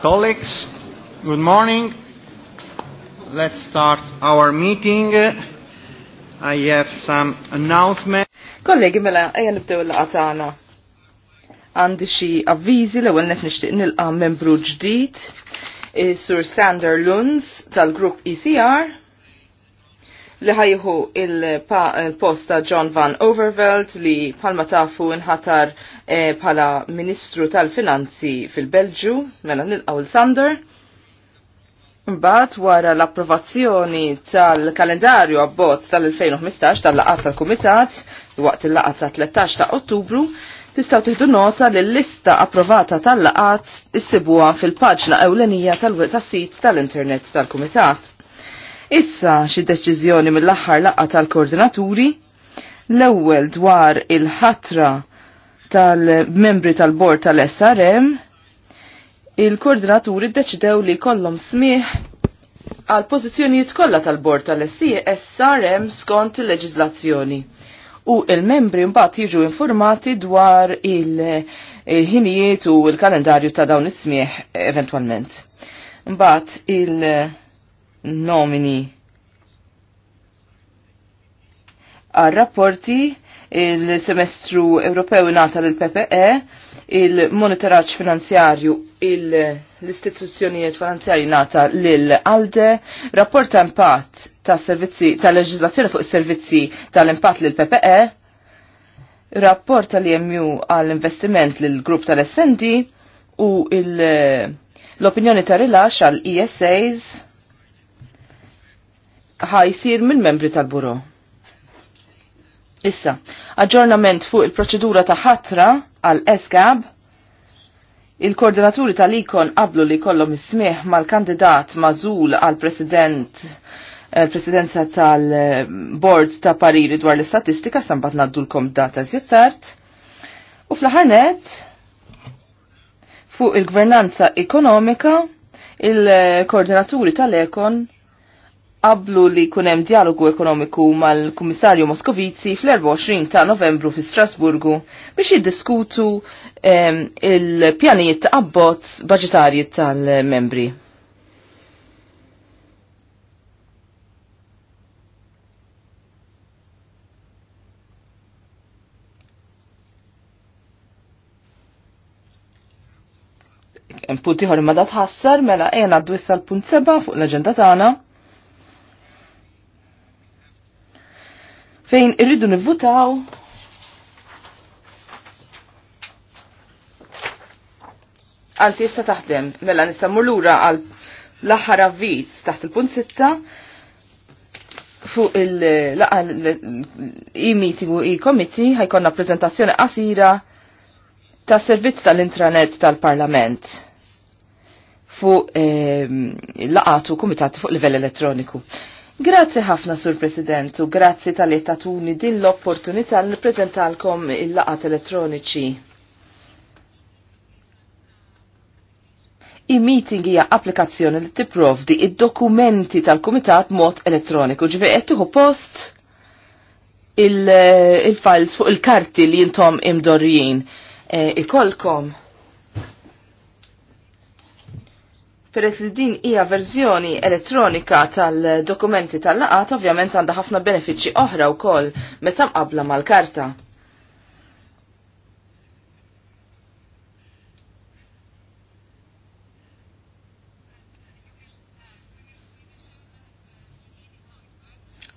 Colleagues, good morning. Let's start our meeting. I have some announcements. Kollegi mela, ejja nibdew il l-qatana. Għandi xi avviżi l-ewwel qed nixtieq nilqa' membru ġdid, Sur Sander Lunds tal-grupp ECR li ħajħu il-post ta' John Van Overveld li palma tafu nħatar bħala eh, Ministru tal-Finanzi fil-Belġu, mela nilqaw il-Sander. Mbagħad wara l-approvazzjoni tal-kalendarju abbozz tal-2015 tal laqat tal-Kumitat waqt il laqat ta' 13 ta' Ottubru, tistgħu tieħdu nota li l-lista approvata tal-laqgħat issibuha fil-paġna ewlenija tal-sit tal-internet tal-Kumitat. tal internet tal kumitat Issa xi deċiżjoni mill-aħħar laqgħa tal-koordinaturi l-ewwel dwar il-ħatra tal-membri tal-bord tal-SRM il-koordinaturi ddeċidew li kollhom smih għal pożizzjonijiet kollha tal-bord tal-SRM skont il-leġiżlazzjoni. U il-membri mbagħad jiġu informati dwar il-ħinijiet u l-kalendarju ta' dawn is-smieħ eventwalment. Mbagħad il-, -il nomini ar rapporti il-semestru Ewropew nata l-PPE, il-monitoraċ finanzjarju l-istituzzjonijiet finanzjarji nata l-ALDE, rapport ta' impatt ta' servizzi ta' leġislazzjoni fuq servizzi tal-impatt l-PPE, rapport tal-EMU għall-investiment l-grupp tal-SND u l-opinjoni ta' rilax għall esas ħajsir mill-membri tal-buro. Issa, aġġornament fuq il-proċedura ta' ħatra għal esgab il-koordinaturi tal-ikon qablu li kollom ismieħ mal-kandidat mażul għal president eh, presidenza tal-board ta' pariri dwar l-istatistika sambat naddulkom data zittart. U fl-ħarnet, fuq il-gvernanza ekonomika, il-koordinaturi tal-ekon qablu li kunem dialogu ekonomiku mal-Kummissarju Moskovici fl-24 ta' novembru fi Strasburgu biex jiddiskutu il-pjanijiet ta' abbot budgetarji tal-membri. Punti ħor ma da tħassar mela ejna għaddu issa l-punt seba fuq l-agenda tagħna fejn irridu nivvutaw Anzi jista taħdem, mela nista lura għal l-aħħar avviz taħt il-punt sitta fuq il e-meeting u e-committee ħajkonna prezentazzjoni qasira ta' servizz tal-intranet tal-parlament fuq eh, laqatu kumitat fuq livell elettroniku. Grazzi ħafna, Sur President, u grazzi tal-li tatuni din l-opportunità li prezentalkom il-laqat elettroniċi. i meeting hija applikazzjoni li tipprovdi id-dokumenti tal-Kumitat mod elettroniku, ġifieri qed tieħu post il-files fuq il-karti li jintom imdorrijin. E, ikolkom Peress li din hija verżjoni elettronika tal-dokumenti tal-laqat ovvjament għandha ħafna benefiċċji oħra wkoll meta mqabbla mal-karta.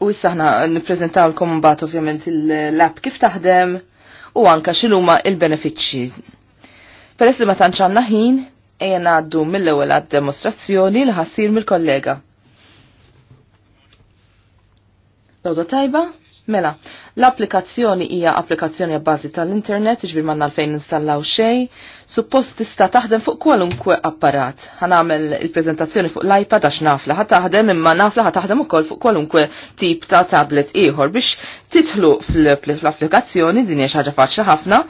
U issa ħna nippreżentaw l-kom mbagħad ovvjament il-lab kif taħdem u anka x'iluma il-benefiċċji. Peress li ma tantx għandna ħin, Ejna għaddu mill-ewwel għad-demostrazzjoni li ħassir mill-kollega. Lodo tajba? Mela, l-applikazzjoni hija applikazzjoni għabbażi tal-internet, iġbir manna fejn installaw xej, suppost tista' taħdem fuq kwalunkwe apparat. Ħanamel il-prezentazzjoni fuq l-iPad għax nafla ħa taħdem imma nafla ħa taħdem ukoll fuq kwalunkwe tip ta' tablet ieħor biex titħlu fl-applikazzjoni din hija xi ħaġa faċli ħafna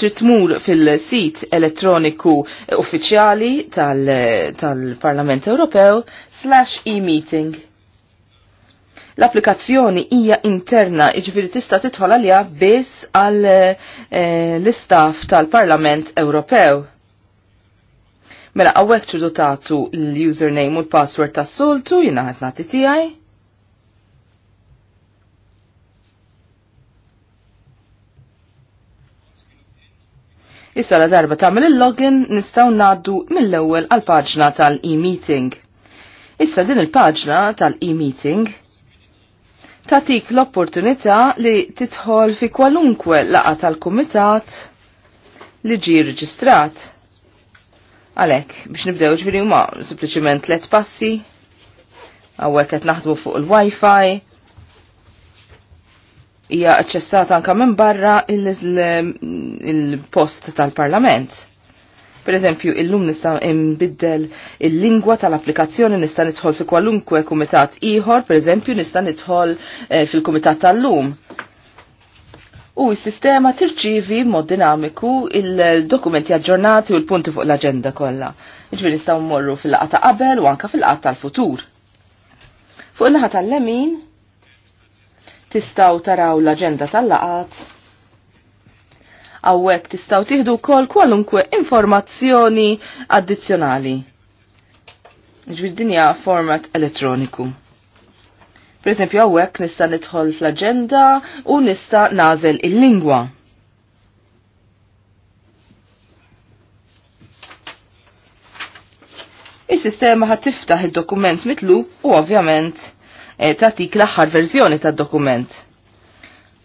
tritmur fil-sit elettroniku uffiċjali tal-Parlament tal Ewropew slash e-meeting. L-applikazzjoni hija interna iġbiri tista titħol għalija biss għal eh, l-istaff tal-Parlament Ewropew. Mela għawek tridu tagħtu l-username u l-password tas-soltu jina nagħti tiegħi Issa la darba tagħmel il-login nistgħu ngħaddu mill-ewwel għal paġna tal-e-meeting. Issa din il-paġna tal-e-meeting tatik l-opportunità li titħol fi kwalunkwe laqa tal-kumitat li ġi reġistrat. Għalek, biex nibdew ġviri huma sempliċiment let passi, għawek qed naħdmu fuq il-Wi-Fi, hija aċċessata anka minn barra il-post tal-Parlament. Per eżempju, illum nista' imbiddel il-lingwa tal-applikazzjoni nista' nidħol fi kwalunkwe kumitat ieħor, per eżempju, nista' nidħol eh, fil-kumitat tal-lum. U s-sistema tirċivi mod dinamiku il-dokumenti aġġornati u l-punti fuq l-agenda kollha. Iġbir nistgħu mmorru fil-laqgħa ta' qabel u anka fil-laqgħa tal-futur. Fuq il-naħa tal-lemin, tistaw taraw l-agenda tal-laqat. Awek tistaw tiħdu kol kwalunkwe informazzjoni addizzjonali. Ġvid dinja format elettroniku. Per esempio, għawek nista nidħol fl-agenda u nista nażel il-lingwa. Is-sistema ħat tiftaħ il-dokument mitlu u ovvjament E, tatik l-aħħar verżjoni tad-dokument.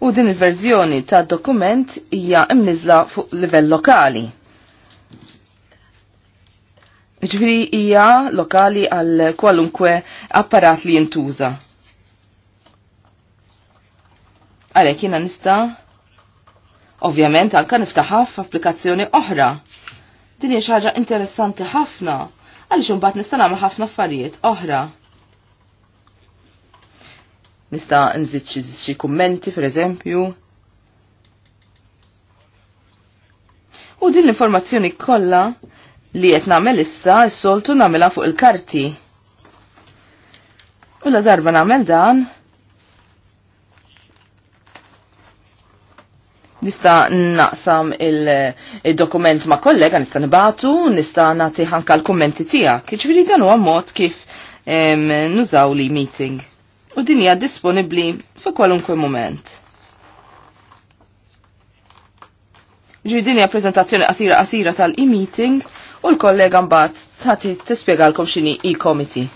U din il-verżjoni tad-dokument hija imniżla fuq livell lokali. Ġviri hija lokali għal kwalunkwe apparat li jintuża. Għalhekk jiena nista' ovvjament anka niftaħa f'applikazzjoni oħra. Din hija xi ħaġa interessanti ħafna għaliex imbagħad nista' nagħmel ħafna affarijiet oħra. Nista' nżid xi kummenti pereżempju. U din l-informazzjoni kollha li qed nagħmel issa s-soltu nagħmilha fuq il-karti. U la darba nagħmel dan, nista naqsam il-dokument il ma' kollega, nista nibatu, nista nati ħanka l-kommenti tijak. Ġviri jiġifieri dan u għammot kif nużaw li meeting u din hija disponibbli fi kwalunkwe moment. Ġi din hija preżentazzjoni qasira qasira tal-e-meeting u l-kollega mbagħad tagħti tispjegalkom x'inhi e-committee.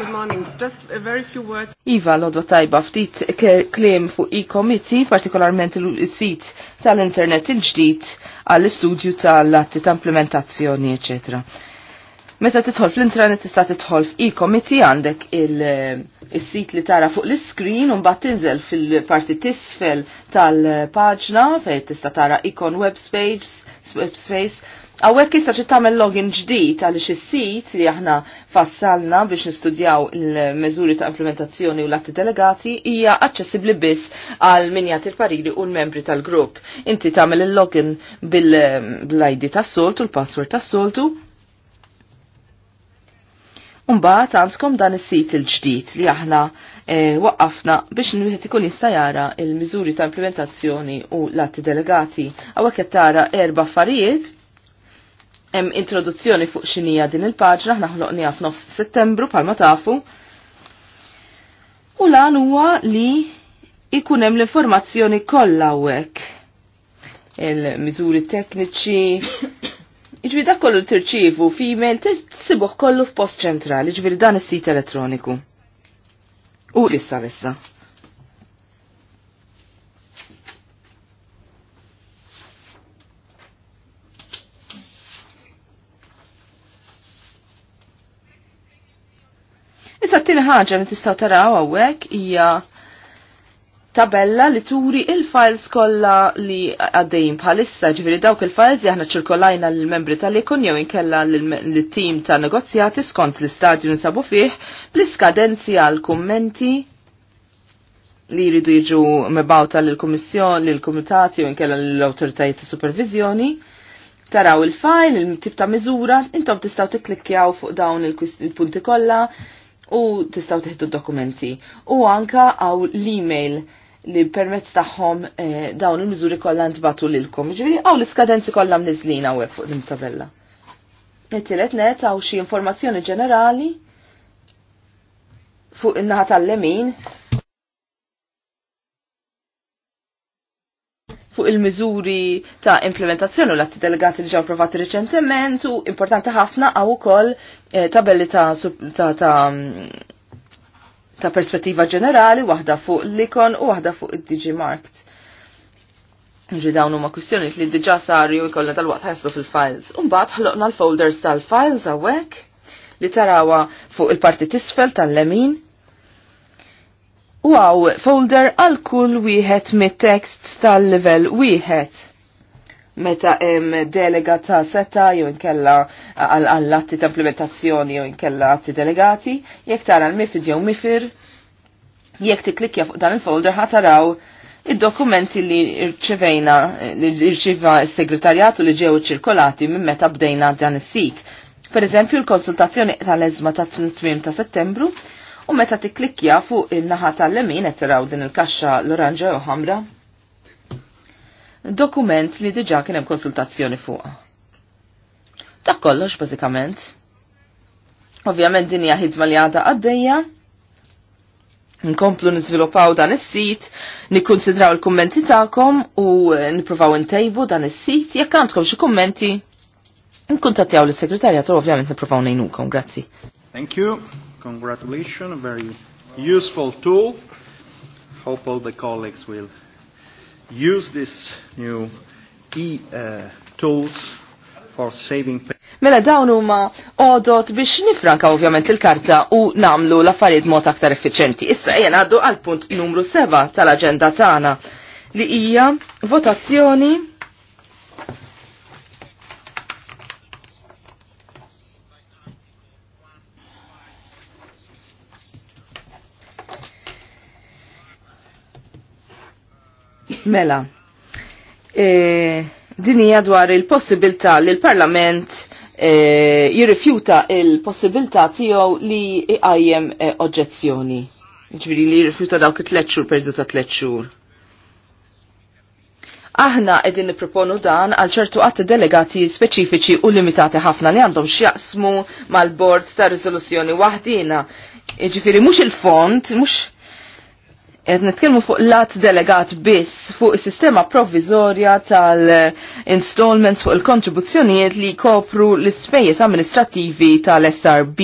good morning. Just a very few words. Iva l-odwa tajba ftit klem fuq e-committee, partikolarment il-sit tal-internet il ġdijt għall-istudju tal-latti ta' implementazzjoni, eccetera. Meta titħol fl-intranet tista' titħol f'e-committee għandek il-sit li tara fuq l iskreen u mbagħad tinżel fil-parti tisfel tal-paġna fejn tista' tara ikon web space, web space Għawek issa ċi tamel login ġdijt għalix il-sit li aħna fassalna biex nistudjaw il-mezuri ta' implementazzjoni u l-atti delegati hija aċċessibbli biss għal minjat il-pariri u l-membri tal-grupp. Inti tamel il-login bil-ID tas soltu, l-password tas soltu. Umbaħt għandkom dan il-sit il-ġdijt li aħna eh, waqqafna biex nwieħed ikun jista' jara il-miżuri ta' implementazzjoni u l-atti delegati. Għawek jattara erba' affarijiet hemm introduzzjoni fuq xinija din il-paġna, aħna għaf f'nofs Settembru bħalma tafu. U lan huwa li ikun hemm l-informazzjoni kollha hawnhekk. Il-miżuri tekniċi, Iġbiri dak kollu tirċivu f'email tisibuh kollu f'post ċentrali, iġbiri dan is-sit elettroniku. U lissa lissa. Issa t-tini ħaġa li tistaw taraw għawek hija tabella li turi il-files kollha li għaddejjin bħalissa ġifieri dawk il-files li aħna ċirkolajna lill-membri tal-ikun jew inkella lit-tim ta' negozjati skont l-istadju nsabu fih bl-iskadenzi għal kummenti li jridu jiġu mebawta lill-kummissjon, lill-kumitati jew inkella lill-awtoritajiet ta' supervizjoni taraw il-file, il-tip ta' miżura, intom tistaw tikklikjaw fuq dawn il-punti kollha, u tistaw teħdu dokumenti. U anka għaw l-email li permezz tagħhom eh, dawn il-miżuri kollha ntbatu lilkom. Ġifieri għaw l-iskadenzi kollha mniżlin hawnhekk fuq l-imtabella. Nittilet net għaw xi informazzjoni ġenerali fuq in-naħa tal-lemin fuq il-miżuri ta' implementazzjoni u l-atti delegati li ġew approvati riċentement u importanti ħafna għaw ukoll eh, tabelli ta' ta', ta ta' perspettiva ġenerali, waħda fuq l-ikon u waħda fuq id-DG Markt. Ġi dawn huma kwistjonijiet li diġà saru jew ikollna tal-waqt ħaslu fil-files. Umbagħad ħloqna l-folders tal-files hawnhekk li tarawa fuq il-parti tisfel tal-lemin Wow folder għal kull wieħed mit-texts tal-level wieħed meta hemm delega ta' seta jew inkella għall atti ta' implementazzjoni jew inkella atti delegati, jekk tara l-mifid jew mifir, jekk tiklikja fuq dan il-folder ħataraw id-dokumenti li rċevejna li rċiva s-segretarjat u li ġew ċirkolati minn meta bdejna dan is-sit. Per eżempju, l-konsultazzjoni tal-ezma ta' 3 ta' settembru u meta tikklikja fuq il-naħa tal-lemin qed taraw din il-kaxxa l-oranġa u ħamra. Dokument li diġà kien hemm konsultazzjoni fuq. Dak kollox bażikament. Ovvjament din hija ħidma li għadha għaddejja. Nkomplu niżviluppaw dan is-sit, nikkunsidraw il-kummenti tagħkom u nippruvaw intejbu dan is-sit jekk għandkom xi kummenti Nkuntattjaw l segretarja tal ovvjament nippruvaw ngħinukom, grazzi. Thank you. Congratulations, a very useful tool. Hope all the colleagues will use this new e-tools uh, for saving pay. Mela dawn huma għodot biex nifranka ovvjament il-karta u namlu l-affarijiet mod aktar effiċenti. Issa jien għaddu għal punt numru 7 tal-aġenda tagħna li hija votazzjoni Mela, e, dinija dwar il-possibilità li l-Parlament e, jirrifjuta il-possibilità tiegħu li iqajjem e, oġġezzjoni. Ġviri li jirrifjuta dawk it-tlet perdu ta' tlet xhur. Aħna edin niproponu dan għal ċertu għatti delegati speċifiċi u limitati ħafna li għandhom xjaqsmu mal-bord ta' rizoluzzjoni wahdina. Ġifiri, mux il-font, mux qed nitkellmu fuq lat delegat biss fuq is-sistema provvizorja tal-installments fuq il-kontribuzzjonijiet li kopru l-ispejjeż amministrativi tal-SRB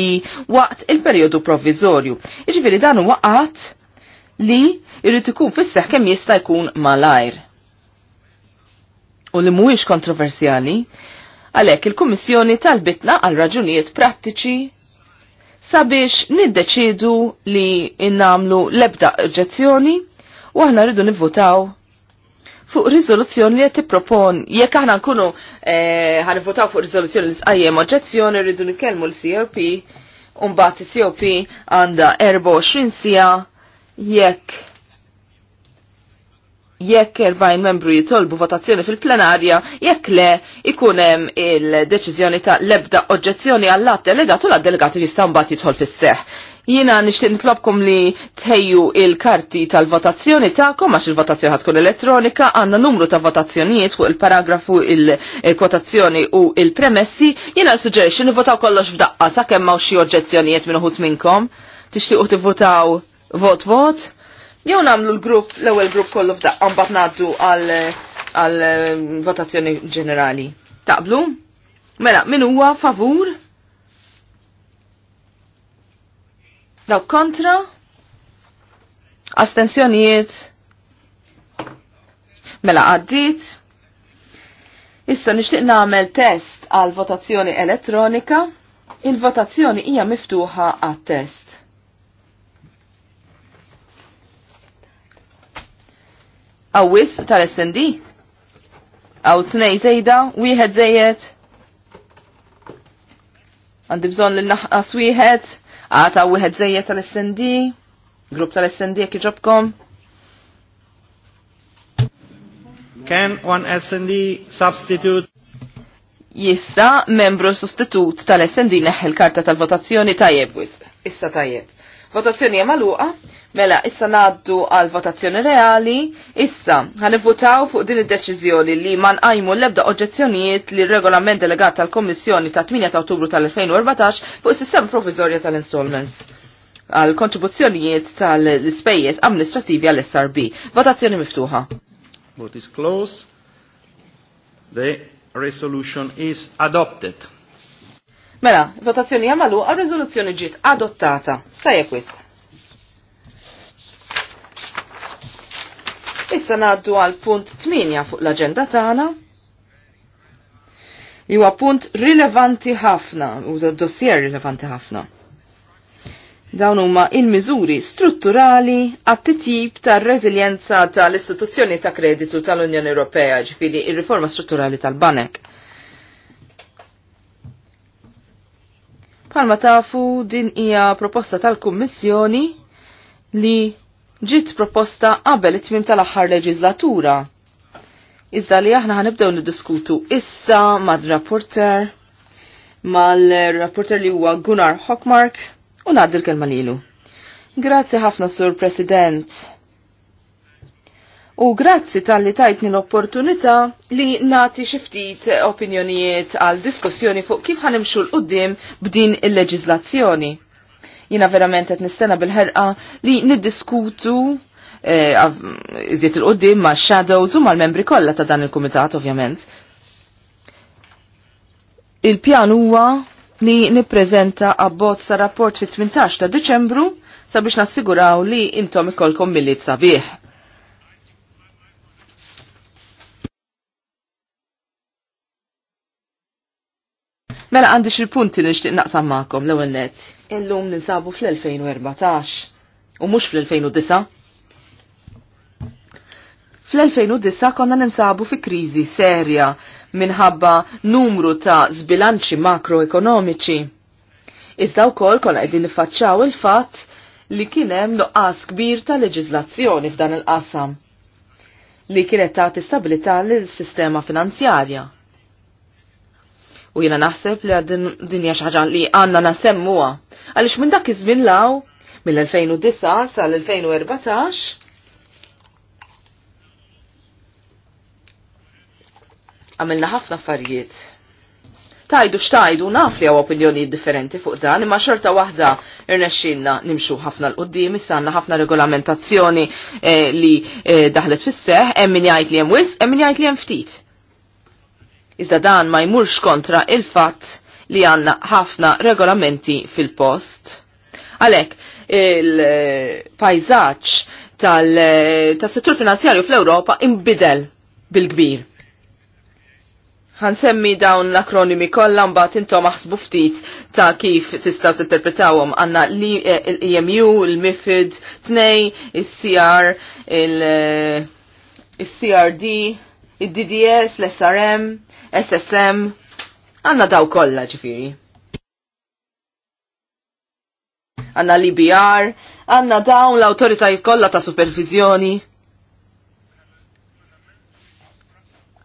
waqt il-perjodu provvizorju. Jiġifieri dan huwa qatt li jrid ikun fis-seħ kemm jista' jkun malajr. U li mhuwiex kontroversjali, għalhekk il-Kummissjoni talbitna għal raġunijiet prattiċi sabiex niddeċidu li innamlu lebda oġġezzjoni u aħna rridu nivvotaw fuq rizoluzzjoni li qed tippropon jekk aħna nkunu eh, ħanivvotaw fuq rizoluzzjoni li tqajjem oġġezzjoni rridu nikkellmu l-CRP u mbagħad is-COP għandha 24 sija jekk jekk 40 membru jitolbu votazzjoni fil-plenarja, jekk le ikun hemm il-deċiżjoni ta' lebda oġġezzjoni għall-att delegat u l-delegat jista' mbagħad jidħol fis-seħħ. Jiena nixtieq nitlobkom li tħejju il-karti tal-votazzjoni tagħkom għax il-votazzjoni ħatkun elettronika, għandna numru ta' votazzjonijiet fuq il-paragrafu il-kwotazzjoni u il-premessi, jiena suġġerixxi nivvotaw kollox f'daqqa sakemm hawn xi oġġezzjonijiet minn uħud minnkom. Tixtiequ tivvotaw vot-vot? Jew nagħmlu l-grupp l-ewwel grupp kollu f'daqqa mbagħad ngħaddu għal għal ehm, votazzjoni ġenerali. Taqblu? Mela, min huwa favur? Daw kontra? Astenzjonijiet? Mela għaddit? Issa nixtieq nagħmel test għal votazzjoni elettronika. Il-votazzjoni hija miftuħa għat-test. għawis tal-SND. Għaw t-nej zejda, wieħed zejed? Għandi bżon l-naqqas wieħed, għata wieħed zejed tal-SND, grupp tal-SND jek iġobkom. Can one SND substitute? Jista membru sostitut tal-SND neħħil il-karta tal-votazzjoni tajjeb wis. Issa tajjeb. Votazzjoni għaluqa, mela issa naddu għal votazzjoni reali, issa ħanivvutaw fuq din id-deċiżjoni li man għajmu l-ebda oġġezzjonijiet li regolament delegat tal-Kommissjoni ta' 8 ta' Ottubru tal-2014 fuq is-sistema provizorja tal-installments għal kontribuzzjonijiet tal-ispejjeż amministrativi għall srb Votazzjoni miftuħa. Vote is closed. The resolution is adopted. Mela, votazzjoni jamalu għal rezoluzzjoni ġiet adottata. Sajja kwis. Issa naddu għal punt 8 fuq l-agenda tagħna. Li huwa punt rilevanti ħafna, u dossier rilevanti ħafna. Dawn huma il-miżuri strutturali għat-titjib tar-reżiljenza tal-istituzzjoni ta' kreditu tal-Unjoni Ewropea, ġifiri il riforma strutturali tal-Banek. Palma tafu din hija proposta tal-Kummissjoni li ġiet proposta qabel it-tmim tal-aħħar leġislatura. Iżda li aħna ħanibdew niddiskutu issa mad-rapporter mal-rapporter li huwa Gunnar Hockmark u ngħaddi l-kelma lilu. Grazzi ħafna sur President. U grazzi tal-li tajtni l-opportunità li nati xiftit opinjonijiet għal diskussjoni fuq kif ħanimxu l-qoddim b'din il-leġizlazzjoni. Jina verament qed nistenna bil-ħerqa li niddiskutu eh, iżiet il-qoddim ma' shadows u mal-membri kollha ta' dan il-kumitat ovvjament. Il-pjan huwa li nippreżenta abbozz ta' rapport fit-18 ta' Deċembru sabiex nassiguraw li intom ikolkom millit sabiħ Mela għandi xi punti li nixtieq naqsam magħkom l-ewwel nett. Illum ninsabu fl-2014 u mhux fl-2009. Fl-2009 konna ninsabu fi kriżi serja minħabba numru ta' zbilanċi makroekonomiċi. Iżda wkoll konna qegħdin niffaċċjaw il-fatt li kien hemm nuqqas kbir ta' leġiżlazzjoni f'dan il-qasam li kienet tagħti stabilità lill-sistema finanzjarja. U jiena naħseb li għad dinja xi ħaġa li għandna nasemmuha. Għaliex minn dak iż law mill-2009 sal-2014 għamilna ħafna affarijiet. Tajdu xtajdu naf li għaw opinjoni differenti fuq dan, imma xorta wahda irnexxinna nimxu ħafna l-qoddim, issanna ħafna regolamentazzjoni eh, li eh, daħlet fis-seħ, hemm min jgħid li hemm wis, hemm jgħid li hemm ftit. Iżda dan ma jmurx kontra il-fatt li għanna ħafna regolamenti fil-post. Għalek, il-pajzaċ tal-settur finanzjarju fl-Europa imbidel bil-kbir. Għansemmi dawn l-akronimi kollha mbagħad intom aħsbu ftit ta' kif tistgħu tinterpretawhom għandna l-EMU, eh, e l-MIFID 2, e il-CR, il-CRD, eh, il-DDS, l-SRM. SSM, għanna daw kolla ġifiri. Għanna l-IBR, għanna dawn l autoritajt kolla ta' supervizjoni.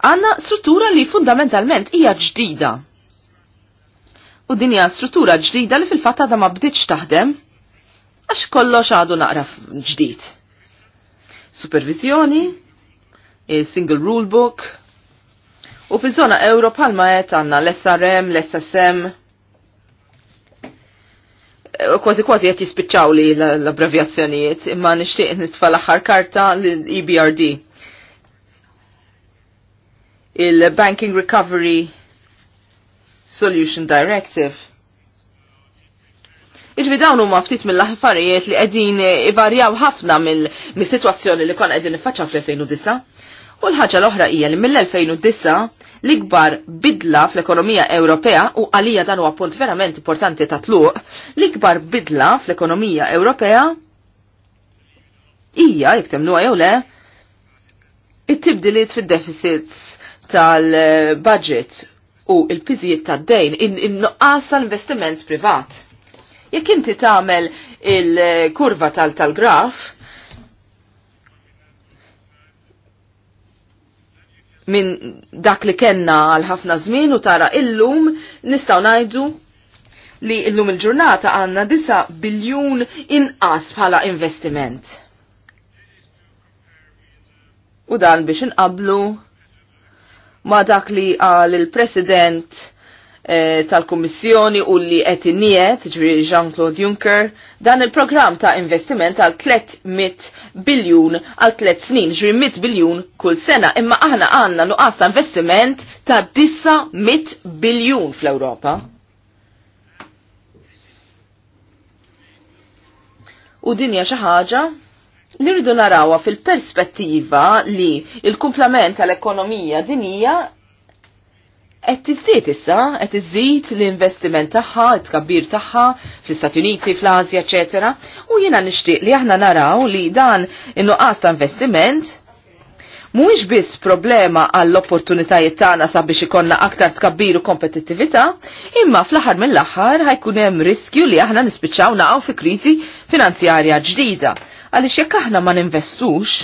Għanna struttura li fundamentalment hija ġdida. U din hija struttura ġdida li fil-fatt għadha ma bdiċ taħdem għax kollox għadu naqra ġdid. Supervizjoni, single rule book, U fi zona euro palma qed għandna l-SRM, l-SSM. Kważi kważi qed jispiċċaw li l-abbreviazzjonijiet, imma nixtieq nitfa' l-aħħar karta l-EBRD. Il-Banking Recovery Solution Directive. Iġvi dawn huma ftit mill affarijiet li qegħdin ivarjaw ħafna mill-sitwazzjoni li kon qegħdin niffaċċaw fl-2009. U l-ħaġa l-oħra hija li mill-2009 l-ikbar bidla fl-ekonomija Ewropea u għalija dan huwa punt verament importanti ta' tluq, l-ikbar bidla fl-ekonomija Ewropea hija jekk temnuha jew le it-tibdiliet fid-deficits tal-budget u il-piżijiet tad-dejn in-nuqqas tal-investiment privat. Jekk inti tagħmel il-kurva tal-graf, -tal minn dak li kenna għal ħafna żmien u tara illum nistgħu ngħidu li illum il-ġurnata għandna 9 biljun inqas bħala investiment. U dan biex inqablu ma dak li għal il-President Eh, tal-Kummissjoni u li qed iniet, ġifieri Jean-Claude Juncker, dan il-programm ta' investiment għal 300 biljun għal 3 snin, ġifieri 100 biljun kull sena, imma aħna għandna nuqqas ta' investiment ta' 900 biljun fl-Ewropa. U dinja xi ħaġa nirridu narawha fil-perspettiva li il-kumplament tal-ekonomija dinija Et tizdiet issa, qed tizdiet l-investiment tagħha, et tkabbir tagħha fl-Istati Uniti, fl azja eċetera, u jiena nixtieq li aħna naraw li dan in-nuqqas ta' investiment mhuwiex biss problema għall opportunitajiet tagħna sabiex ikonna aktar tkabbir u kompetittività, imma fl-aħħar mill-aħħar ħajkun hemm riskju li aħna nispiċċaw naqgħu fi kriżi finanzjarja ġdida. Għaliex jekk aħna ma ninvestux,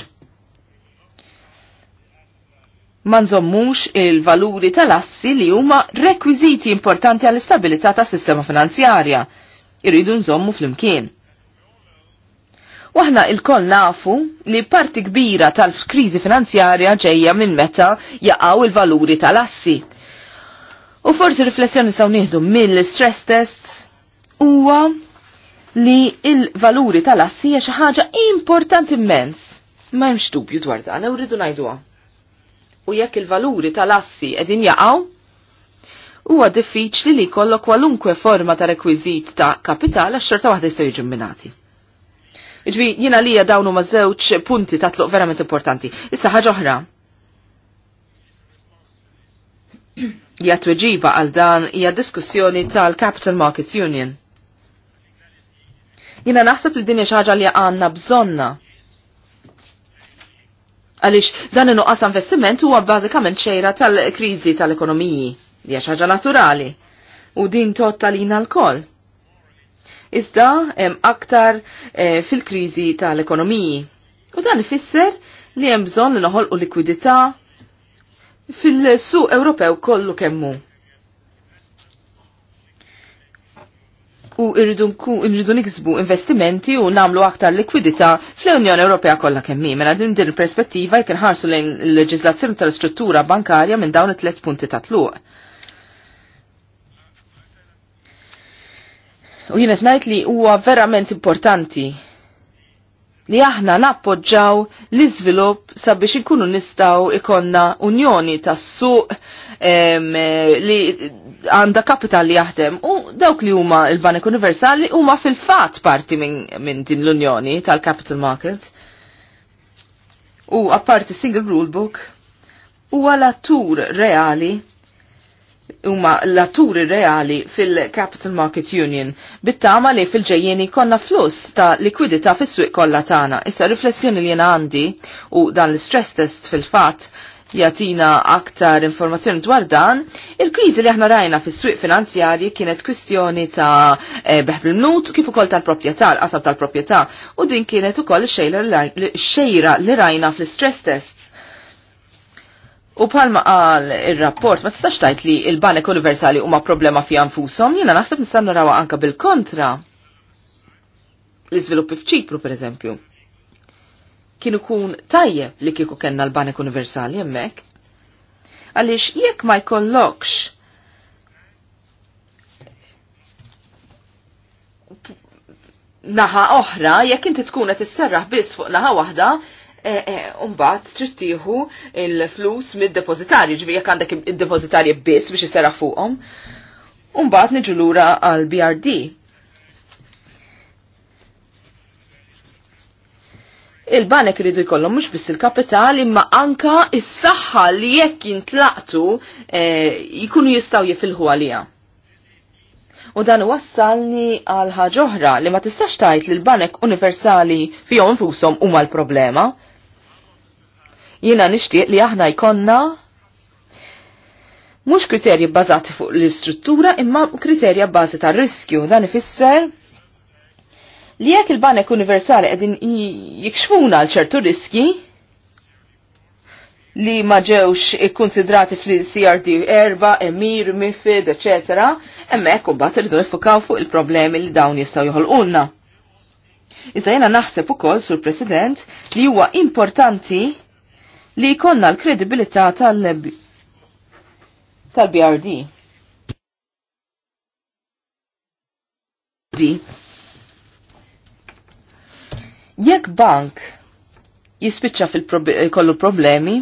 ma nżommux il-valuri tal-assi li huma rekwiżiti importanti għall-istabilità tas-sistema finanzjarja. Irridu nżommu fl-imkien. Waħna il-koll nafu li parti kbira tal-krizi finanzjarja ġejja minn meta jaqaw il-valuri tal-assi. U forsi riflessjoni staw nieħdu mill-stress tests huwa li il-valuri tal-assi hija xi ħaġa importanti immens. Ma hemmx dubju dwar dan, u rridu ngħiduha u jekk il-valuri tal-assi edin jaqaw, huwa diffiċli li kollok kwalunkwe forma ta' rekwizit ta' kapital għax xorta waħda jistgħu jiġu Iġvi, jina lija dawnu ma' żewġ punti ta' tluq verament importanti. Issa ħaġa oħra. Hija tweġiba għal dan hija diskussjoni tal-Capital Markets Union. Jina naħseb li din xaġa xi ħaġa li għanna bżonna Għalix dan in-nuqqas investiment huwa bażikament xejra tal-kriżi tal-ekonomiji. Hija xi ħaġa naturali. U din tot tal-ina l kol Iżda hemm aktar eh, fil-kriżi tal-ekonomiji. U dan ifisser li hemm bżonn li noħolqu likwidità fil-suq Ewropew kollu kemmu. u irridu niksbu investimenti u namlu aktar likwidità fl-Unjoni Ewropea kollha kemm hi. Mela din din il-perspettiva jkun ħarsu lejn il-leġiżlazzjoni tal-istruttura bankarja minn dawn it-tliet punti ta' tluq. U jien ngħid li huwa verament importanti li aħna nappoġġaw l-iżvilupp sabiex inkunu nistgħu ikonna unjoni tas-suq eh, li għanda kapital li jaħdem u dawk li huma l-Banek Universali huma fil-fat parti minn din l-Unjoni tal-Capital Market. U apparti Single Rule Book u għal-attur reali huma l-atturi reali fil-Capital Market Union bittama li fil-ġejjeni konna fluss ta' likwidità fis-swieq kollha tagħna. Issa riflessjoni li jiena għandi u dan l-stress test fil-fatt jatina aktar informazzjoni dwar dan, il-kriżi li aħna rajna fis-swieq finanzjarji kienet kwistjoni ta' eh, beħb il-mnut kif ukoll tal-proprjetà, l-qasab tal-proprjetà, u din kienet ukoll xejra li rajna fl-stress tests. U palma għal il-rapport, ma tistax tajt li il-banek universali huma problema fi għanfusom, jina naħseb nistanna rawa anka bil-kontra. L-izviluppi f'ċipru, per eżempju. Kien ikun tajjeb li kieku kenna l-banek universali jemmek. Għalix jekk ma jkollokx naħa oħra, jekk inti tkun qed isserraħ biss fuq naħa waħda, e, e, Umbat trittieħu il-flus mid-depozitarju, ġivi jek għandek id-depozitarju biss biex jisserraħ fuqhom. Umbat niġu lura għal BRD il-banek rridu jkollhom mhux biss il-kapital imma anka is-saħħa li jekk jintlaqtu eh, jkunu jistgħu jifilħu għalija. U dan wassalni għal ħaġa oħra li ma tistax tajt li l-banek universali fihom infushom huma l-problema. Jiena nixtieq li aħna jkollna mhux kriterji bbażati fuq l-istruttura imma kriterja bbażi tar-riskju dan ifisser li jekk il-banek universali qegħdin jikxfuna għal ċertu riski li ma ġewx ikkonsidrati fl-CRD erba, emir, mifid, eccetera, hemmhekk imbagħad irridu nifukaw fuq il-problemi li dawn jistgħu joħolqulna. Iżda jena naħseb ukoll sur President li huwa importanti li jkollna l-kredibilità tal-BRD. tal brd Jekk bank jispiċċa fil-kollu problemi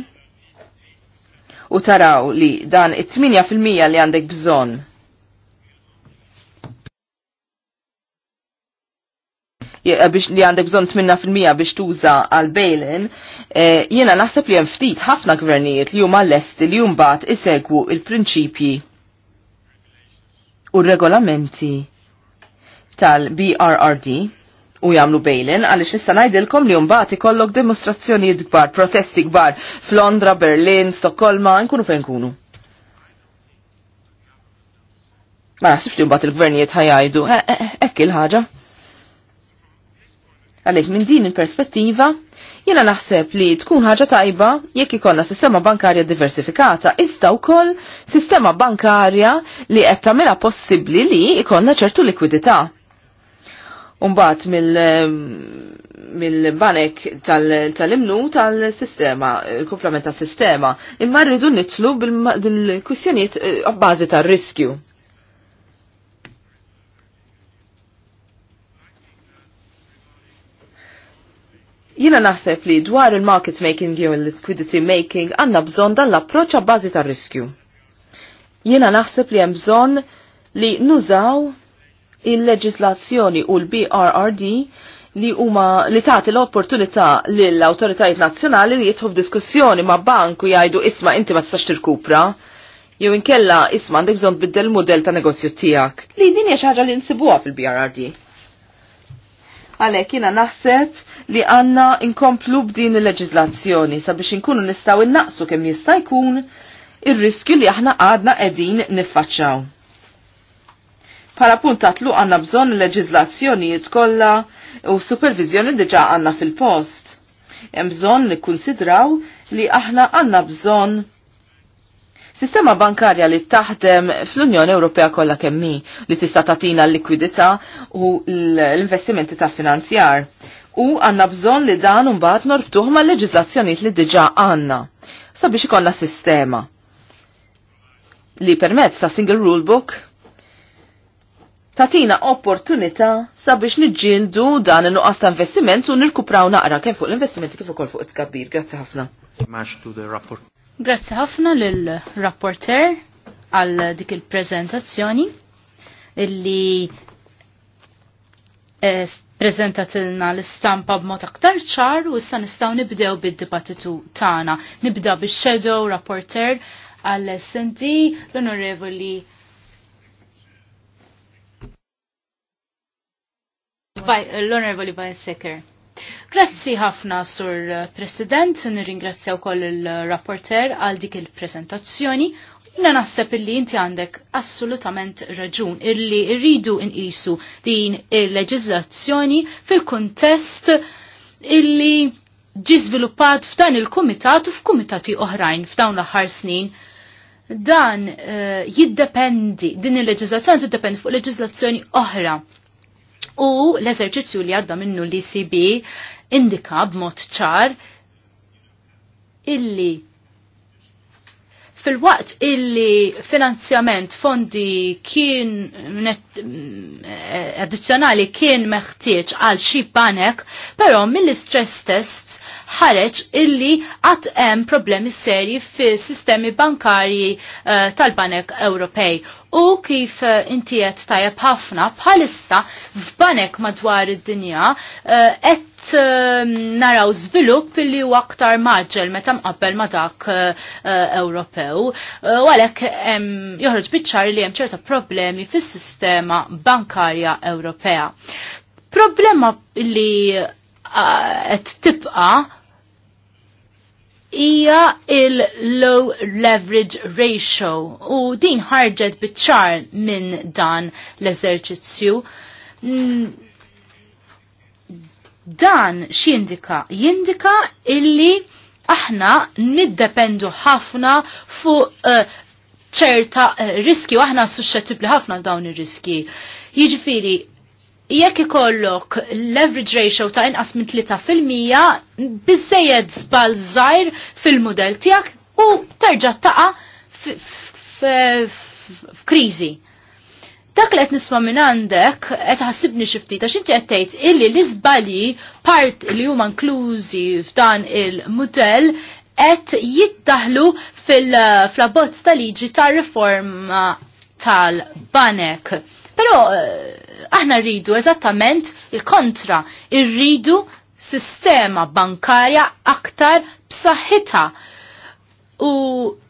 u taraw li dan it-8% li għandek bżonn eh, biex li għandek bżon 8% biex tuża għal bejlin, eh, jiena naħseb li hemm ftit ħafna gvernijiet li huma lesti li mbagħad isegwu il-prinċipji u regolamenti tal-BRRD u jamlu bejlin għalix nista najdilkom li jumbat ikollok demonstrazzjoni gbar, protesti gbar f'Londra, Berlin, Stokkolma, nkunu fejn kunu. Ma naħsibx li jumbat il-gvernijiet ħajajdu, ekk eh, eh, eh, il-ħaġa. Għalix minn din il-perspettiva, jena naħseb li tkun ħaġa tajba jekk ikollna sistema bankarja diversifikata, iżda wkoll sistema bankarja li qed tagħmilha possibbli li ikonna ċertu likwidità. Umbat mill-banek eh, tal-imnu tal-sistema, il-komplement eh, tal-sistema, imma rridu nitlu bil-kwistjoniet għabbażi eh, tal-riskju. Jina naħseb li dwar il-market making jew il-liquidity making għanna bżon dan l-approċ għabbażi tal-riskju. Jina naħseb li hemm bżon li nużaw il-leġislazzjoni u l-BRRD li huma li tagħti l-opportunità lill awtoritajiet nazzjonali li jidħu f'diskussjoni ma' bank u jgħidu isma' inti ma tistax tirkupra jew inkella isma' għandek bżonn tbiddel mudell ta' negozju tiegħek. Li din hija xi ħaġa li nsibuha fil-BRRD. Għalhekk jiena naħseb li għandna inkomplu b'din il-leġiżlazzjoni sabiex inkunu nistgħu innaqsu kemm jista' jkun ir-riskju li aħna għadna qegħdin niffaċċaw. Pala puntatlu għanna bżon leġizlazzjoni kollha u supervizjoni diġa għanna fil-post. Hemm bżonn nikkunsidraw li aħna għanna bżonn Sistema bankarja li taħdem fl-Unjoni Ewropea kollha kemmi li tista' tagħtina l-likwidità u l-investimenti ta' finanzjar. U għanna bżonn li dan mbagħad norbtuħ ma' leġislazzjonijiet li diġà għandna sabiex ikollna sistema li permezz ta' single rule book tatina opportunità sabiex niġġieldu dan il nuqqas ta' investiment u nirkupraw naqra kemm fuq l-investimenti kif ukoll fuq it-tkabbir. Grazzi ħafna. Grazzi ħafna lill-rapporter għal dik il prezentazzjoni illi eh, prezentatilna l-istampa b'mod aktar ċar u issa nistgħu nibdew bid-dibattitu tagħna. Nibda bix-shadow rapporter għall-SND l-Onorevoli l-Honorable Vice Secker. Grazzi ħafna sur President, nirringrazzja wkoll il-rapporter għal dik il-prezentazzjoni. Na naħseb illi inti għandek assolutament raġun illi rridu nqisu din il-leġiżlazzjoni fil-kuntest illi ġi żviluppat f'dan il-kumitat u f'kumitati oħrajn f'dawn l-aħħar snin dan uh, jiddependi, din il-leġizlazzjoni tiddependi fuq leġizlazzjoni oħra u l-eżerċizzju li għadda minnu l-ECB indika b'mod ċar illi fil-waqt illi finanzjament fondi kien eh, addizzjonali kien meħtieġ għal xi panek, però mill-istress test ħareġ illi għat hemm problemi serji fis-sistemi bankarji uh, eh, tal-Banek Ewropej. U kif eh, inti qed tajjeb ħafna bħalissa f'banek madwar id-dinja qed eh, uh, naraw żvilupp li huwa aktar maġġel meta mqabbel ma dak Ewropew. U għalhekk joħroġ biċ-ċar li hemm ċerta problemi fis-sistema bankarja Ewropea. Problema li qed uh, tibqa' hija il-low leverage ratio u din ħarġet biċ-ċar minn dan l-eżerċizzju. Mm. Dan x'jindika? Jindika illi aħna niddependu ħafna fuq uh, ċerta uh, riski u aħna suscettibbli ħafna dawn ir-riski. Jiġifieri jekk ikollok leverage ratio ta' inqas minn 3% biżejjed żball żgħar fil-mudell tiegħek u terġa' taqa' f'kriżi. Dak li qed nisma' minn għandek qed ħassibni xi ftit għax inti qed tgħid illi l-iżbalji part li huma inklużi f'dan il-mudell qed jiddaħlu fil-abbozz tal-liġi tar-riforma tal-banek. Però eh, aħna rridu eżattament il-kontra, irridu sistema bankarja aktar b'saħħitha. U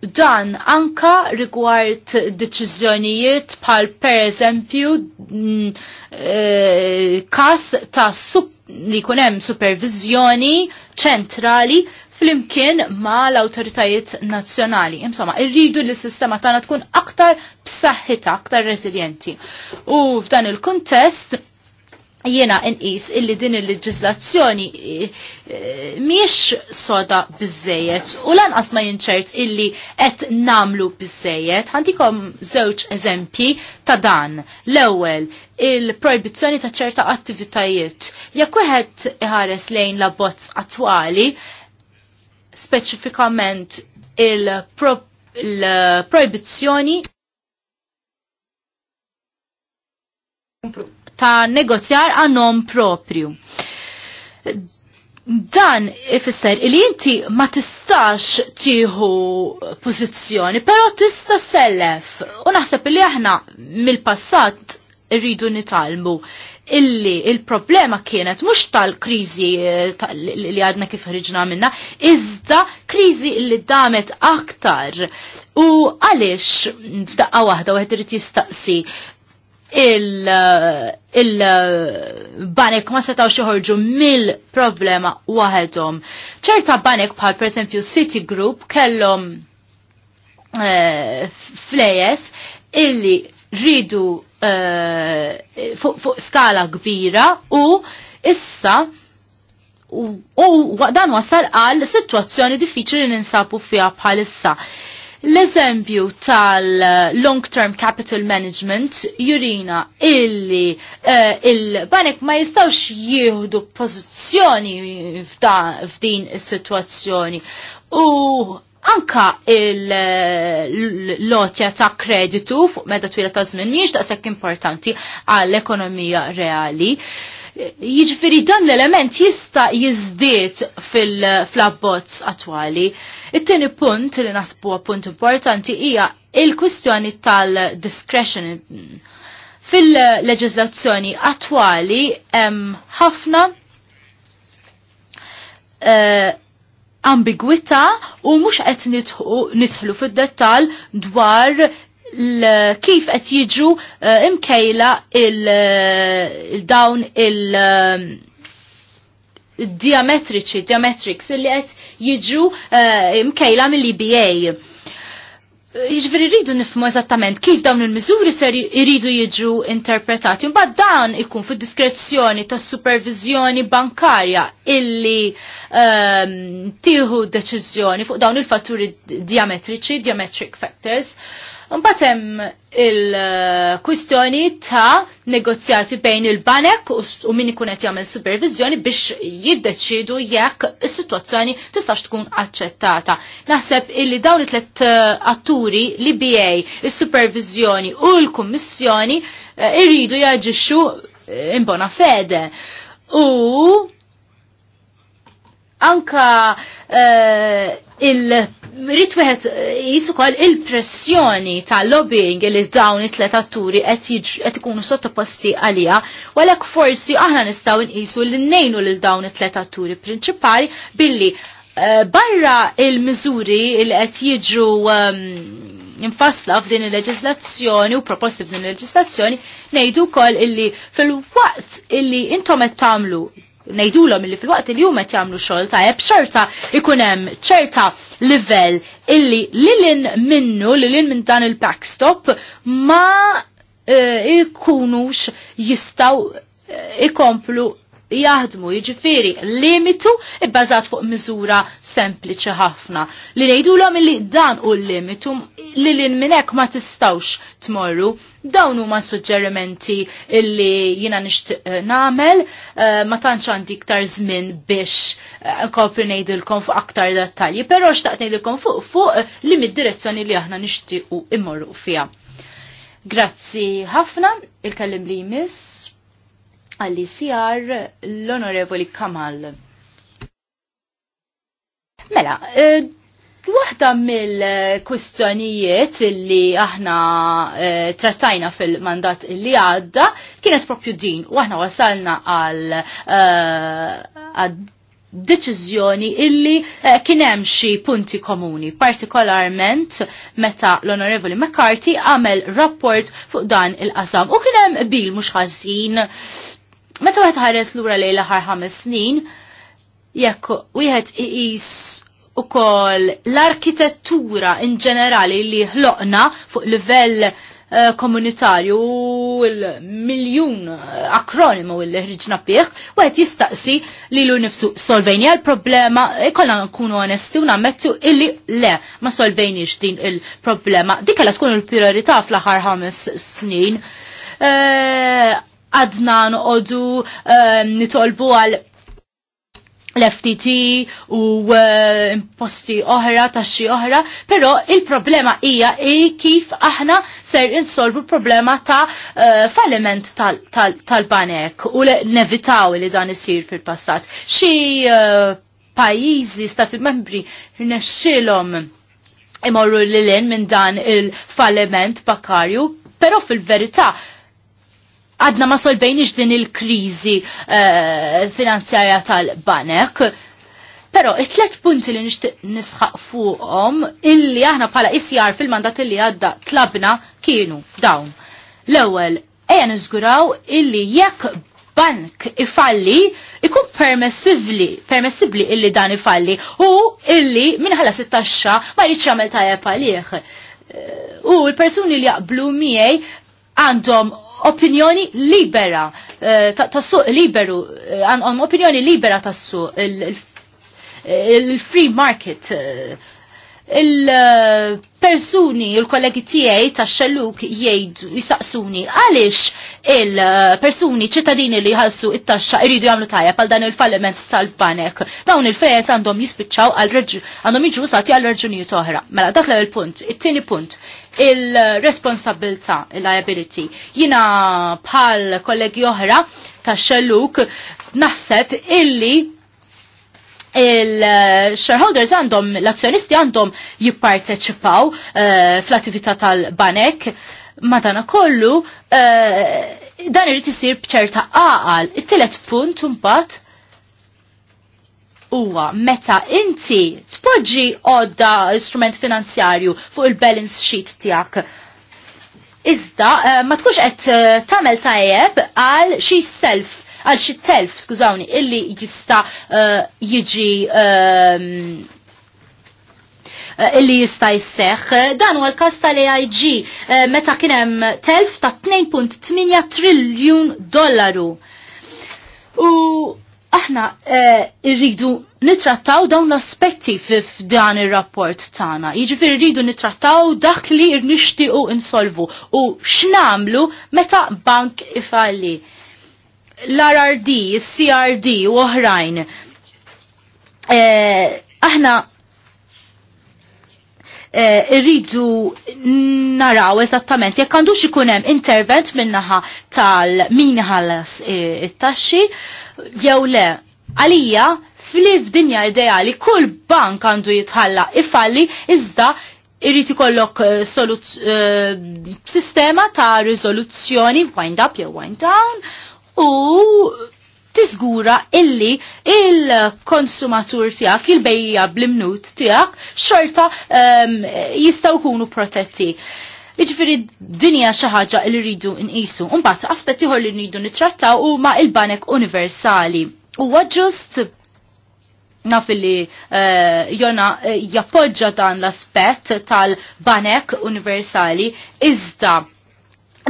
dan anka rigward deċiżjonijiet pal per eżempju mm, eh, kas ta' sup li kunem supervizjoni ċentrali flimkien ma l-autoritajiet nazzjonali. Insomma, irridu li s-sistema tagħna tkun aktar b'saħħitha, aktar resilienti. U f'dan il-kuntest jiena inqis illi din il-leġislazzjoni eh, miex soda bizzejet u lanqas ma jinċert illi qed namlu bizzejet. Għantikom żewġ eżempji ta' dan. L-ewwel il-proibizzjoni ta' ċerta attivitajiet. Jekk wieħed iħares lejn la bozz attwali, speċifikament il-proibizzjoni ta' negozjar non propriu. Dan ifisser li inti ma tistax tieħu pożizzjoni, però tista' sellef. U naħseb li aħna mill-passat rridu nitalmu illi il-problema kienet mhux tal-kriżi eh, li għadna kif ħriġna minna, iżda kriżi li damet aktar. U għaliex f'daqqa waħda u irid jistaqsi il-banek eh, eh, ma setaw xieħorġu mill-problema waħedhom. ċerta banek bħal per esempio Citigroup kellhom flejes illi rridu uh, fuq skala kbira u issa u, u dan wasal għal situazzjoni diffiċli li ninsabu fija bħalissa. L-eżempju tal-long eh, term capital management jurina illi uh, il-banek ma jistawx jieħdu pozizjoni f'din is-sitwazzjoni. U anka l-lotja ta' kreditu fuq medda twila ta' żmien mhijiex daqshekk importanti għall-ekonomija reali. Jiġifieri dan l-element jista' jiżdied fil-abbozz attwali. It-tieni punt li nasbu punt importanti hija il-kwistjoni tal-discretion fil-leġislazzjoni attwali hemm ħafna uh, ambigwità u mhux qed nidħlu fid-dettall dwar kif qed jiġu uh, imkejla il-dawn il, eh, eh, diametriċi, diametrics, illi qed jiġu uh, imkejla mill-EBA Jiġifieri rridu nifhmu eżattament kif dawn il-miżuri ser jridu jiġu interpretati. Mbagħad dan ikun fid-diskrezzjoni tas-supervizjoni bankarja illi um, tieħu deċiżjoni fuq dawn il-fatturi diametriċi, diametric factors. Uh, Mbatem hemm il-kwistjoni ta' negozjati bejn il-banek u min ikun qed jagħmel supervizjoni biex jiddeċidu jekk is-sitwazzjoni tistax tkun aċċettata. Naħseb illi dawn it-tlet eh, atturi li BA, il supervizjoni u l-kummissjoni eh, irridu jaġixxu eh, imbona fede. U anka uh, il- Rrit wieħed eh, jisu kol il-pressjoni ta' lobbying li dawn it-tlet atturi qed ikunu sottoposti għalija, u forsi aħna nistgħu nqisu li nnejnu lil dawn it-tlet atturi prinċipali billi eh, barra il-miżuri li qed jiġu ehm, infasla f'din il-leġislazzjoni u proposti f'din il-leġislazzjoni nejdu kol illi fil-waqt illi intom qed tagħmlu nejdulom illi fil-waqt il-jum qed jagħmlu xogħol ta' eb xorta ikun hemm ċerta livell illi lilin minnu lilin minn dan il-backstop ma eh, ikunux jistaw eh, ikomplu jaħdmu, jiġifieri limitu ibbażat fuq miżura sempliċi ħafna. Li ngħidulhom li dan u limitu li lil minn hekk ma tistawx tmorru. Dawn huma suġġerimenti illi jiena nixtieq eh, nagħmel, eh, ma tantx għandi iktar żmien biex eh, nkopri ngħidilkom fuq aktar dettalji, però xtaqt ngħidilkom fuq fuq li mid-direzzjoni li aħna nixtiequ immorru fiha. Grazzi ħafna, il kallim li jmiss għalli sijar l-onorevoli Kamal. Mela, eh, Waħda mill-kustjonijiet li aħna e, trattajna fil-mandat li għadda kienet propju din u aħna wasalna għal e, deċiżjoni illi e, kienem xi punti komuni, partikolarment meta l-Onorevoli McCarthy għamel rapport fuq dan il-qasam u kienem bil mhux ħażin Meta wieħed ħares lura lejn l-aħħar ħames snin, jekk wieħed iqis ukoll l-arkitettura in ġenerali li ħloqna fuq livell eh, komunitarju il-miljun eh, akronimu il ħriġna piħ, u għet jistaqsi li l nifsu solvejni għal-problema, ikolla nkunu onesti u nammettu illi le, ma solvejni din il-problema. Dik għala tkun il-priorità fl-ħar ħames snin. Eh, għadna noqogħdu ehm, nitolbu għal l-FTT u imposti ehm, oħra, taxxi oħra, pero il-problema hija i kif aħna ser insolvu problema ta' eh, falliment tal-banek u nevitaw li dan isir fil-passat. Xi eh, pajizi, stati membri, rnexxilhom imorru l-lin minn dan il-falliment bakarju, pero fil-verità għadna ma solvejniex din il-krizi uh, eh, finanzjarja tal-banek. Pero it-tlet punti li nixtieq nisħaq fuqhom illi aħna bħala isjar fil-mandat illi għadda tlabna kienu dawn. L-ewwel ejja niżguraw illi jekk bank ifalli ikun permessivli, permessibli illi dan ifalli u illi minħala 16 ma jridx jagħmel tajjeb għalih. Eh, u l-persuni li jaqblu miegħi għandhom opinjoni libera, eh, tassu liberu, għan eh, opinjoni libera tassu il-free market eh, il-persuni, il-kollegi tiegħi ta' xalluk jgħidu jisaqsuni għaliex il-persuni ċittadini li jħassu it-taxxa jridu jagħmlu tajja għal dan il-falliment tal-banek. Dawn il-fejes għandhom jispiċċaw għal għandhom jiġu sati għal raġunijiet oħra. Mela dak l punt, it-tieni punt il-responsabilta, il-liability. Jina bħal kollegi oħra ta' xalluk naħseb illi il-shareholders għandhom, l-azzjonisti għandhom jipparteċipaw uh, fl-attività tal-banek, madana kollu uh, eh, dan irrid isir bċerta għaqal. It-telet punt imbagħad huwa meta inti tpoġġi għodda strument finanzjarju fuq il-balance sheet tiegħek. Iżda uh, ma tkunx qed tagħmel tajjeb għal xi self għal xi telf, skużawni, illi jista' eh, jiġi eh, eh, illi jista' jisseħ. Dan huwa l-każ tal-AIG meta kien hemm telf ta' 2.8 triljun dollaru. U aħna rridu nitrattaw dawn l-aspetti f'dan ir-rapport tagħna. Jiġifieri rridu nitrattaw dak li rnixtiequ insolvu u x'namlu meta bank ifalli l-RRD, CRD u oħrajn. Eh, aħna eh, irridu naraw eżattament jekk għandux ikun hemm intervent minnaħa tal-min ħallas eh, it-taxxi jew le. Għalija fil-dinja ideali kull bank għandu jitħalla ifalli iżda irrid ikollok sistema ta' riżoluzzjoni wind up jew wind down u tiżgura illi il-konsumatur tiegħek, il-bejja bl tijak, tiegħek, xorta um, ehm, jistgħu jkunu protetti. Iġifiri dinja xi ħaġa li rridu nqisu. Mbagħad aspett ieħor li rridu nittrattaw huma il-banek universali. Huwa għadġust naf li uh, eh, jona uh, eh, jappoġġa dan l-aspett tal-banek universali iżda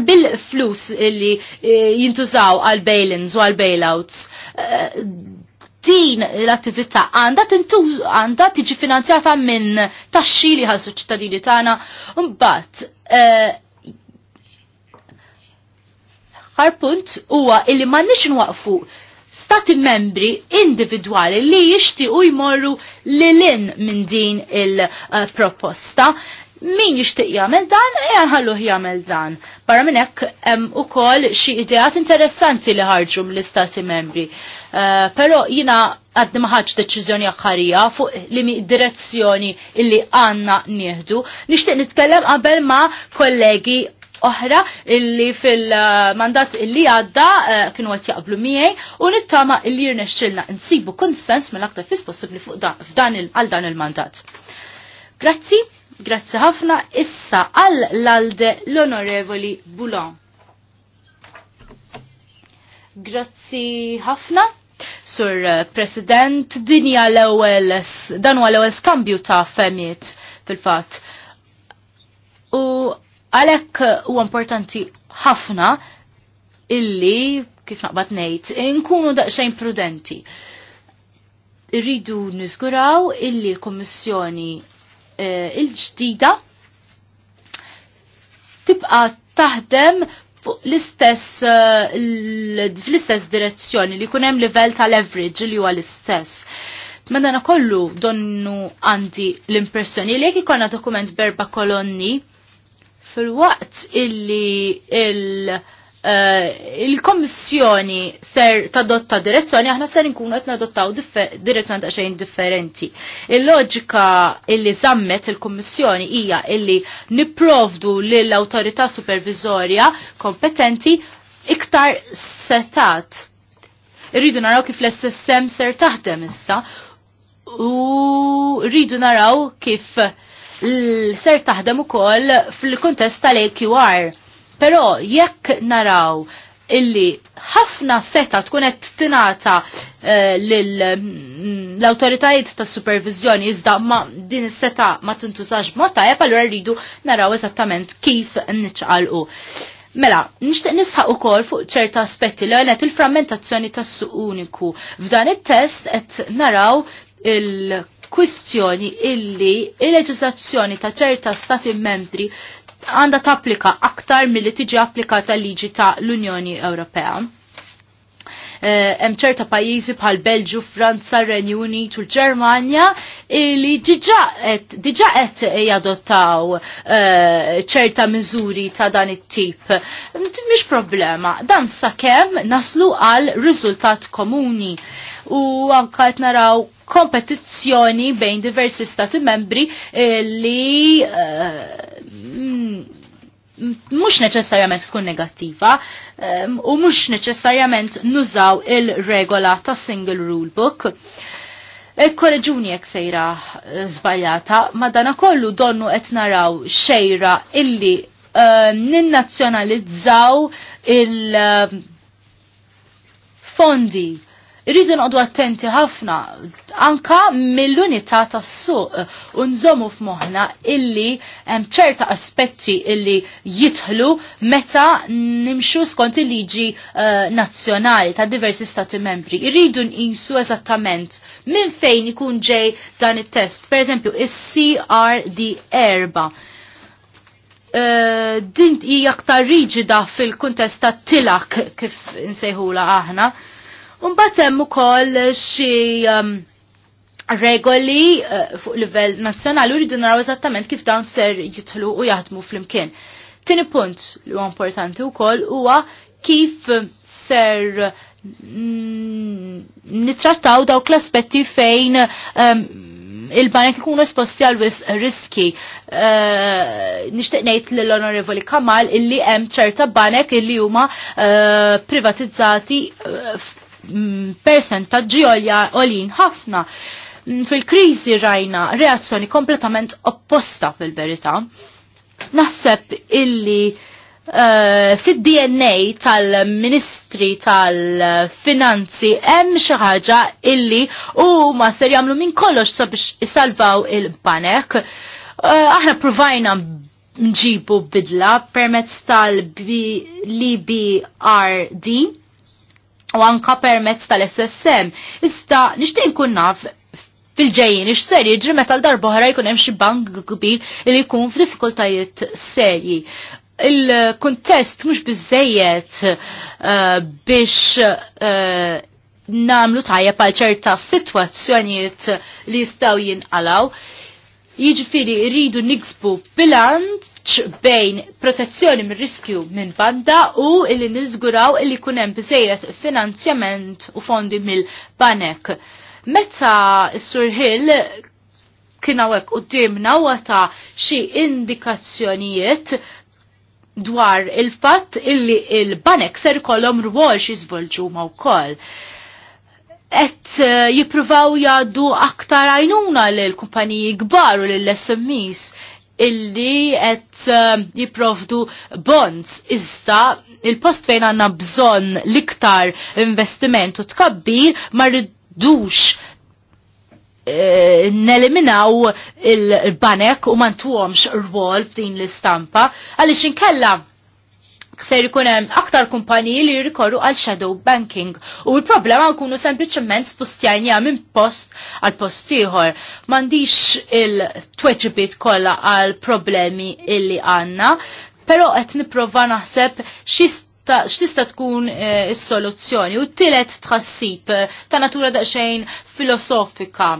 bil-flus li eh, jintużaw għal bail-ins u għal bailouts. Eh, din l-attività għandha tintu tiġi finanzjata minn taxxi li ħassu ċittadini tagħna mbagħad eh, ħar punt huwa illi m'għandniex nwaqfu stati membri individuali li jixti u jmorru lilin minn din il-proposta min jixtieq jagħmel dan e ħalluh jagħmel dan. Barra minn hekk kol ukoll xi ideat interessanti li ħarġu mill-Istati Membri. Uh, Però jiena għadni maħħaċ deċizjoni għakħarija fuq li direzzjoni illi għanna nieħdu. Nishtiq nitkellem qabel ma kollegi oħra illi fil-mandat illi għadda uh, kienu għet jaqblu miegħi u nittama illi jirnexxilna nsibu konsens mill-aktar fis possibbli fuq dan il-mandat. Grazzi. Grazzi ħafna issa għal l-alde l-onorevoli Boulon. Grazzi ħafna. Sur President, dinja l-ewel, dan huwa l-ewel skambju ta' femiet fil-fatt. U għalhekk huwa importanti ħafna illi kif naqbad ngħid, nkunu daqsxejn prudenti irridu nizguraw illi l komissjoni Eh, il-ġdida tibqa taħdem l-istess eh, fl-istess direzzjoni li kunem livell tal-average li huwa l-istess. Madana kollu donnu għandi l-impressjoni li jek ikonna dokument berba kolonni fil-waqt illi il- Eh, il-Kommissjoni ser tadotta direzzjoni, aħna ser nkunu qed nadottaw direzzjoni ta' xejn differenti. Il-loġika illi zammet il-Kommissjoni hija illi niprovdu lill-awtorità supervizorja kompetenti iktar setat. Irridu naraw kif l-SSM ser taħdem issa u rridu naraw kif ser taħdem ukoll fil-kontest tal-AQR Però jekk naraw illi ħafna seta tkun qed tingħata eh, mm, l-awtoritajiet tas supervizjoni iżda ma din is-seta ma tintużax b'mod tajjeb allura rridu naraw eżattament kif niċċaqalqu. Mela, nixtieq nisħaq ukoll fuq ċerta aspetti li għanet il-frammentazzjoni tas-suq uniku. F'dan it-test qed naraw il kwistjoni illi il-leġislazzjoni ta' ċerta stati membri għanda tapplika aktar mill-li tiġi applikata liġi ta' l-Unjoni Ewropea. Eh, hemm ċerta pajjiżi bħal Belġu, Franza, Renju Unit u l-Ġermanja li diġà qed jadottaw eh, ċerta miżuri ta' dan it-tip. Mhix problema, dan sakemm naslu għal riżultat komuni u anka qed naraw kompetizzjoni bejn diversi stati membri eh, li mux mm, neċessarjament tkun negattiva ehm, u mux neċessarjament nużaw il-regola ta' single rule book. Il-korreġuni e, jek sejra eh, zbaljata, ma dana kollu donnu qed naraw xejra illi ehm, ninnazzjonalizzaw il- ehm, fondi Irridu nqodu attenti ħafna anka mill-unità tas-suq u nżommu f'moħħna illi hemm ċerta aspetti illi jidħlu meta nimxu skont il-liġi uh, nazzjonali ta' diversi stati membri. Irridu nqisu eżattament minn fejn ikun ġej dan it-test. Pereżempju is-CRD erba' eh, din hija aktar riġida fil-kuntest ta' tilak kif insejħula aħna. Unbat hemm ukoll xi um, regoli uh, fuq livell nazzjonali u rridu naraw eżattament kif dawn ser jidħlu u jaħdmu flimkien. Tieni punt li huwa importanti wkoll huwa kif ser mm, nitrattaw dawk l-aspetti fejn um, il-banek ikunu esposti għal riski. Uh, Nishtiq ngħid lill-Onorevoli Kamal illi hemm ċerta banek illi huma uh, privatizzati percentaġġi olja olin ħafna. Mm, fil-krizi rajna reazzjoni kompletament opposta fil-verità. Naħseb illi Uh, eh, fid-DNA tal-Ministri tal-Finanzi hemm xi ħaġa illi huma ser jagħmlu minn kollox sabiex isalvaw il-banek. Uh, aħna provajna nġibu bidla permezz tal-BRD u anka permezz tal-SSM. Ista nixtieq nkun naf fil-ġejjin ix ser jiġri meta l-darbohra jkun hemm xi bank kbir li jkun f'diffikultajiet serji. Il-kuntest mhux biżejjed uh, biex uh, namlu tajja pal ċerta situazzjonijiet li jistaw jinqalaw. Jiġifieri rridu niksbu bilanz bilanċ bejn protezzjoni mir riskju minn banda u illi niżguraw illi kunem biżejjed finanzjament u fondi mill-banek. Meta Sur Hill kien hawnhekk qudiemna wata xi indikazzjonijiet dwar il-fatt illi il-banek ser ikollhom rwol xi żvolġuma wkoll et eh, jipruvaw jaddu aktar għajnuna l-kumpaniji gbar u l-SMEs illi qed eh, jipprovdu bonds iżda il-post fejn għandna bżonn l-iktar investiment u tkabbir ma rridux eh, neliminaw il-banek u r rwol f'din l-istampa għaliex inkella ser ikun hemm aktar kumpaniji li jrikorru għal shadow banking u l-problema jkunu sempliċement spostjanja minn post għal post ieħor. M'għandix il-tweġibiet kollha għal problemi illi għandna, però qed nipprova naħseb x'tista tkun eh, is-soluzzjoni u t-tielet tħassib eh, ta' natura daqsxejn filosofika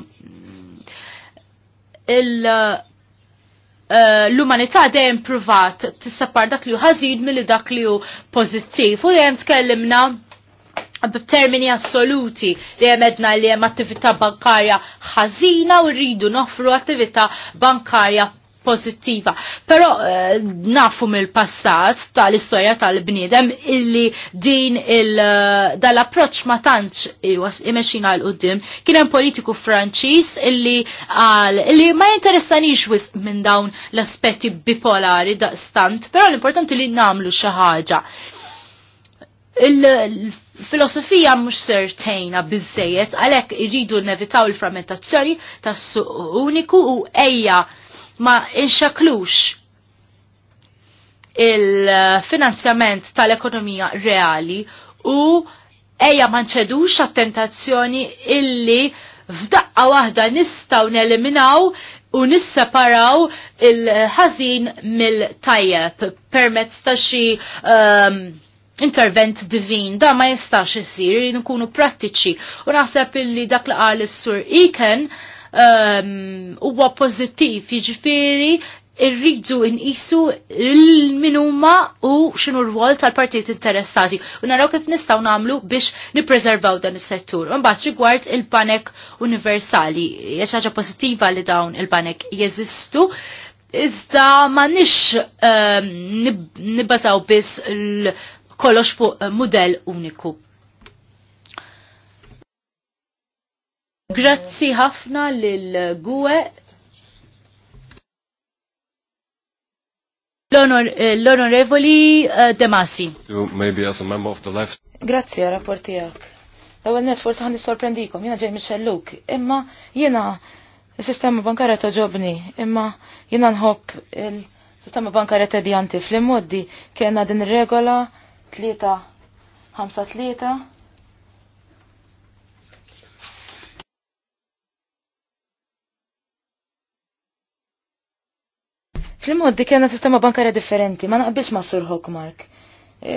Eh, l-umanità dejjem pruvat tissappar dak li hu ħażin milli dak li hu pożittiv u dejjem tkellimna b'termini assoluti dejjem edna li hemm attività bankarja ħażina u rridu nofru attività bankarja pozittiva. Però eh, nafu mill-passat tal-istorja tal-bniedem illi din il eh, dal-approċ ma tantx imexxina l qudiem kien hemm politiku Franċiż illi għal illi ma jinteressanix wisq minn dawn l-aspetti bipolari daqstant, però l-importanti li nagħmlu xi ħaġa il-filosofija mux sertejna bizzejet, għalek irridu nevitaw il-frammentazzjoni tas suq uniku u eja ma inxaklux il-finanzjament tal-ekonomija reali u eja manċedux attentazzjoni illi f'daqqa waħda nistaw neliminaw u nisseparaw il-ħazin mill-tajjeb permezz ta' xi um, intervent divin, da ma jistax isir, nkunu prattiċi. U naħseb illi dak li qal is-sur Iken Um, huwa pozittiv, jiġifieri irridu nqisu il minuma u xinu r-wol tal-partijiet interessati u naraw kif nistaw namlu biex nipreservaw dan is-settur. Mbagħad rigward il-banek universali, hija ħaġa pożittiva li dawn il-banek jeżistu, iżda nix um, nibbażaw biss kollox fuq model uniku. Grazzi ħafna lil gue l-onorevoli eh, De Masi. Maybe as a member of the left. Grazzi rapportijak. L-ewwel net forsi ħan nissorprendikom, jiena ġej mixelluk, imma jiena s-sistema bankarja toġobni, imma jiena nħobb il-sistema bankarja tedjanti fl-immoddi kena din regola 3 5 3 Fil-mod dik kena sistema bankarja differenti, ma naqbilx ma' Sur Hokmark. E,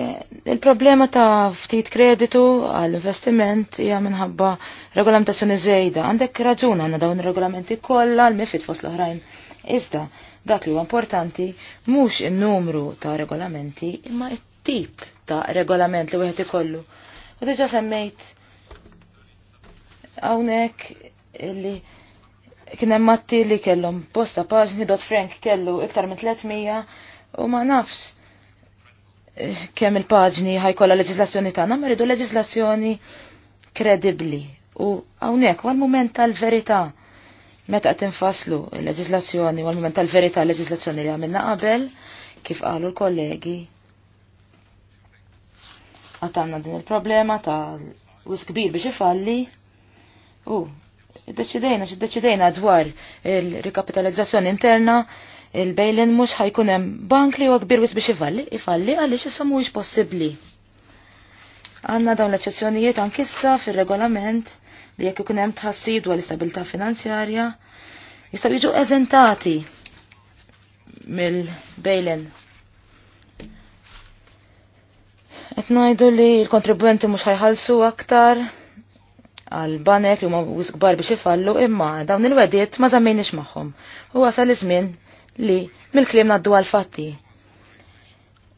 il-problema ta' ftit kreditu għall-investiment hija minħabba regolamentazzjoni żejda. Għandek raġun għandna dawn ir-regolamenti kollha l-mifid fost l-oħrajn. Iżda, dak li huwa importanti mhux in-numru ta' regolamenti imma it-tip ta' regolament li wieħed ikollu. U diġà semmejt hawnhekk li Kien hemm matti li kellhom bosta paġni dot Frank kellu iktar minn 300 u ma nafx eh, kemm il-paġni ħajkolla leġislazzjoni tagħna, ma rridu leġislazzjoni kredibbli u hawnhekk għal mument tal-verità meta qed infaslu l-leġislazzjoni u l-mument tal-verità l-leġislazzjoni li għamilna qabel kif qalu l-kollegi għatanna din il-problema ta' wis kbir biex ifalli u Id-deċidejna, id deċidejna dwar il rekapitalizzazzjoni interna, il-bejlin mux ħajkun hemm bank li huwa wis biex ifalli, ifalli għaliex issa mhuwiex possibbli. Għanna dawn l-eċċezzjonijiet għankissa issa fir-regolament li jekk ikun hemm tħassib dwar l istabilta finanzjarja jistgħu jiġu eżentati mill-bejlin. Qed ngħidu li l-kontribwenti mhux ħajħallsu aktar għal banek li huma kbar biex ifallu imma dawn il-wediet ma żammejniex magħhom. U wasal iż-żmien li mill-kliem naddu għal fatti.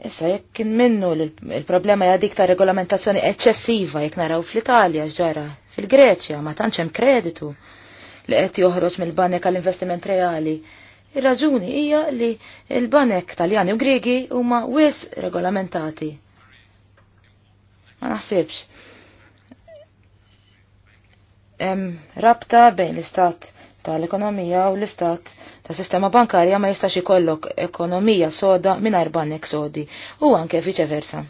Issa jekk kien minnu l-problema hija dik ta' regolamentazzjoni eċċessiva jekk naraw fl-Italja x'ġara, fil-Greċja ma tantx hemm kreditu li qed joħroġ mill-banek għall investiment reali. Ir-raġuni hija li l-banek Taljani u Griegi huma wis regolamentati. Ma naħsibx hemm rabta bejn l-istat tal-ekonomija u l-istat ta' sistema bankarja ma jistax ikollok ekonomija soda mingħajr banek sodi u anke versa.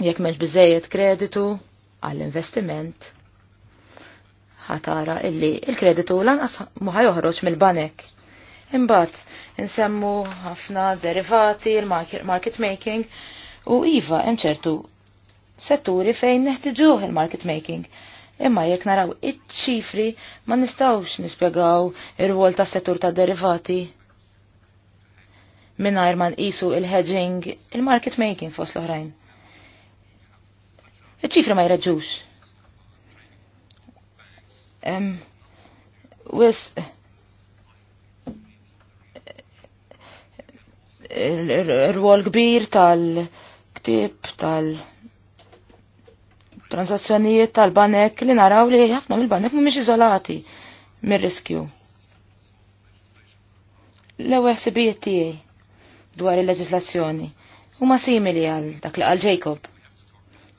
Jekk m'hemmx biżejjed kreditu għall-investiment ħatara illi il-kreditu lanqas ma joħroġ mill-banek. Imbagħad insemmu ħafna derivati, il-market making u iva hemm ċertu setturi fejn neħtiġuħ il-market making. Imma jekk naraw iċ-ċifri ma nistawx nispjegaw ir-rwol tas settur ta' derivati. Minnajr ma nqisu il-hedging, il-market making fost l-oħrajn. Iċ-ċifri ma jreġux? Um, wis, il-rwol kbir tal-ktib tal-, -ktib, tal transazzjonijiet tal-banek li naraw li ħafna mill-banek mhumiex iżolati mir-riskju. L-ewwel ħsibijiet tiegħi dwar il-leġislazzjoni huma simili għal dak li qal Jacob.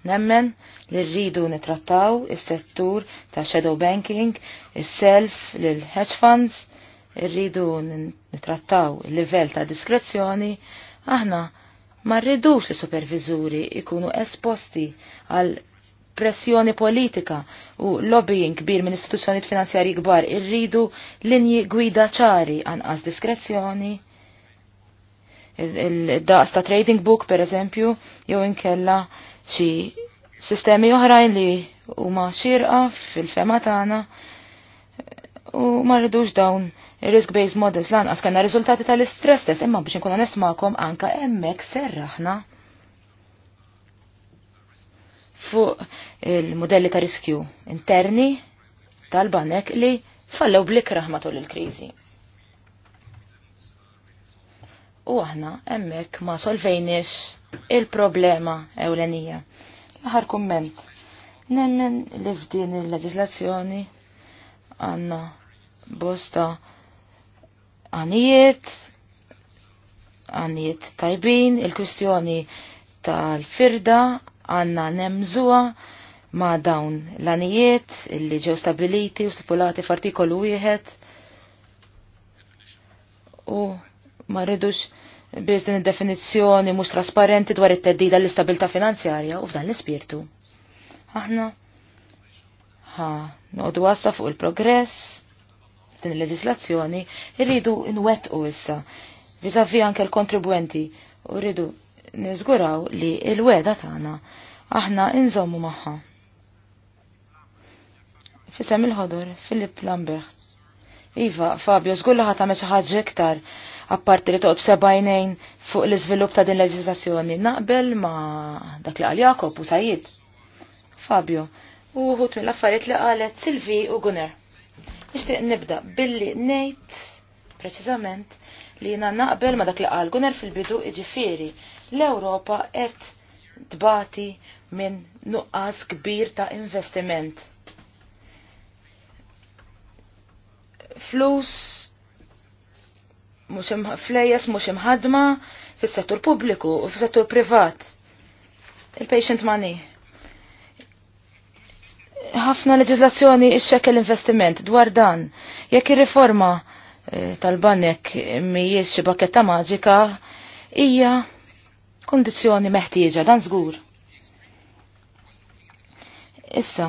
Nemmen li rridu nitrattaw is-settur ta' shadow banking, is-self lil hedge funds, rridu nitrattaw il-livell ta' diskrezzjoni, aħna ma rridux li supervizuri ikunu esposti għal pressjoni politika u lobbying kbir minn istituzzjonijiet finanzjarji kbar irridu linji gwida ċari anqas diskrezzjoni il-daqs ta' trading book per eżempju jew inkella xi sistemi oħrajn li huma xirqa fil-fema tagħna u ma rridux dawn risk-based models lanqas kellna riżultati tal-istress test imma biex inkun onest magħkom anke hemmhekk serraħna fuq il-modelli ta' riskju interni tal-banek li fallew blikrah matul il-kriżi. U aħna hemmhekk ma solvejniex il-problema ewlenija. Aħar kumment. Nemmen li f'din il-leġislazzjoni għanna bosta għanijiet, għanijiet tajbin, il-kwistjoni tal-firda għanna nemżuwa ma' dawn l-anijiet illi ġew stabiliti u stipulati f'artikolu wieħed u ma rridux biss din id-definizzjoni mhux trasparenti dwar it-teddida l-istabilità finanzjarja u f'dan l-ispirtu. Aħna ha noqdu għassa fuq il-progress din il-leġislazzjoni irridu nwettqu issa Vizavi anke l-kontribwenti u rridu niżguraw li il-weda tagħna aħna inżommu magħha. Fisem il ħodur Filip Lambert. Iva, Fabio, zgur li ħata meċa ħaġa iktar apparti li toqb sebajnejn fuq l-iżvilupp ta' din leġiżlazzjoni. Naqbel ma' dak li qal Jakob u Sajid. Fabio, u ħut mill-affarijiet li qalet Silvi u Gunner. Nixtieq nibda billi ngħid preċiżament li jina naqbel ma dak li qal Gunner fil-bidu iġifieri l-Ewropa qed tbati minn nuqqas kbir ta' investiment. Flus mhux mhux imħadma fis-settur pubbliku u fis-settur privat. Il-patient money. Ħafna leġislazzjoni xekel investiment dwar dan. Jekk ir-riforma eh, tal-banek mhijiex xi bakketta maġika, hija kondizjoni meħtieġa dan żgur. Issa,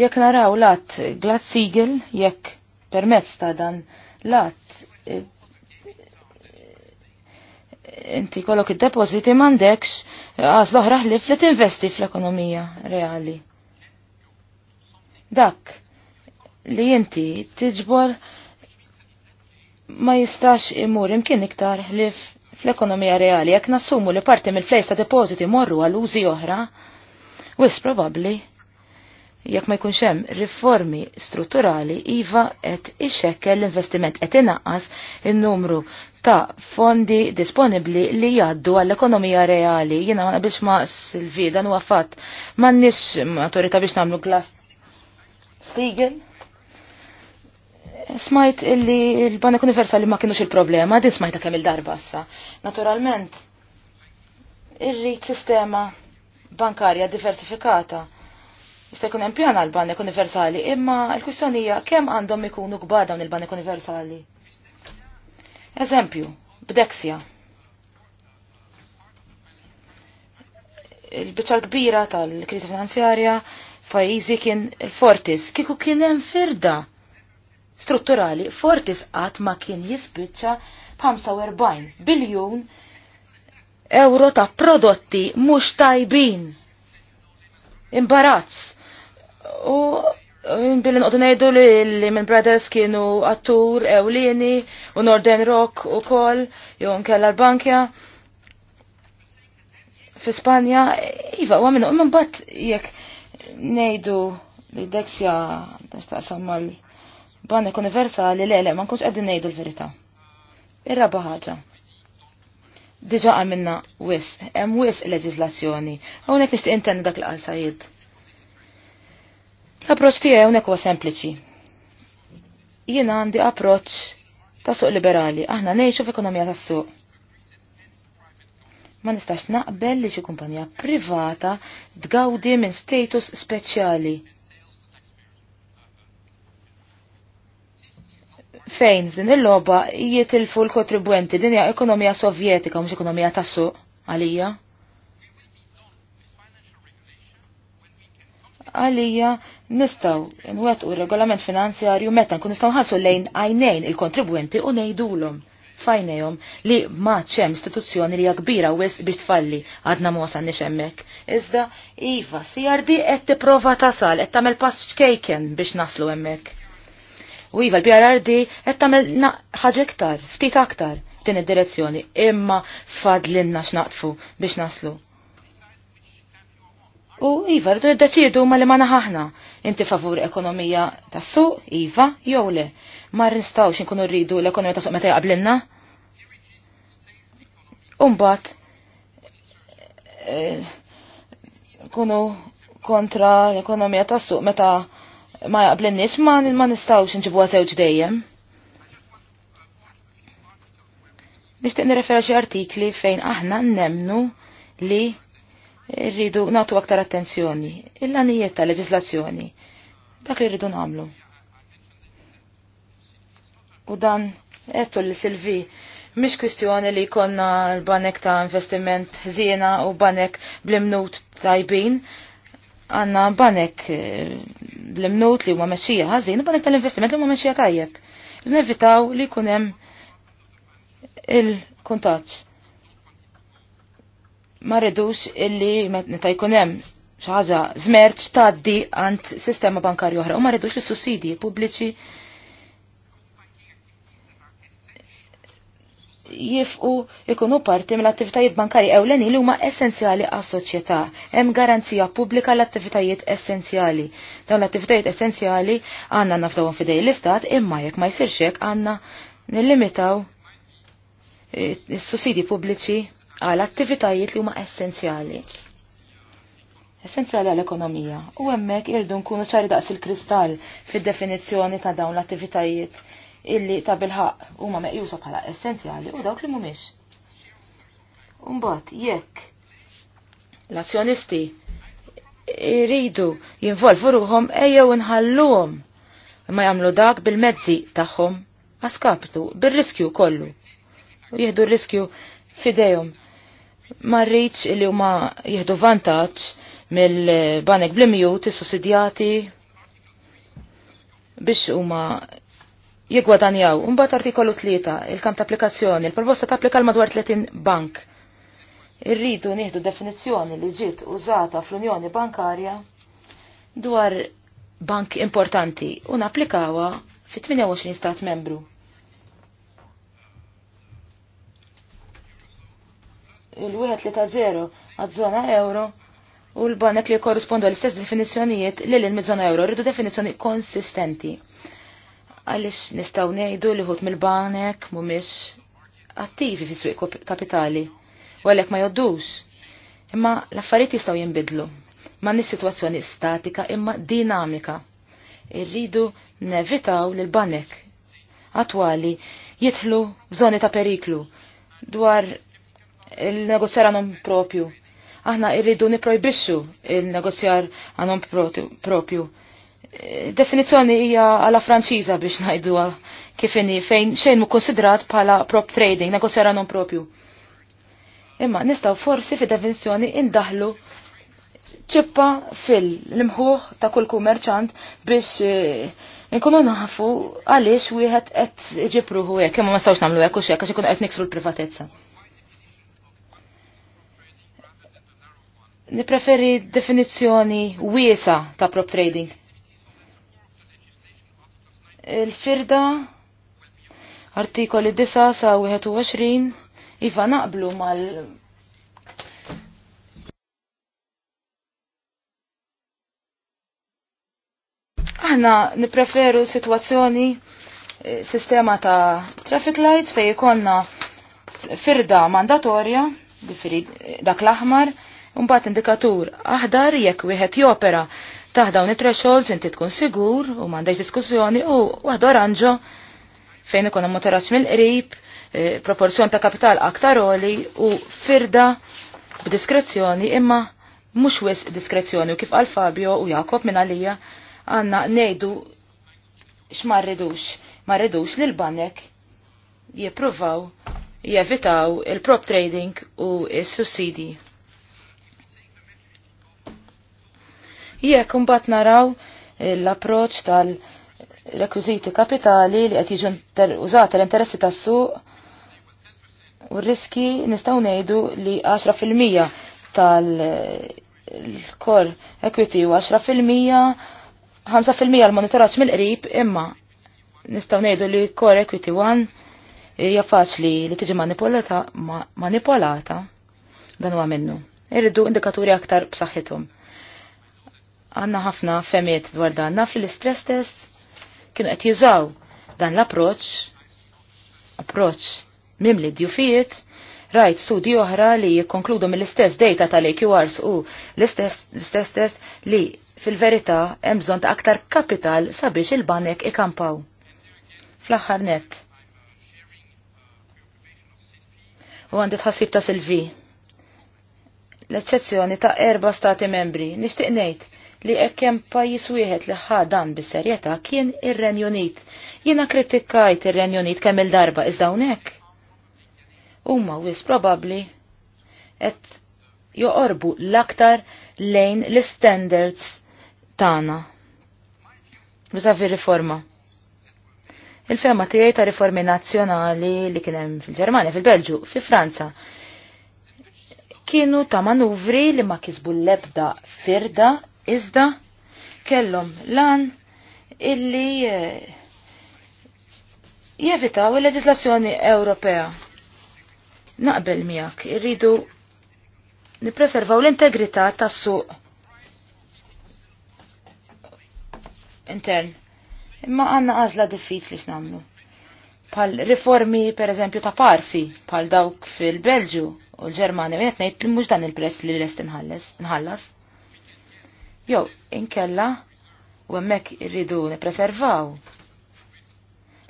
jekk naraw lat glat sigil, jekk permezz ta' dan lat eh, inti kollok id-depożiti m'għandekx għaż l-oħra ħlif li tinvesti fl-ekonomija reali. Dak li inti tiġbor ma jistax imur imkien iktar ħlif fl-ekonomija reali jekk nassumu li parti mill-flejs ta' depoziti morru għal użi oħra, wis probabbli jekk ma jkunx hemm riformi strutturali iva qed ixekkel l-investiment qed inaqqas in-numru ta' fondi disponibbli li jgħaddu għall-ekonomija reali. Jiena ma naqbilx ma' Silvi dan huwa fatt m'għandniex maturita biex nagħmlu glas Siegel Smajt illi l-Banek Universali ma kienux il-problema, din smajta kemm il-darba issa. Naturalment, irrid sistema bankarja diversifikata. Jista' jkun hemm pjana l banek universali, imma l-kwistjoni hija kemm għandhom ikunu kbar dawn il-banek universali. Eżempju, b'Dexia. Il-biċċa kbira tal-kriżi finanzjarja f'pajjiżi kien il-Fortis kieku kien hemm firda strutturali forti sqat ma kien jispiċċa 45 biljun euro ta' prodotti mhux tajbin. Imbarazz. U um, billi nqodu ngħidu li Lehman Brothers kienu attur ewlieni u Northern Rock ukoll jew nkella l-Bankja fi Spanja, iva, u għaminu, imman bat jek nejdu li deksja, nistaqsam mal banek universali le ma nkunx qegħdin ngħidu l-verità. Ir-raba ħaġa. Diġa għamilna wis, hemm wis leġiżlazzjoni. Hawnhekk nixtieq intendi dak l-qal Sajid. L-approċċ tiegħi hawnhekk huwa sempliċi. Jiena għandi approċċ ta' suq liberali, aħna ngħixu f'ekonomija tas-suq ma nistax naqbel li xi kumpanija privata tgawdi minn status speċjali. fejn din il-logħba jitilfu l-kontribwenti din hija ekonomija sovjetika mhux ekonomija tas-suq għalija. Għalija nistaw nwettqu regolament finanzjarju meta nkun nistgħu ħassu lejn għajnejn il-kontribwenti u ngħidulhom fajnejom li ma ċem istituzzjoni li hija kbira wis biex tfalli għadna mosa nixemmek. Iżda iva, CRD qed tipprova tasal qed tagħmel pass ċkejken biex naslu hemmhekk. U iva l prrd qed tagħmel ħaġa iktar, ftit aktar din id-direzzjoni, imma fadlinna x'naqtfu biex naslu. U iva rridu niddeċiedu ma li ma naħaħna. Inti favur ekonomija tas-suq, iva, jew le. Ma rinstawx inkunu rridu l-ekonomija ta' suq meta jaqblinna. Umbat, eh, kunu kontra l-ekonomija tas-suq meta' ma jaqblenniex ma, ma nistawx nġibuha żewġ dejjem. Nixtieq nirrefera xi artikli fejn aħna nemnu li rridu natu aktar attenzjoni. Il-lanijiet ta' leġislazzjoni. Dak li rridu nagħmlu. U dan qedtu li Silvi Mish kwistjoni li konna l-banek ta' investiment zina u banek blimnut tajbin, għanna banek eh, l-imnut li huma mexxija ħażin, banek tal-investiment li huma mexxija tajjeb. Nevitaw li kunem il-kuntaċ. Ma redux illi meta jkunem xi ħaġa żmerċ tgħaddi għand sistema bankarju oħra u ma redux li sussidji pubbliċi jifqu ikunu parti mill-attivitajiet bankari ewleni li huma essenzjali għas soċjetà Hemm garanzija pubblika l-attivitajiet essenzjali. Dawn l-attivitajiet essenzjali għandna nafdawhom fidej l-istat imma jekk ma jsirx hekk għandna nillimitaw is-sussidi eh, pubbliċi għal attivitajiet li huma essenzjali. Essenzjali għall-ekonomija u hemmhekk irdu nkunu ċari daqs il-kristall fid-definizzjoni ta' dawn l-attivitajiet illi ta' bilħaq huma meqjusa bħala essenzjali u dawk li mhumiex. Mbagħad jekk l-azzjonisti jridu jinvolvu ruhom ejjew inħalluhom ma jagħmlu dak bil-mezzi tagħhom għaskaptu bir-riskju kollu. U jieħdu r-riskju fidejhom. Ma rridx li huma jieħdu vantaġġ mill-banek bl-imju tissussidjati biex huma jigwadanjaw. Umbat artikolu 3, il-kamp ta' applikazzjoni, il-proposta ta' applikal madwar 30 bank. Irridu nieħdu definizzjoni li ġiet użata fl-Unjoni Bankarja dwar bank importanti u napplikawa fi 28 stat membru. il 1 ta' għad-zona euro u l-banek li korrispondu għal istess definizjonijiet li l-mid-zona euro rridu definizjoni konsistenti għaliex nistgħu ngħidu li hut mill-banek mhumiex attivi fi suq kapitali u għalhekk ma jgħoddux. Imma l-affarijiet jistgħu jinbidlu. Ma nis sitwazzjoni statika imma dinamika. Irridu nevitaw li l-banek attwali jitħlu bżoni ta' periklu dwar il-negozjar għanom propju. Aħna irridu niprojbixxu il-negozjar għanom propju. Definizzjoni hija għala franċiża biex ngħiduha kif inhi fejn xejn mu konsidrat bħala prop trading, negozjara non propju. Imma nistgħu forsi fi definizjoni indaħlu ċippa fil limħuħ ta' kull kummerċant biex eh, nkunu nafu għaliex wieħed qed iġibruħu hekk, imma ma nistgħux nagħmlu hekk u hekk għax ikun qed niksru l-privatezza. Nipreferi definizzjoni wiesa ta' prop trading il-firda artikoli 9 sa 21 iva naqblu mal Aħna nipreferu situazzjoni eh, sistema ta' traffic lights fej ikonna firda mandatorja, eh, dak l-aħmar, un indikatur aħdar jekk wieħed jopera taħ dawn it-thresholds inti tkun sigur u m'għandekx diskussjoni u waħda oranġo fejn ikun hemm motoraġġ mill-qrib, e, proporzjon ta' kapital aktar oli u firda b'diskrezzjoni imma mhux wis diskrezzjoni u kif għal Fabio u Jakob minn għalija għandna ngħidu x'marridux, marridux lil banek jippruvaw jevitaw il-prop trading u s-sussidi. Jekk mbagħad naraw l-approċċ tal-rekwiżiti kapitali li qed jiġu użati l-interessi tas-suq u r-riski nistgħu ngħidu li 10% tal-core equity u 10% 5% l-monitoraġġ mill-qrib imma nistgħu ngħidu li core equity 1 hija faċli li tiġi manipolata manipolata dan huwa minnu. Irridu indikaturi aktar b'saħħithom. Għanna ħafna femiet dwar dan. Naf li l-stress test kienu qed jiżaw dan l-approċ, approċ mimli djufijiet, rajt studi oħra li jikkonkludu mill-istess data tal-AQRs u l-istess test li fil-verità hemm bżonn ta' aktar kapital sabiex il-banek ikampaw. Fl-aħħar net. U għandi tħassib ta' Silvi. L-eċċezzjoni ta' erba stati membri, nixtieq ngħid li ekkem hemm pajjiż wieħed li ħadan bis-serjetà kien ir-Renju Unit. Jiena kritikajt ir-Renju Unit kemm il-darba iżda hawnhekk. Huma wis probabbli qed joqorbu l-aktar lejn l-standards tagħna. Biża riforma. Il-fema tiegħi ta' riformi nazzjonali li kien hemm fil-Ġermanja, fil-Belġu, fi Franza kienu ta' manuvri li ma kisbu l-ebda firda Iżda kellhom lan illi eh, jevitaw il-leġislazzjoni Ewropea. Naqbel miegħek irridu nippreservaw l-integrità tas-suq intern. Imma għanna għażla diffiċli x'namlu. Pal riformi per eżempju ta' parsi, pal dawk fil-Belġu u l-Ġermani, u jgħet ngħid mhux dan il-press li lest inħallas jew inkella u hemmhekk irridu nippreservaw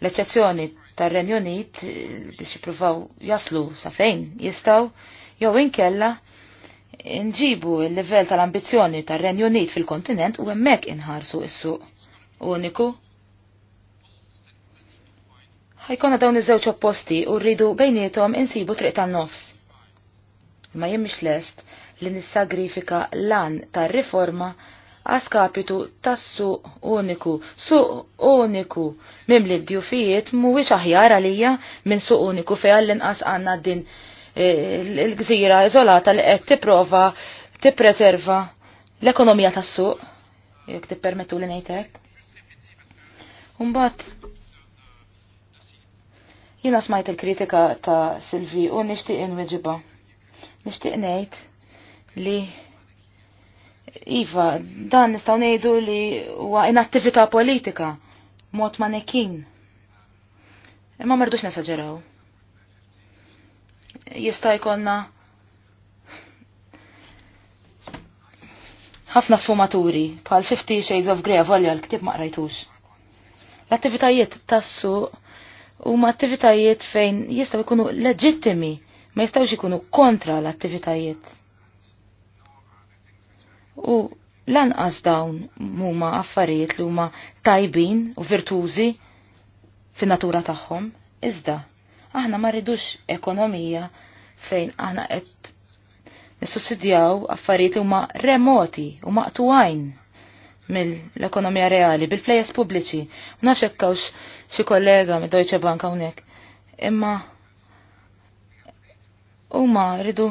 l-eċċezzjoni tar-Renju Unit eh, biex jippruvaw jaslu sa fejn jistgħu jew inkella nġibu il-livell tal-ambizzjoni tar-Renju Unit fil-kontinent u hemmhekk inħarsu is-suq uniku. Ħajkonna dawn iż-żewġ opposti u rridu bejnietom insibu triq tan-nofs. Ma jien lest li nissagrifika lan tar-riforma għaskapitu tas-suq uniku. Suq uniku mim li d-djufijiet mhuwiex aħjar għalija minn suq uniku fejn għall-inqas għandna din e, l-gżira iżolata li qed tipprova tippreserva l-ekonomija tas-suq. Jek tippermettu li ngħid hekk. jina jiena smajt il-kritika ta' Silvi u nixtieq inweġiba. Nixtieq ngħid li Iva, dan nistaw nejdu li huwa inattività politika, mod manekin. Imma merdux nesagġeraw. Jista' jkollna ħafna sfumaturi bħal Fifty Shades of Grey avolja l-ktib maqrajtux. L-attivitajiet tassu huma attivitajiet fejn jistgħu jkunu leġittimi, ma jistgħux jkunu kontra l-attivitajiet U lanqas dawn huma affarijiet li huma tajbin u virtużi fin-natura tagħhom, iżda aħna ma rridux ekonomija fejn aħna qed nissussidjaw affarijiet li huma remoti u maqtuajn mill-ekonomija reali bil-flejes pubbliċi. U nafx hekkawx xi kollega mid Deutsche Bank hawnhekk. Imma huma rridu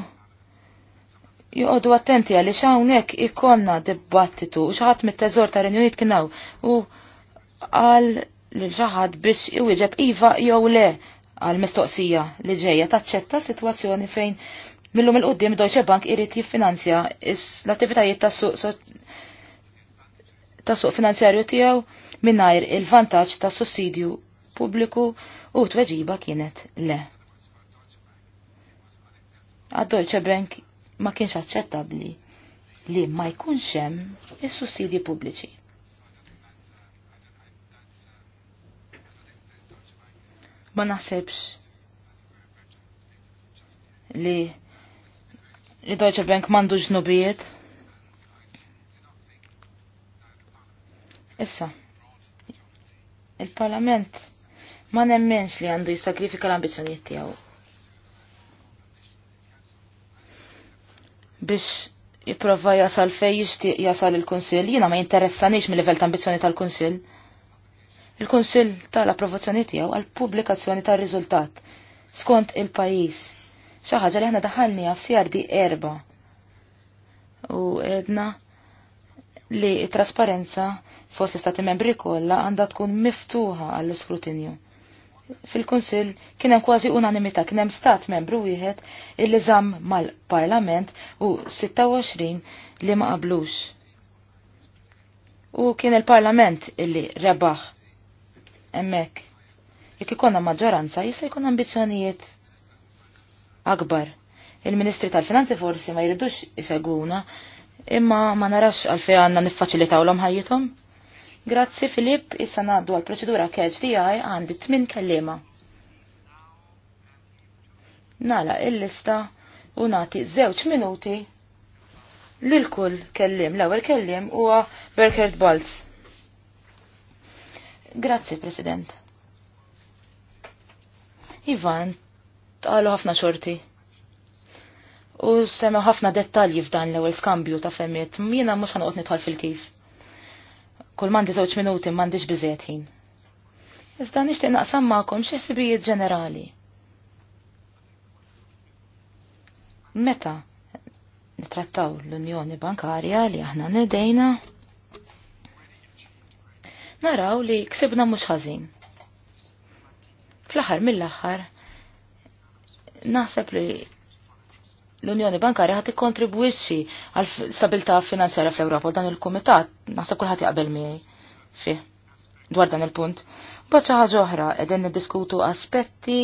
joqodu attenti għalli xawnek ikonna dibattitu u xaħat mit-teżor ta' Renjunit kinaw u għal li xaħat biex iwieġeb iva jew le għal mistoqsija li ġeja taċċetta situazzjoni fejn millum il-qoddim Deutsche Bank irrit jiffinanzja l-attivitajiet ta' suq ta' suq finanzjarju tiegħu mingħajr il-vantaġġ ta' sussidju pubbliku u tweġiba kienet le. Għad Deutsche Bank ma kienx aċċettabbli li ma jkunx hemm is-sussidji pubbliċi. Ma naħsebx li li Deutsche Bank mandu ġnubijiet. Issa, il-Parlament ma nemmenx li għandu jisakrifika l-ambizjoniet tiegħu biex jiprofa jasal fej jixtieq jasal il-Kunsill, jiena ma jinteressanix mill-livell ta' ambizzjoni tal-Kunsill. Il-Kunsill tal-approvazzjoni tiegħu għal pubblikazzjoni tar-riżultat skont il-pajjiż. Xi ħaġa li aħna daħalni għaf CRD erba. U edna li t trasparenza fossi stati membri kollha għandha tkun miftuħa għall-iskrutinju fil-Kunsill kien hemm kważi unanimità kien hemm stat membru wieħed illi żamm mal-Parlament u 26 li ma qablux. U kien il-Parlament illi rebaħ hemmhekk. Jekk ikonna maġġoranza jista' jkun ambizzjonijiet akbar. Il-Ministri tal-Finanzi forsi ma jridux iseguna imma ma narax għalfej għandna niffaċilitawlhom ħajjithom. Grazzi Filip, issa naddu għal proċedura keċ di għaj għandi tmin kellima. Nala il-lista u nati zewċ minuti lil kull kellim. L-ewwel kellim huwa Berkert Balz. Grazzi, President. Ivan, tqalu ħafna xorti. U sema ħafna dettalji f'dan l-ewwel skambju ta' femmiet, jiena mhux ħanoqgħod nidħol fil-kif. Kull mandi żewġ minuti m'għandix biżejjed ħin. Iżda nixtieq naqsam magħkom xi ħsibijiet ġenerali. Meta nitrattaw l-Unjoni Bankarja li aħna nedejna, naraw li ksibna mhux ħażin. Fl-aħħar mill-aħħar naħseb li l-Unjoni Bankarja ħat ikkontribwixxi għal stabilità finanzjarja fl-Ewropa dan il-Kumitat naħseb kulħadd jaqbel miegħi fih dwar dan il-punt. Baċa ħaġa oħra qegħdin niddiskutu aspetti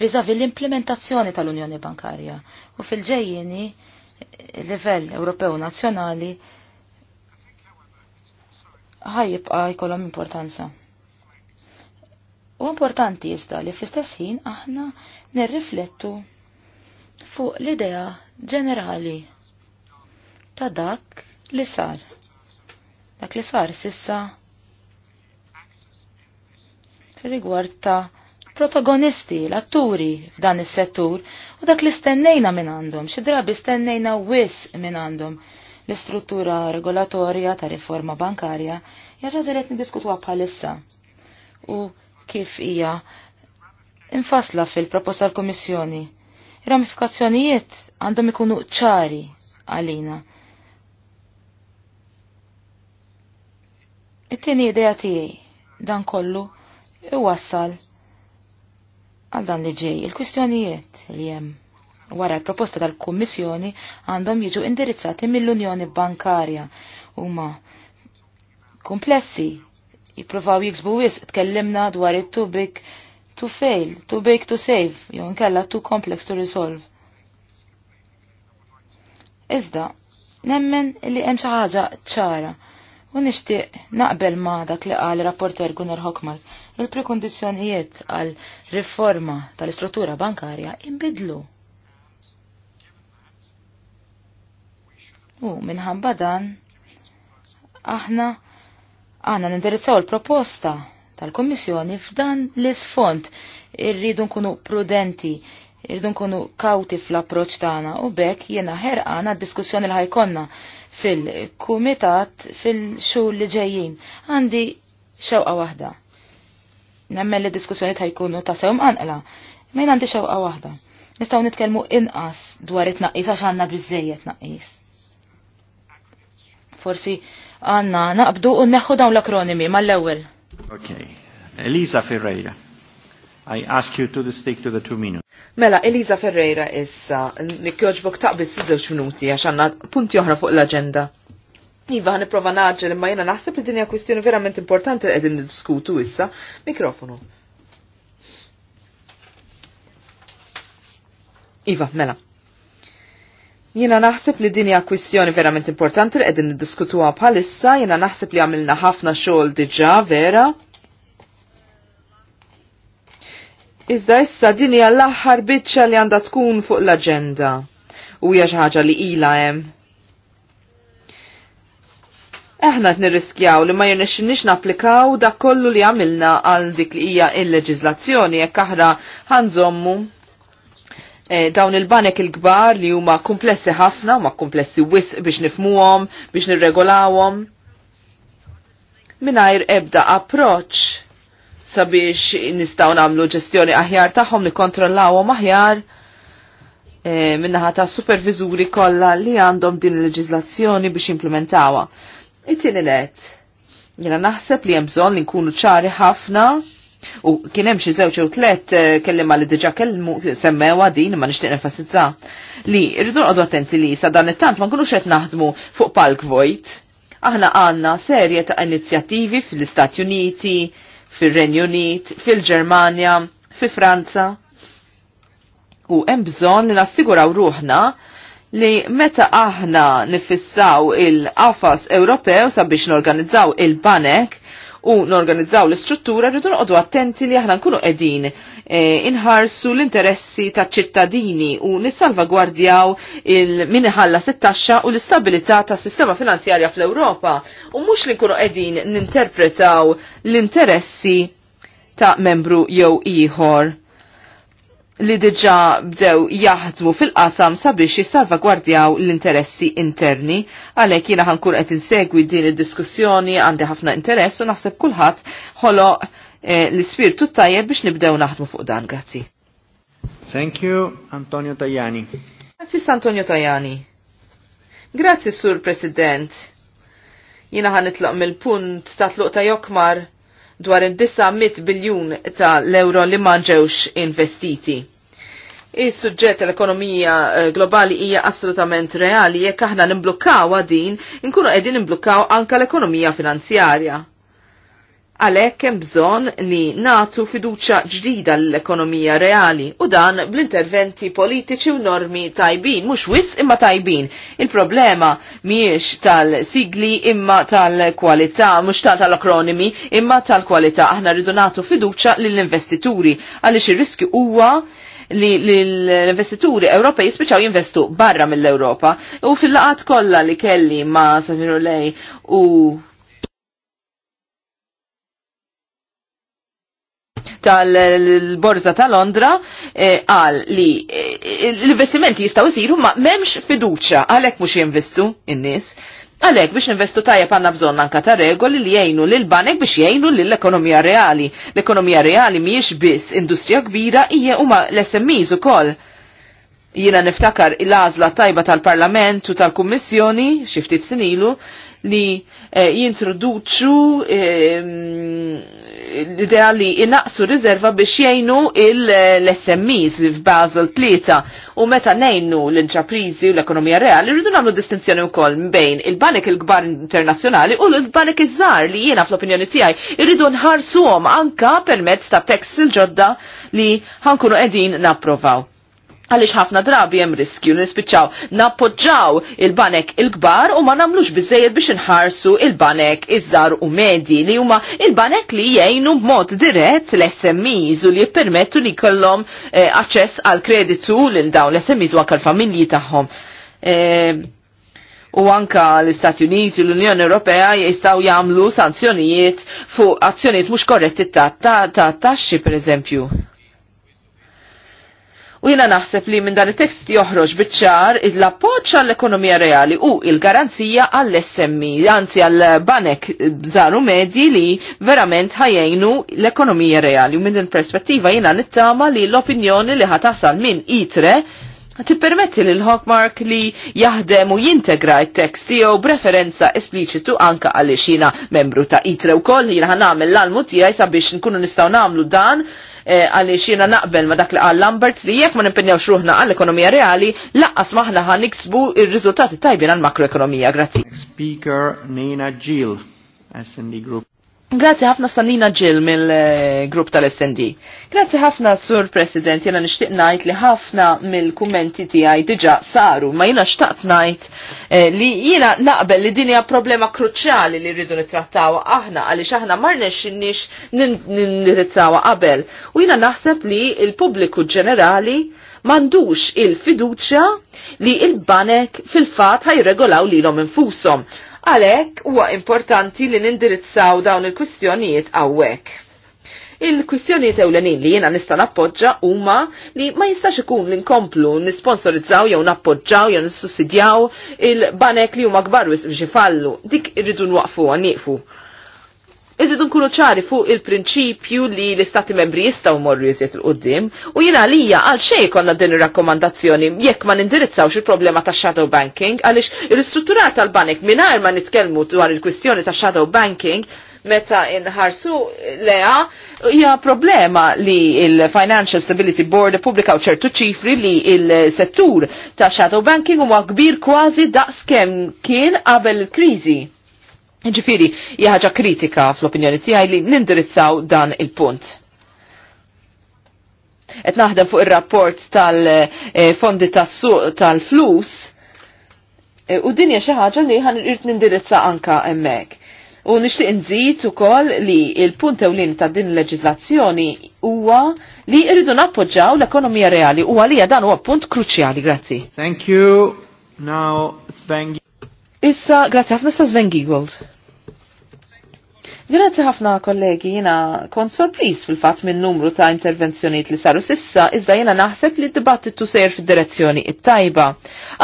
viżavi l-implementazzjoni tal-Unjoni Bankarja u fil-ġejjieni livell Ewropew nazzjonali ħajjibqa jkollhom importanza. U importanti iżda li fl-istess ħin aħna nirriflettu fuq l-idea ġenerali ta' dak li sar. Dak li sar sissa rigward ta' protagonisti, l-atturi f'dan is-settur u dak li stennejna minn għandhom, xi drabi stennejna wis minn għandhom l-istruttura regolatorja ta' riforma bankarja jaġa ġaġa li qed bħalissa. U kif hija infasla fil-proposta tal-Kummissjoni ramifikazzjonijiet għandhom ikunu ċari għalina. It-tieni idea tiegħi dan kollu iwassal għal dan li ġej il-kwistjonijiet li hemm wara l-proposta tal-Kummissjoni għandhom jiġu indirizzati mill-Unjoni Bankarja huma komplessi jippruvaw jiksbu wisq tkellimna dwar it-tubik to fail, to bake to save, jew nkella too complex to resolve. Iżda, nemmen li hemm xi ħaġa ċara u nixtieq naqbel ma dak li qal rapporter Gunnar Hockmal il-prekondizzjonijiet għal riforma tal-istruttura bankarja imbidlu. U minħabba dan aħna għandna nindirizzaw il-proposta tal-Kommissjoni f'dan l-isfond irridu nkunu prudenti, irridu nkunu kawti fl-approċ tagħna u bekk jiena ħerqana d-diskussjoni li ħajkonna fil-kumitat fil-xhur li ġejjin. Għandi xewqa waħda. Nemmen li diskussjoni ħajkunu ta' sew mqanqla. mejn għandi xewqa waħda. Nistgħu nitkellmu inqas dwar it-tnaqqis għax għandna biżejjed tnaqqis. Forsi għanna naqbdu u neħħu dawn l-akronimi mal-ewwel Okay. Elisa Ferreira. I ask you to stick to the two minutes. Mela, Elisa Ferreira issa, nikjoġbok taqbis zewċ minuti, għax għanna punti oħra fuq l-agenda. Iva, iprofa naġġel, imma jena naħseb li dinja kwestjoni verament importanti li għedin diskutu issa. Mikrofonu. Iva, mela. Jina naħseb li dinja kwissjoni verament importanti li qegħdin niddiskutuha bħalissa, jina naħseb li għamilna ħafna xogħol diġà vera. Iżda issa din hija l-aħħar biċċa li għandha tkun fuq l-aġenda. U hija xi ħaġa li ilha hemm. Eħna qed nirriskjaw li ma jirnexxinniex napplikaw dak kollu li għamilna għal dik li hija il-leġiżlazzjoni jekk aħra ħanżommu Eh, dawn il-banek il-kbar li huma komplessi ħafna, ma komplessi wis biex nifmuhom, biex nirregolawhom. Minajr ebda approċ sabiex nistaw namlu ġestjoni aħjar tagħhom nikkontrollawhom aħjar e, minnaħa ta' supervizuri kollha li għandhom din il-leġiżlazzjoni biex implementawha. It-tieni net. Jiena naħseb li hemm bżonn li nkunu ċari ħafna U kien hemm xi żewġ jew tliet eh, kelliema li diġà kellmu semmewha din ma nixtieq nefasizza' li rridu noqogħdu attenti li sa dan it-tant ma nkunux qed naħdmu fuq palk vojt. Aħna għandna serje ta' inizjattivi fl-Istati Uniti, fir-Renju Unit, fil-Ġermanja, fi Franza. U hemm bżonn li nassiguraw ruħna li meta aħna nifissaw il-qafas Ewropew sabiex norganizzaw il-banek, u norganizzaw l-istruttura rridu noqogħdu attenti li aħna nkunu qegħdin eh, inħarsu l-interessi ta' ċittadini u nissalvagwardjaw il-minħalla settaxxa u l-istabilità ta' sistema finanzjarja fl-Ewropa u mhux li nkunu qegħdin ninterpretaw l-interessi ta' membru jew ieħor li diġa bdew jaħdmu fil-qasam sabiex jissalvagwardjaw l-interessi interni. Għalek jina ħankur qed insegwi din id-diskussjoni għandi ħafna interess u naħseb kulħadd ħolo eh, l-ispirtu tajjeb biex nibdew naħdmu fuq dan. Grazzi. Thank you, Antonio Tajani. Grazzi, Antonio Tajani. Grazzi, Sur President. Jina ħanitlaq mill-punt ta' tluq ta' Jokmar dwar il-900 biljun ta' l-euro li ma ġewx investiti. Is-suġġett l-ekonomija eh, globali hija assolutament reali jekk aħna nimblukkaw din, inkunu qegħdin nimblukkaw anka l-ekonomija finanzjarja. Għalhekk hemm bżonn li natu fiduċa ġdida l-ekonomija reali u dan bl-interventi politiċi u normi tajbin, mhux wis imma tajbin. Il-problema mhijiex tal-sigli imma tal-kwalità, mhux tal-akronimi imma tal-kwalità. Aħna rridu natu fiduċa lill-investituri għaliex ir-riskju huwa li l-investituri Ewropej jispiċaw jinvestu barra mill-Ewropa u fil-laqat kollha li kelli ma' Safiru Lej u tal-Borza ta' Londra qal eh, li eh, l-investimenti jistgħu jsiru ma m'hemmx fiduċja għalhekk mhux jinvestu in-nies. Għalek biex investu tajja panna bżonna anka ta' regoli li jgħinu l banek biex jgħinu l ekonomija reali. L-ekonomija reali miex biss industrija kbira hija huma l-SMEs ukoll. Jiena niftakar il-għażla tajba tal-Parlament u tal-Kummissjoni xi ftit sinilu li eh, jintroduċu ehm, l-idea li inaqsu riserva biex jgħinu l-SMEs f'Basel Plita. u meta nejnu l-intraprizi u l-ekonomija reali rridu nagħmlu distinzjoni wkoll bejn il-banek il-kbar internazzjonali u l-banek iż-żgħar li jiena fl-opinjoni tiegħi irridu nħarsuhom anka permezz ta' tekst il-ġodda li ħankunu qegħdin napprovaw għalix ħafna drabi jem riskju nispiċaw nappoġġaw il-banek il-kbar u ma namlux bizzejed biex nħarsu il-banek iż-żar u medji li huma il-banek li jgħinu b'mod dirett l-SMEs u li jippermettu li kollhom eh, aċċess għal kreditu lil dawn l-SMEs u anke l-familji tagħhom. Eh, u anka l-Istati Uniti u l-Unjoni Ewropea jistaw jagħmlu sanzjonijiet fuq azzjonijiet mhux korretti ta' taxxi ta, ta, ta, ta, ta, ta, ta, ta, ta, U jina naħseb li minn dan it-tekst joħroġ biċċar l-appoċ għall-ekonomija reali u il-garanzija għall-SMI, e, anzi għall-banek żaru medji li verament ħajjnu l-ekonomija reali. U minn il-perspettiva jina nittama li l-opinjoni li ħatasal minn itre Tippermetti li l-Hawkmark li jaħdem u jintegra il-tekst tiegħu preferenza espliċitu anka għalli xina membru ta' itre u koll jina ħanamil l-almu tijaj sabiex nkunu nistaw namlu dan Eh, għaliex jiena naqbel ma dak li qal Lambert li jekk ma nimpinjaw xruħna għall-ekonomija reali laqqas maħna ħan iksbu il riżultati tajbin għall-makroekonomija. Grazie. Speaker Nina Gill, SND Group. Grazie ħafna Sanina Ġil mill-grupp tal-SND. Grazie ħafna, Sur President, jena nishtiq najt li ħafna mill-kummenti tijaj diġa saru, ma jena xtaqt najt eh, li jena naqbel li dinja problema kruċjali li rridu nittrattawa aħna, għaliex aħna marnex nix nirrizzaw qabel. U jena naħseb li il-pubbliku ġenerali mandux il fiduċja li il-banek fil-fat ħajregolaw li l-om infusom. Għalek huwa importanti li nindirizzaw dawn il-kwistjonijiet għawek. Il-kwistjonijiet ewlenin li jiena nista' nappoġġa huma li ma jistax ikun li nkomplu nisponsorizzaw jew nappoġġaw jew nissussidjaw il-banek li huma kbar wisq biex ifallu. Dik irridu nwaqfu nieqfu irridu nkunu ċari fuq il-prinċipju li l-istati membri jistaw morru jizjet l-qoddim u jina lija għal xej konna din il-rakkomandazzjoni jekk ma nindirizzawx il-problema ta' shadow banking għalix il istrutturar tal-banek minar ma nitkelmu dwar il-kwistjoni ta' shadow banking meta inħarsu leha hija problema li il-Financial Stability Board pubblika u ċertu ċifri li il-settur ta' shadow banking huwa kbir kważi daqs kemm kien qabel il-kriżi. Ġifiri, ħaġa kritika fl-opinjoni tiegħi li nindirizzaw dan il-punt. Et naħdem fuq ir-rapport tal-fondi tas-suq tal-flus eh, u dinja xi ħaġa li ħan irid nindirizza anka hemmhekk. U nixtieq nżid ukoll li il-punt ewlien ta' din il-leġiżlazzjoni huwa li rridu nappoġġaw l-ekonomija reali u għalija dan huwa punt kruċjali, grazzi. Thank you. Now Sven Issa, grazzi ħafna sa' Sven Giegold. Grazzi ħafna kollegi, jina kont sorpris fil-fat minn numru ta' intervenzjoniet li saru sissa, iżda jina naħseb li d-dibattitu sejr fil-direzzjoni it-tajba.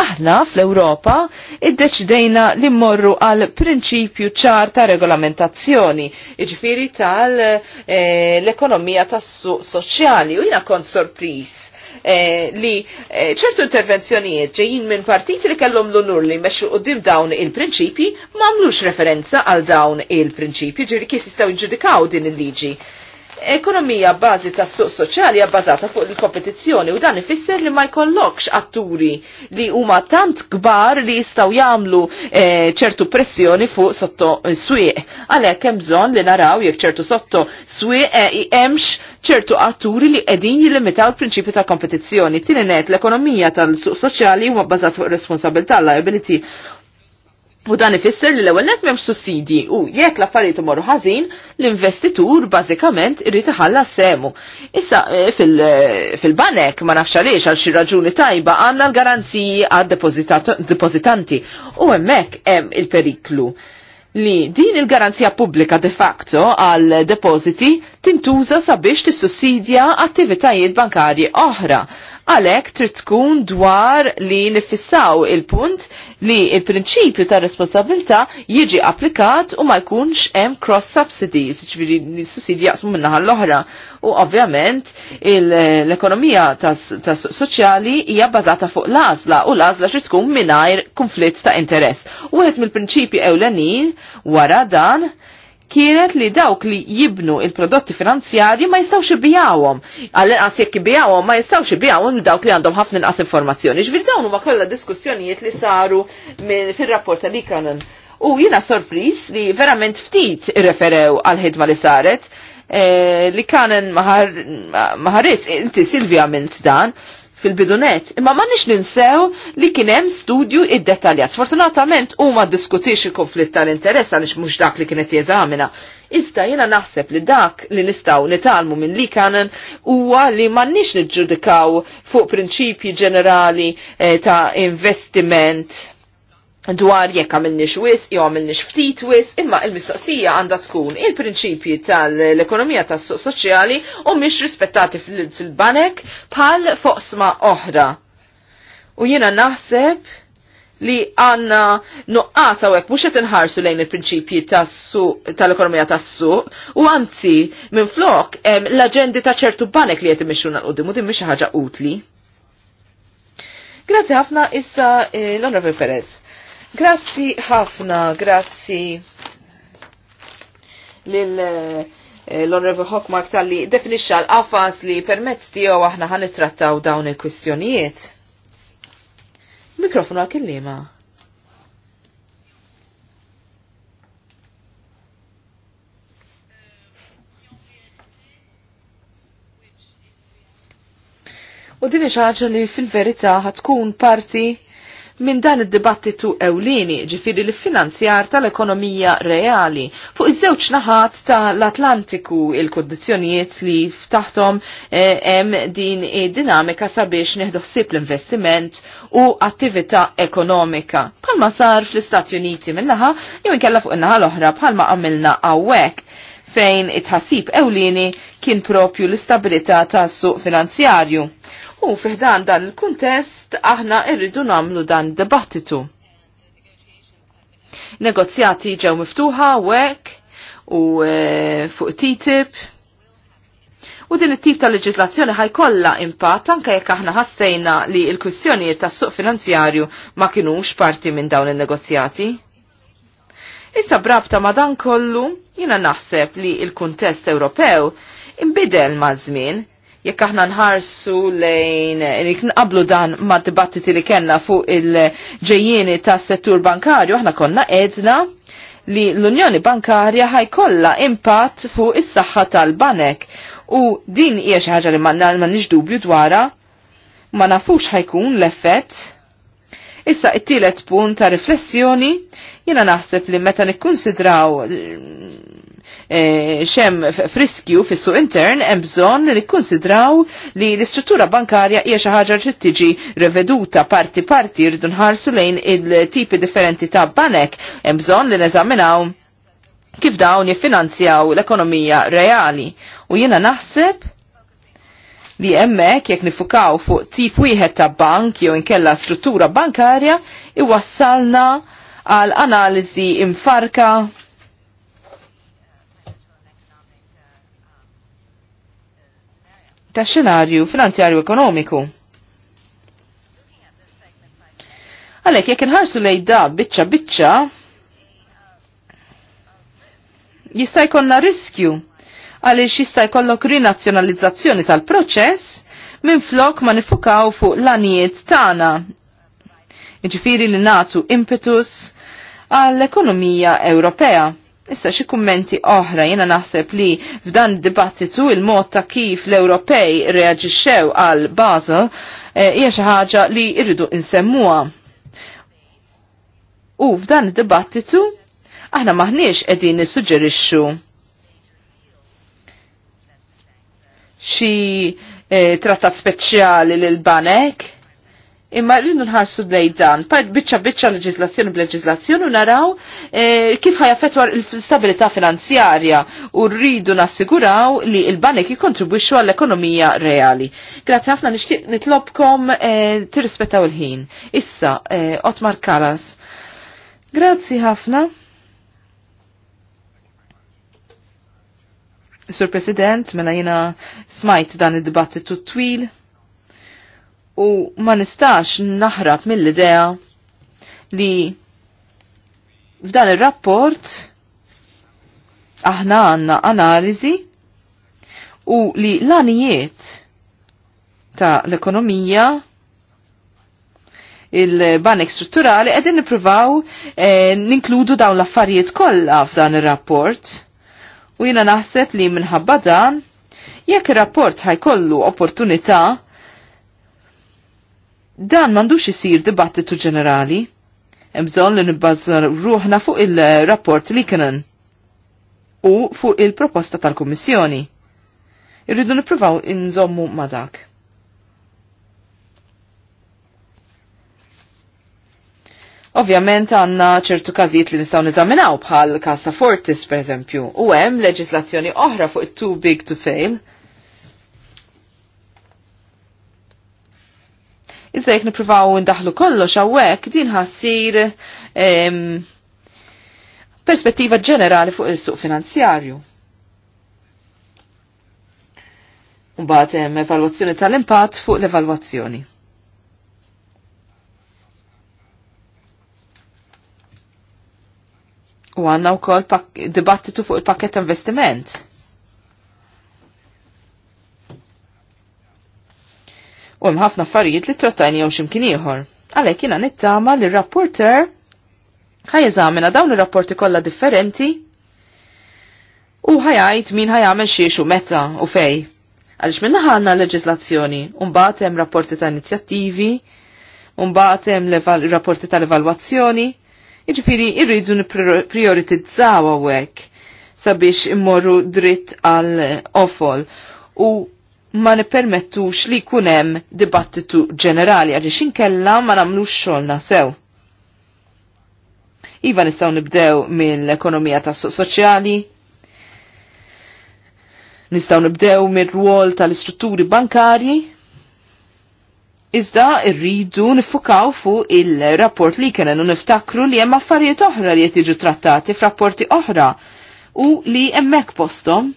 Aħna fl-Europa id deċdejna li morru għal prinċipju ċar ta' regolamentazzjoni, iġifiri tal-ekonomija eh, tas-suq soċjali, u jina kont sorpris Eh, li eh, ċertu intervenzjonijiet ġejjin minn partiti li kellhom l-unur li jmexxu qudiem dawn il-prinċipji m'għamlux referenza għal dawn il-prinċipji ġiri kif jistgħu jġudikaw din il-liġi ekonomija bażi tas suq soċjali hija fuq il-kompetizzjoni u dan ifisser li ma jkollokx atturi li huma tant kbar li jistgħu jagħmlu eh, ċertu pressjoni fuq sotto swieq. Għalhekk hemm bżonn li naraw jekk ċertu sotto swieq eh, hemmx ċertu atturi li qegħdin jillimitaw il-prinċipju ta' kompetizzjoni. Tieni l-ekonomija tal-suq soċjali huwa bbażat fuq responsabilità liability U dan ifisser li l-ewwel nett m'hemmx sussidji u jekk l-affarijiet imorru ħażin, l-investitur bażikament irid iħallas semu. Issa e, e, fil-banek ma nafx għaliex għal xi raġuni tajba għandna l-garanziji għad depozitanti u hemmhekk hemm il-periklu li din il-garanzija pubblika de facto għal depositi tintuża sabiex tissussidja attivitajiet bankarji oħra Għalek trid tkun dwar li nifissaw il-punt li il-prinċipju ta' responsabilta jiġi applikat u ma jkunx hemm cross subsidies, ġifieri s-sussidi jaqsmu minnaħa l-oħra. U ovvjament l-ekonomija ta' soċjali hija bbażata fuq l-għażla u l-għażla trid tkun mingħajr konflitt ta' interess. U mill-prinċipji ewlenin wara dan kienet li dawk li jibnu il-prodotti finanzjarji ma jistawx ibijawhom. Għall-inqas jekk ibijawhom ma jistawx ibijawhom li dawk li għandhom ħafna inqas informazzjoni. Ġvir dawn huma kollha diskussjonijiet li saru fir rapporta li Ikanon. U jina sorpriż li verament ftit irreferew għal-ħidma li saret. Eh, li kanen maħaris, inti Silvia mint dan, fil-bidunet, imma ma nix ninsew li kienem studju id-detaljat. Sfortunatament u ma diskutix il-konflitt tal-interess għalix mux dak li kienet jeżamina. Iżda jena naħseb li dak li nistaw nitalmu minn li kanen huwa li ma nix nġudikaw fuq prinċipji ġenerali eh, ta' investiment dwar jekk għamilniex wis, jew għamilniex ftit wis, imma il-mistoqsija għandha tkun il-prinċipji tal-ekonomija tas-suq soċjali u mhix rispettati fil-banek bħal foqsma oħra. U jiena naħseb li għanna nuqqata u għek mux għet nħarsu lejn il-prinċipji tal-ekonomija tas-suq u għanzi minn flok l-agendi ta' ċertu banek li għet imxu nal-qoddim u dimmi ħaġa utli. Grazie ħafna issa eh, l-Onorevole Perez. Grazzi ħafna, grazzi lil eh, l onrevo Hockmark tal-li definisċa l-qafas li permezz tiegħu aħna ħanitrattaw dawn il-kwistjonijiet. Mikrofonu għal-kellima. U din xaġa li fil-verità ħatkun parti minn dan id-dibattitu ewlieni ġifiri l-finanzjar tal-ekonomija reali fuq iż-żewġ naħat tal-Atlantiku il-kondizzjonijiet li ftaħtom eh, hemm eh, din id-dinamika sabiex neħdoħsib l-investiment u attività ekonomika. Bħalma sar fl-Istati Uniti minnaħa jew inkella fuq in-naħa l-oħra bħalma għamilna hawnhekk fejn it-ħasib ewlieni kien propju l-istabilità tas-suq finanzjarju U fiħdan dan il-kuntest aħna irridu namlu dan dibattitu. Negozjati ġew miftuħa wek u e, fuq TTIP. U din it-tip ta' leġislazzjoni ħajkollha impatt anke jekk aħna ħassejna li l-kwistjonijiet tas-suq finanzjarju ma kinux parti minn dawn in-negozjati. Issa brabta ma dan kollu jiena naħseb li l-kuntest Ewropew imbidel ma' żmien jekk aħna nħarsu lejn nqablu dan ma' dibattiti li kellna fuq il-ġejjieni tas-settur bankarju, aħna konna edna li l-Unjoni Bankarja ħajkollha impatt fuq is-saħħa tal-banek u din hija xi ħaġa li m'għandniex dubju dwarha ma nafux ħajkun l-effett. Issa it-tielet punt ta' riflessjoni jina naħseb li meta nikkonsidraw eh, xem friskju fissu intern hemm bżonn li kkunsidraw li l-istruttura bankarja hija xi ħaġa li tiġi reveduta parti parti rridu nħarsu lejn il-tipi differenti ta' banek hemm bżonn li neżaminaw kif dawn jiffinanzjaw l-ekonomija reali. U jiena naħseb li hemmhekk jekk nifukaw fuq tip wieħed ta' bank jew inkella struttura bankarja iwassalna għal analiżi imfarka ta' xenarju finanzjarju ekonomiku. Għalek, jek nħarsu lej da bicċa bicċa, jista' jkollna riskju għaliex jista' jkollok rinazzjonalizzazzjoni tal-proċess minn flok ma nifukaw fuq l-anijiet tagħna Iġifiri li natu impetus għall-ekonomija Ewropea. Issa xi kummenti oħra jiena naħseb li f'dan dibattitu il-mod ta' kif l-Ewropej reaġixxew għal Basel eh, hija xi ħaġa li rridu insemmuha. U f'dan id-dibattitu aħna maħniex qegħdin nissuġġerixxu xi eh, trattat speċjali lil banek Imma rridu nħarsu dlej dan, biċċa biċċa leġizlazzjoni b'leġislazzjoni u naraw eh, kif ħajafetwa l-stabilità finanzjarja u rridu nassiguraw li l-banek jikontribwixxu għall-ekonomija reali. Grazzi ħafna nixtieq nitlobkom eh, tirrispettaw il-ħin. Issa, eh, Otmar Karas. Grazzi ħafna. Sur President, mela jina smajt dan id-dibattitu twil u ma nistax naħrab mill-idea li f'dan ir-rapport aħna għanna analiżi u li l-anijiet ta' l-ekonomija il-banek strutturali għedin nipruvaw e, ninkludu dawn l-affarijiet kollha f'dan ir-rapport. U jina naħseb li minħabba dan jekk ir-rapport ħajkollu opportunità Dan mandux isir dibattitu ġenerali. Bżon li nibbazzar ruħna fuq il-rapport li kienen u fuq il-proposta tal-Kommissjoni. Irridu nipruvaw inżommu ma dak. Ovvjament għanna ċertu każijiet li nistgħu niżaminaw bħal Casa Fortis pereżempju, u hemm leġislazzjoni oħra fuq it-too big to fail Iżda jek nipruvaw ndaħlu kollox għawek, din ħassir perspettiva ġenerali fuq il-suq finanzjarju. Mbagħad hemm evalwazzjoni tal-impatt fuq l-evalwazzjoni. U għanna wkoll dibattitu fuq il-pakket investiment. U hemm ħafna affarijiet li trattajni jew x'imkien ieħor. Għalhekk jiena nittama li rapporter ħajeżamina dawn ir-rapporti kollha differenti u ħajajt min ħajamel xiex u meta u fej. Għalix minna ħanna leġizlazzjoni, unbaħt hemm rapporti ta' inizjattivi, unbaħt hemm rapporti ta' evalwazzjoni, iġifiri irridu niprioritizzaw għawek sabiex immorru dritt għal ofol. U ma nipermettux li kunem dibattitu ġenerali għaliex inkella ma namlux xogħolna sew. Iva nistaw nibdew mill-ekonomija tas soċjali, nistaw nibdew mill-rwol tal-istrutturi bankarji, Iżda rridu nifukaw fuq il-rapport li kenen u niftakru li hemm affarijiet oħra li qed jiġu trattati f'rapporti oħra u li hemmhekk postom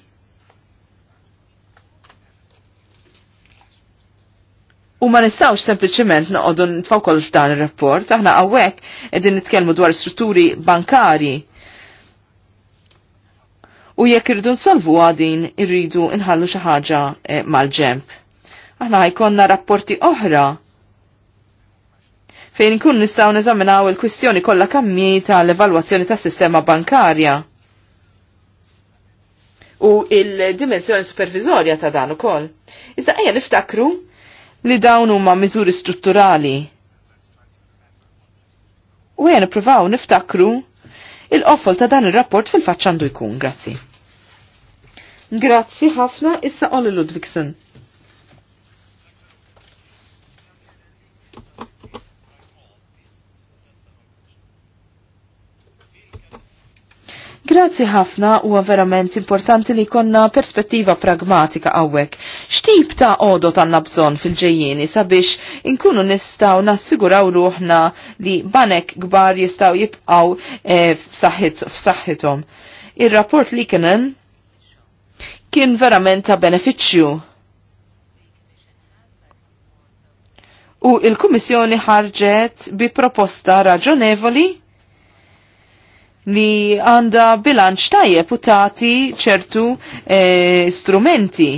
U ma nistawx sempliciment noqogħdu nitfgħu f'dan ir-rapport, aħna hawnhekk qegħdin nitkellmu dwar strutturi bankari. U jekk irridu nsolvu għadin irridu nħallu xi ħaġa eh, mal-ġemp. Aħna ħajkonna rapporti oħra fejn nkun nistgħu neżaminaw il-kwistjoni kollha kammi tal-evalwazzjoni tas-sistema bankarja. U il-dimensjoni supervizorja ta' dan ukoll. Iżda ejja niftakru li dawn huma miżuri strutturali. U għen provaw niftakru il offol ta' dan il-rapport fil-faċċandu jkun, grazzi. Grazzi ħafna issa Oli Ludwigsen. Grazzi ħafna huwa verament importanti li konna perspettiva pragmatika għawek. Xtib ta' odo tanna bżon fil ġejjini sabiex inkunu nistaw nassiguraw ruħna li banek gbar jistaw jibqaw e, f'saħħithom. Ir-rapport li kienen kien verament ta' beneficju. U il-Kummissjoni ħarġet bi proposta raġonevoli li għanda bilanċ tajjeb u tagħti ċertu e, strumenti.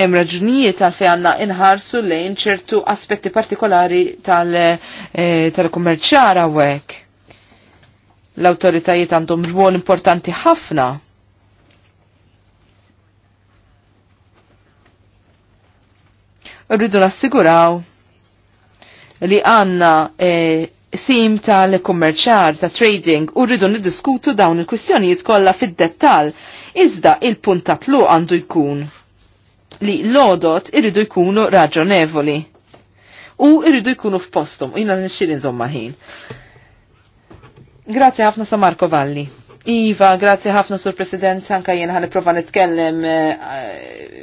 Hemm raġunijiet għalfejn għandna inħarsu lejn ċertu aspetti partikolari eh, tal-kummerċjar e, tal hawnhekk. L-awtoritajiet għandhom rwol importanti ħafna. Rridu nassiguraw li għanna e, sim tal-kummerċar, ta' trading, u rridu niddiskutu dawn il-kwistjonijiet kollha fid-dettal, iżda il-punt lu tluq għandu jkun li l-odot irridu jkunu raġonevoli u irridu jkunu f'postum, jina nixxir insomma ħin. Grazie ħafna sa Marko Valli. Iva, grazie ħafna sur President, anka jena ħan iprofa nitkellem eh,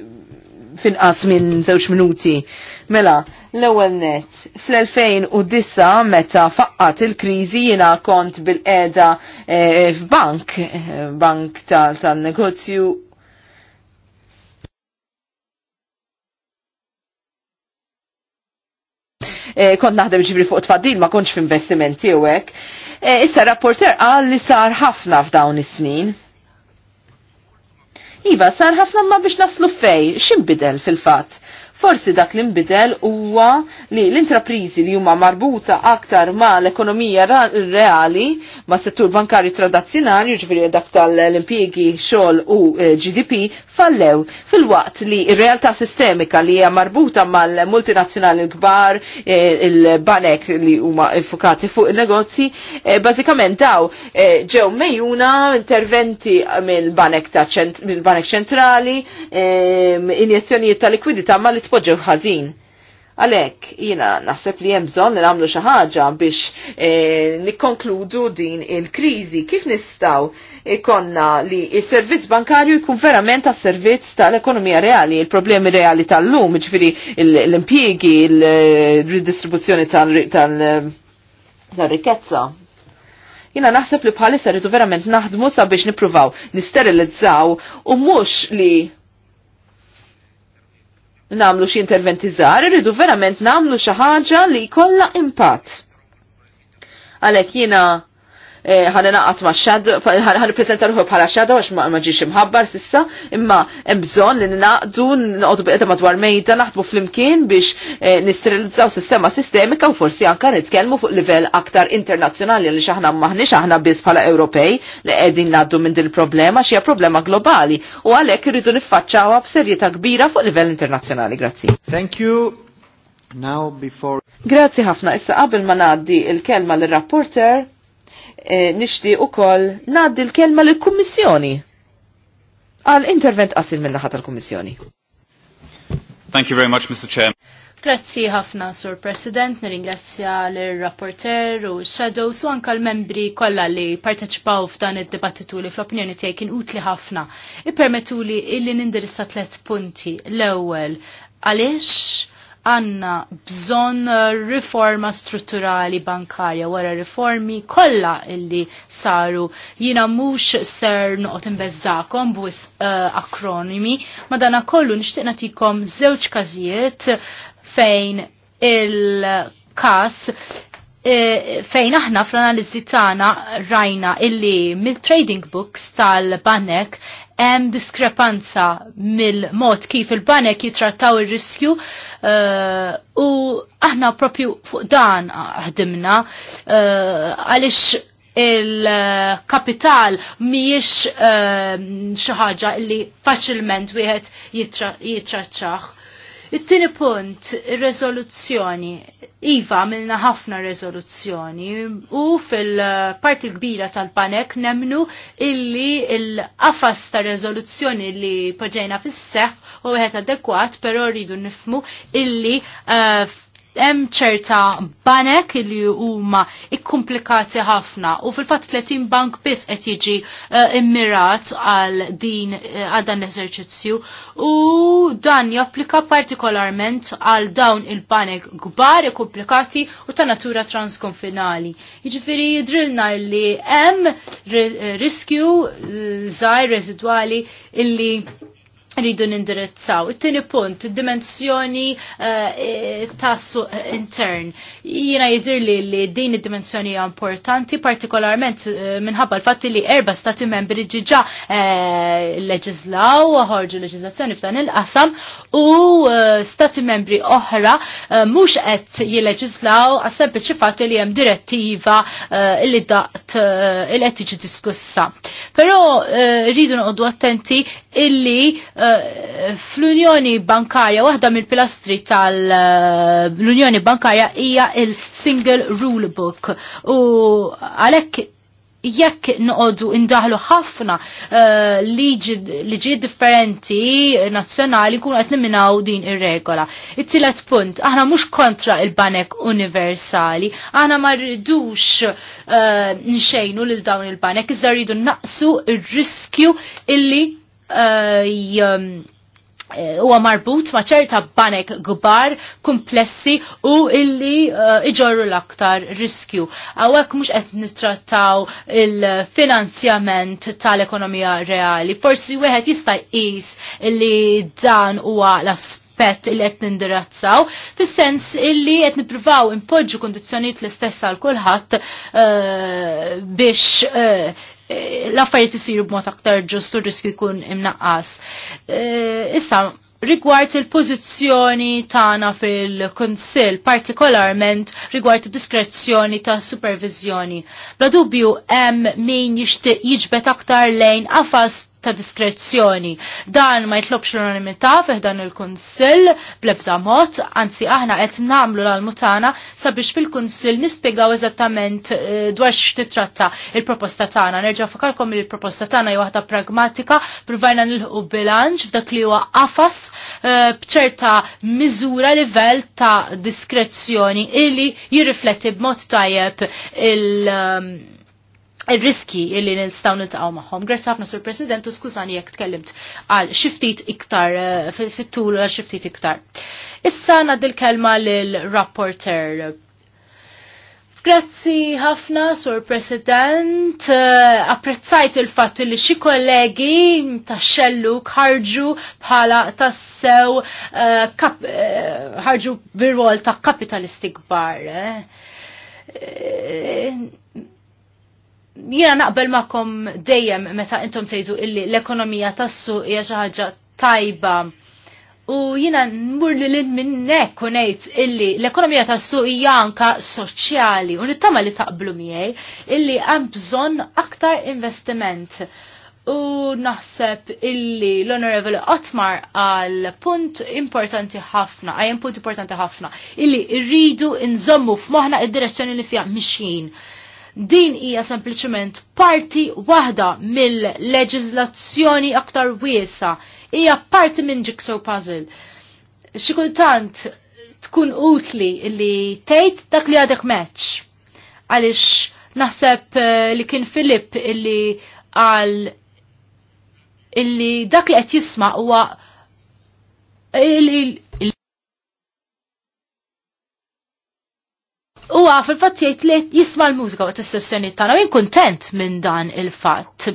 finqas minn zewċ minuti. Mela, L-ewwel net, fl-2009 meta faqqat il-kriżi jiena kont bil-qeda eh, f'bank, eh, bank tal-negozju eh, kont naħdem ġibri fuq tfaddil ma kontx f'investimenti u hekk. issa rapporter qal li sar ħafna f'dawn is-snin. Iva, sar ħafna ma biex naslu fej, x'imbidel fil-fatt? Forsi dak li nbidel huwa li l-intraprizi li huma marbuta aktar ma l-ekonomija reali, ma settur bankari tradizzjonali, ġifieri dak tal-impjiegi xogħol u eh, GDP, fallew fil-waqt li r-realtà sistemika li hija marbuta mal-multinazzjonali kbar, eh, il-banek li huma infukati fuq il-negozji, eh, bażikament daw eh, ġew mejjuna interventi mill-banek mill-banek ċentrali, injezzjonijiet ta' likwidità ma li tpoġġew ħażin. Għalek, jina naħseb li jemżon li għamlu xaħġa biex e, nikkonkludu din il-krizi. Kif nistaw ikonna li il-servizz bankarju jkun verament għas servizz tal-ekonomija reali, il-problemi reali tal-lum, ġifiri l-impiegi, il-ridistribuzzjoni tal rikezza Jina naħseb li bħalissa rridu verament naħdmu sabiex nipruvaw nisterilizzaw u mux li namlu xie interventi rridu verament namlu xaħġa li kolla impatt. Għalek jina ħana naqat ma' shadow, ħana prezenta ruħu bħala shadow għax ma' ġiex imħabbar sissa, imma mbżon li naqdu, naqdu bieqda madwar mejda, naħdbu fl-imkien biex eh, nisterilizzaw sistema sistemika u forsi anka nitkellmu fuq livell aktar internazzjonali li xaħna maħni xaħna bis bħala Ewropej li qegħdin naddu minn din problema xija problema globali u għalhekk irridu niffaċċawha b'serjetà kbira fuq livell internazzjonali. Grazie. Thank you. Now before Grazzi ħafna issa qabel ma ngħaddi il-kelma l rapporter nishti eh, nixtieq ukoll ngħaddi l-kelma lill-Kummissjoni għal intervent qasil min naħa tal-Kummissjoni. Thank you very much, Mr. Chair. Grazzi ħafna, Sur President, nir-ingrazzja l-rapporter u shadows u anka l-membri kollha li parteċipaw f'dan id-dibattitu li fl-opinjoni tiegħi kien utli ħafna. Ippermettu li illi nindirissa tliet punti. L-ewwel, għaliex għanna bżon uh, riforma strutturali bankarja wara riformi kollha illi saru jina mhux ser noqgħod imbezzakom bwis uh, akronimi, dana kollu nixtieq nagħtikom żewġ każijiet fejn il-każ e, fejn aħna fl-analiżi tagħna rajna illi mill-trading books tal-banek hemm diskrepanza mill-mod kif il-banek jitrattaw ir-riskju il Eh, u aħna propju fuq dan ħdimna eh, għaliex il-kapital miex eh, xi ħaġa li faċilment wieħed jitraċċaħ. It-tieni punt, ir-reżoluzzjoni. Iva milna ħafna rezoluzzjoni u fil-parti kbira tal-panek nemnu illi il-qafas ta' rezoluzzjoni li poġejna fis-seħ u għet adekwat, però rridu nifmu illi eh, hemm ċerta banek li huma ikkumplikati ħafna u fil-fatt 30 bank biss qed jiġi eh, immirat għal din eh, għal dan l-eżerċizzju u dan japplika partikolarment għal dawn il-banek kbar ikkumplikati u ta' natura transkonfinali. Jiġifieri drilna li hemm riskju żgħir residwali illi rridu nindirizzaw. It-tieni punt, id-dimensjoni eh, tassu intern. Jiena jidirli li din id-dimensjoni hija importanti, partikolarment eh, minħabba l-fatt li erba stati membri ġiġa leġislaw eh, leġislaw, ħorġu leġislazzjoni f'dan il-qasam u stati membri oħra eh, mhux qed jileġislaw għas sempliċi fatt li hemm direttiva eh, li daqt eh, il qed tiġi diskussa. Però rridu noqogħdu attenti illi fl-Unjoni Bankarja waħda mill-pilastri tal-Unjoni Bankarja hija il-Single Rule Book u għalhekk jekk noqogħdu indaħlu ħafna uh, liġi differenti nazzjonali kun qed niminaw din ir-regola. It-tielet punt, aħna mhux kontra il-banek universali, aħna ma rridux uh, nxejnu lil dawn il-banek iżda rridu naqsu ir-riskju illi eh, Eh, huwa marbut ma' ċerta banek gbar, komplessi u illi eh, iġorru l-aktar riskju. Għawek mux qed nitrattaw il-finanzjament tal-ekonomija reali. Forsi wieħed jista' jqis illi dan huwa l-aspett pet li qed nindirazzaw, fis-sens illi qed nippruvaw impoġġu kondizzjonijiet l-istess għal kulħadd eh, biex Eh, l-affarijiet isiru b'mod aktar ġust u riskju jkun imnaqqas. Eh, issa, rigward il-pozizjoni tagħna fil-Kunsill, partikolarment rigward id diskrezzjoni ta' supervizjoni. Bla dubju hemm min jixtieq jiġbet aktar lejn qafas ta' diskrezzjoni. Dan ma jitlobx l-unanimità fih dan il-Kunsill blebda mod, anzi aħna qed namlu l mutana sabiex fil-Kunsill nispjegaw eżattament eh, dwar x'titratta il-proposta tagħna. Nerġa' fakalkom li l-proposta tagħna hija waħda pragmatika, provajna nilħu bilanċ f'dak li huwa qafas eh, b'ċerta miżura livell ta' diskrezzjoni illi jirrifletti b'mod tajjeb il- ehm, il-riski illi nistaw nitqaw maħħom. Grazzi ħafna sur President u skużani jekk tkellimt għal xiftit iktar eh, fit-tul għal xiftit iktar. Issa naddil kelma lill rapporter Grazzi ħafna sur President, eh, apprezzajt il-fatt li xi kollegi ta' xellu kħarġu bħala tassew eh, ħarġu bir ta' kapitalisti kbar jiena naqbel makom dejjem meta intom sejdu illi l-ekonomija tassu hija xi ħaġa tajba. U jina nmur li l-in u ngħid illi l-ekonomija tassu suq hija anka soċjali u nittama li taqblu miegħi illi hemm bżonn aktar investiment. U naħseb illi l-Honorable Otmar għal punt importanti ħafna, għajem punt importanti ħafna, illi rridu nżommu f'moħna id-direzzjoni li fija mixin. Din hija sempliċement parti waħda mill-leġizlazzjoni aktar wiesa. Hija parti minn jigsaw puzzle. Xi kultant tkun utli li tgħid dak li għadek match. Għaliex naħseb eh, li kien Filip illi għal illi dak li qed jisma' huwa U għaf il-fat jgħid li jisma l-mużika għat il sessjoni tagħna u jien kuntent minn dan il-fatt.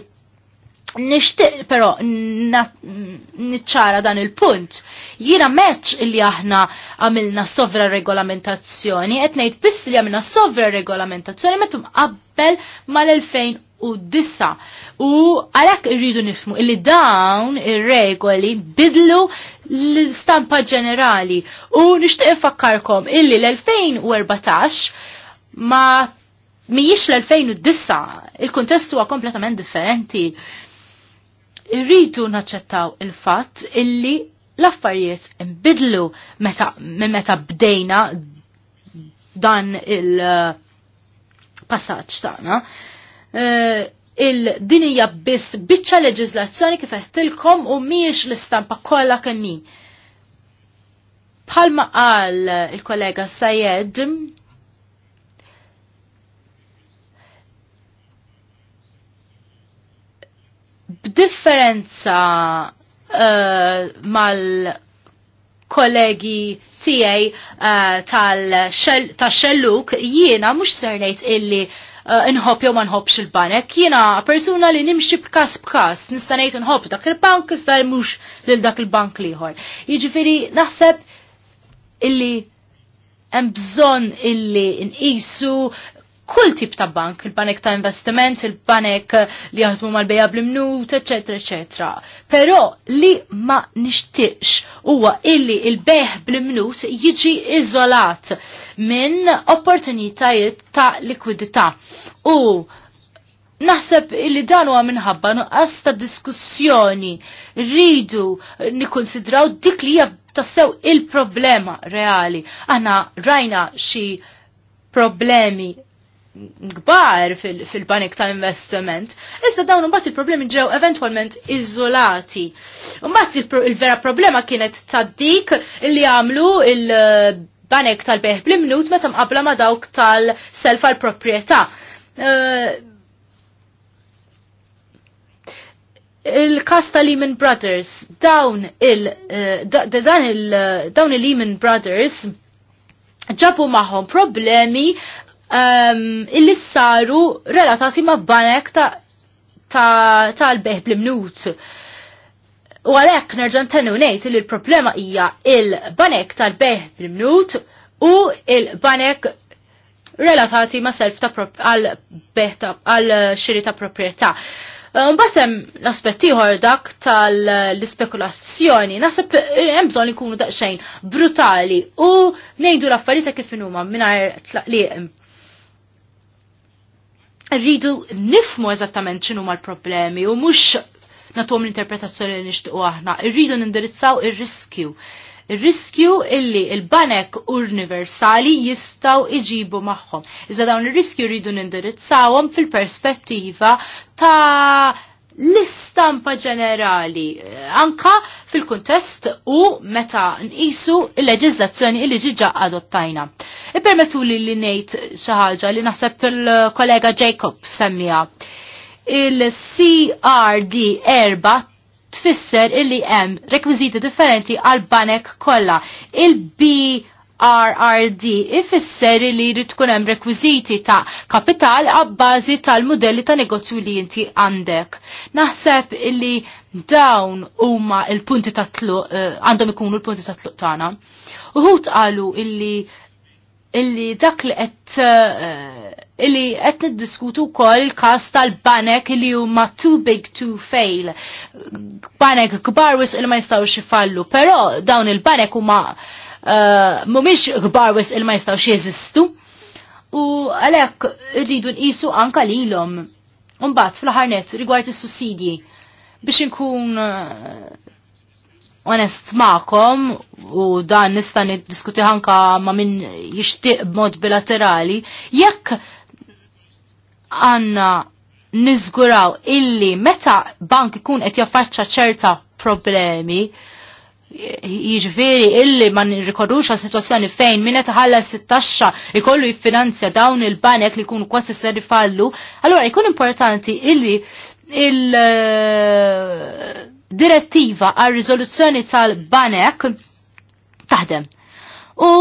Nishtiq però niċċara dan il-punt. Jiena meċ li aħna għamilna sovra regolamentazzjoni, qed ngħid biss li għamilna sovra regolamentazzjoni metum qabbel mal-2000 u dissa. U għalek irridu nifmu illi dawn ir-regoli bidlu l-stampa ġenerali. U nishtiq infakkarkom illi l-2014 ma mijiex l-2009, il-kontestu huwa kompletament differenti. Irridu naċċettaw il-fatt illi l-affarijiet imbidlu meta, meta bdejna dan il-passaċ tagħna. No? Eh, il-dinija biss biċċa leġizlazzjoni kif eħtilkom u miex l-istampa kollha kemm Bħalma qal il-kollega Sayed, b'differenza uh, mal-kollegi tiegħi uh, eh, tal-xelluk jiena mhux ser ngħid illi uh, Eh, nħob jew ma nħobbx il-banek. Jiena persuna li nimxi b'kas b'kas, nista' ngħid inħobb dak il-bank iżda mhux lil dak il-bank liħor. Jiġifieri naħseb illi hemm bżonn illi nqisu kull tip ta' bank, il-banek ta' investiment, il-banek li jaħdmu mal-bejja bl-imnut, etc. etc. Pero li ma nishtiqx huwa illi il-beħ bl-imnut jiġi iżolat minn opportunitajiet ta' likwidità. U Naħseb illi dan huwa minħabba nuqqas ta' diskussjoni rridu nikkonsidraw dik li hija tassew il-problema reali. Aħna rajna xi problemi gbar fil-panik ta' investiment. Issa dawn mbagħad il-problemi ġew eventualment iżolati. Mbagħad il-vera problema kienet ta' dik li għamlu il-banek tal-beħ bl-imnut meta mqabla ma' dawk tal-self għal proprjetà. Eh, il-kas ta' Lehman Brothers, dawn il-Lehman eh, eh, Brothers ġabu maħom problemi um, illi saru relatati ma' banek ta' l beħ bl mnut U għalek nerġan tennu nejt li l-problema hija il-banek tal-beħ bl mnut u il-banek relatati ma' self ta' għal-beħ għal-xiri ta' proprietà. Ehm, mbatem l-aspetti dak tal-spekulazzjoni, nasib hemm bżonn ikunu daqsxejn brutali u ngħidu l-affarijiet kif inhuma mingħajr tlaqliq rridu nifmu eżattament x'inhu mal-problemi u mhux nagħtuhom l-interpretazzjoni li nixtiequ aħna, rridu nindirizzaw ir-riskju. Ir-riskju illi il-banek universali jistaw iġibu magħhom. Iżda dawn ir-riskju rridu nindirizzawhom fil-perspettiva ta' l-istampa ġenerali, eh, anka fil-kontest u meta nqisu il-leġizlazzjoni li ġiġa adottajna. Ipermetu li li nejt xaħġa li naħseb il-kollega Jacob semmija. Il-CRD erba tfisser illi hemm rekwiziti differenti għal banek kollha. Il-B RRD ifisseri li jrid tkun hemm rekwiżiti ta' kapital għabbażi tal-modelli ta' negozju li inti għandek. Naħseb li dawn huma l punti ta' tluq eh, għandhom ikunu l-punti ta' tluq tagħna. Uħud qalu illi illi dak li qed eh, illi qed niddiskutu wkoll il-każ tal-banek li huma too big to fail. Banek kbar wisq li ma jistgħux ifallu, però dawn il-banek huma Eh, mhumiex gbar wis il ma jistgħux jeżistu. U għalhekk irridu nqisu anka lilhom. Mbagħad fl-aħħar net rigward is-sussidji biex inkun eh, onest ma'kom u dan nista' diskuti anka ma' min jixtieq b'mod bilaterali, jekk għanna nizguraw illi meta bank ikun qed jaffaċċa ċerta problemi, jiġveri illi ma nirrikordux għal situazzjoni fejn minnet ħalla 16 ikollu jiffinanzja dawn il-banek li kunu kwasi ser fallu, allora jkun importanti illi il-direttiva eh, għal rizoluzzjoni tal-banek taħdem. U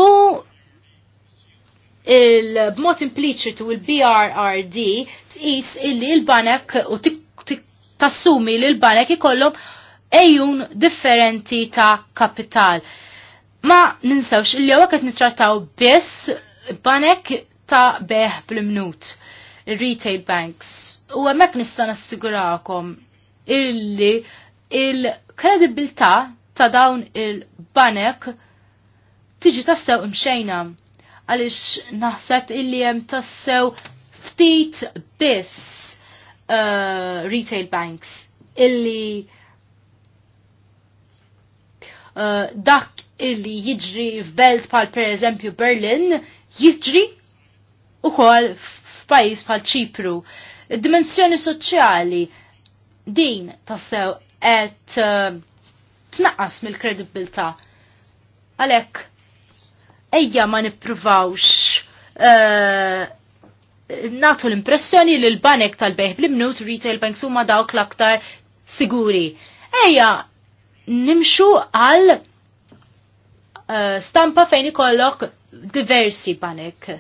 il-b'mod impliċitu il-BRRD tqis illi il-banek u tassumi li l-banek ikollhom ejjun differenti ta' kapital. Ma ninsawx illi għu għet nitrattaw biss banek ta' beħ bl-mnut, retail banks. U għemmek nista' nassigurakom illi il-kredibilta ta' dawn il-banek tiġi tassew imxejna. Għalix naħseb illi jem tassew ftit biss uh, retail banks illi Eh, dak illi jiġri f'belt pal per eżempju Berlin jiġri kol f'pajjiż pal Ċipru. dimensjoni soċjali din tassew qed eh, tnaqqas mill-kredibilità. Għalhekk ejja ma nipruvawx eh, natu l-impressjoni li l-banek tal-beħ bl-imnut retail banks huma dawk l-aktar siguri. Ejja, nimxu għal uh, stampa fejn ikollok diversi panek.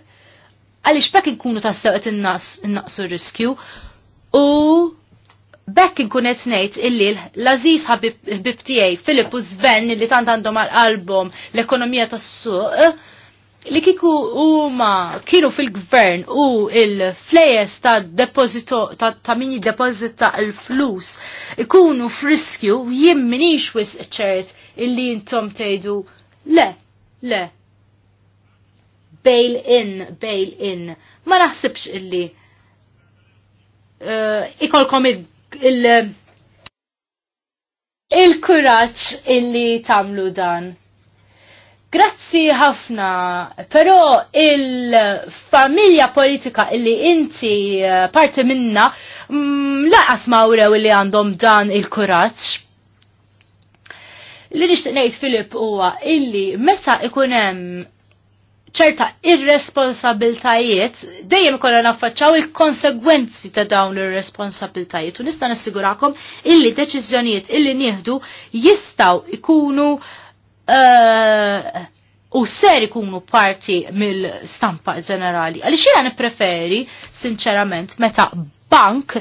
Għalix bekk nkunu sewqet qed innaqsu riskju u bekk nkun qed ngħid illi l-Aziz ħabib tijaj Filippu Sven li tant għandhom għal album l-ekonomija tas-suq li kiku huma kienu fil-gvern u il-flejes ta' deposito ta', ta min jiddepozita l-flus ikunu friskju jien minix wis ċert illi intom tgħidu le, le. Bail in, bail in. Ma naħsibx illi uh, ikolkom il-, il il illi tamlu dan. Grazzi ħafna, però il-familja politika illi inti eh, parti minna mm, laqas mawrew li għandhom dan il-kuraċ. Li nixtieq ngħid Filip huwa illi meta ikun hemm ċerta irresponsabiltajiet dejjem kollha naffaċċaw il-konsegwenzi ta' dawn ir-responsabiltajiet u nista' nassigurakom illi deċiżjonijiet illi nieħdu jistgħu ikunu uh, u ser ikunu parti mill-stampa ġenerali. Għalli xina preferi, sinċerament, meta bank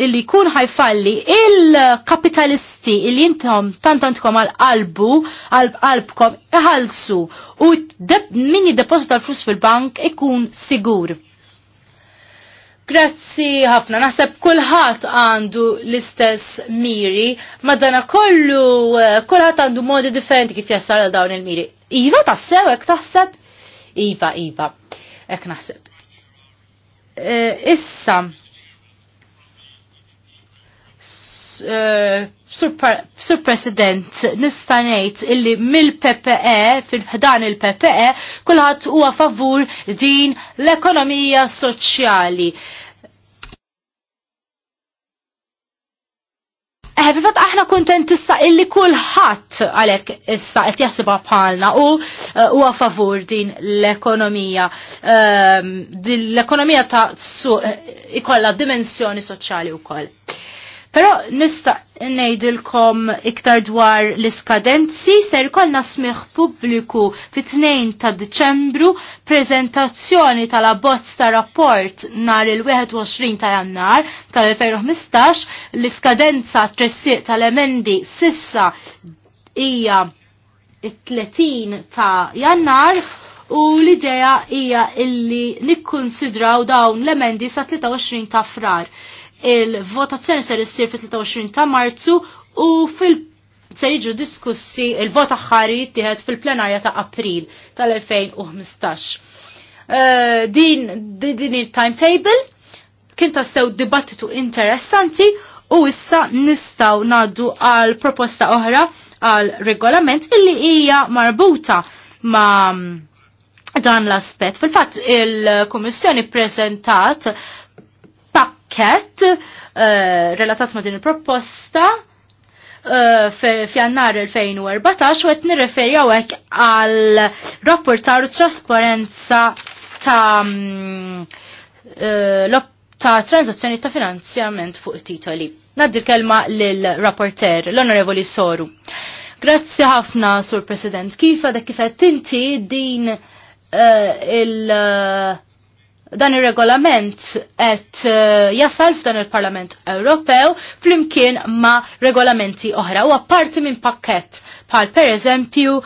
illi kun ħajfalli il-kapitalisti illi jintom tantantkom għal-qalbu, għal-qalbkom iħalsu u min jiddeposita l-flus fil-bank ikun sigur. Grazzi ħafna, naħseb kulħadd għandu l-istess miri, ma dana kollu eh, kulħadd għandu modi differenti kif jassar dawn il-miri. Iva tassew hekk taħseb? Iva, iva, hekk naħseb. Eh, issa, eh, Sur, sur President, nistanejt illi mill-PPE, fil-ħdan il-PPE, kullħat huwa favur din l-ekonomija soċjali. Eħe eh, fil aħna kontent issa illi kulħadd għalhekk issa qed jaħsibha bħalna u eh, huwa favur din l-ekonomija. Ehm, din l-ekonomija ta' suq eh, ikolla dimensjoni soċjali wkoll. Però nista' nejdilkom iktar dwar l-iskadenzi ser kolna smiħ publiku fit-2 ta' Deċembru prezentazzjoni tal-abbozz ta' rapport nar il-21 ta' jannar tal-2015 l-iskadenza tressiq tal-emendi sissa hija 30 ta' jannar u l-idea hija illi nikkonsidraw dawn l-emendi sa' 23 ta' frar il-votazzjoni ser issir fit-23 ta' Marzu u fil- se jiġu diskussi il-vot aħħari jittieħed fil-plenarja ta' April tal-2015. Eh, din din il-timetable kien tassew dibattitu interessanti u issa nistaw naddu għal proposta oħra għal regolament illi hija marbuta ma dan l-aspet. Fil-fatt il-Kommissjoni prezentat pakket eh, relatat ma' din il-proposta eh, f'jannar 2014 u għet nirreferjaw hekk għal rapportar trasparenza ta' mm, eh, ta' transazzjoni ta' finanzjament fuq titoli. Naddir kelma lill-rapporter, l-Onorevoli Soru. Grazzi ħafna, Sur President. Kif għadek kifet inti din il- dan il-regolament et eh, jasal f'dan il-Parlament Ewropew flimkien ma' regolamenti oħra u apparti minn pakket pal per eżempju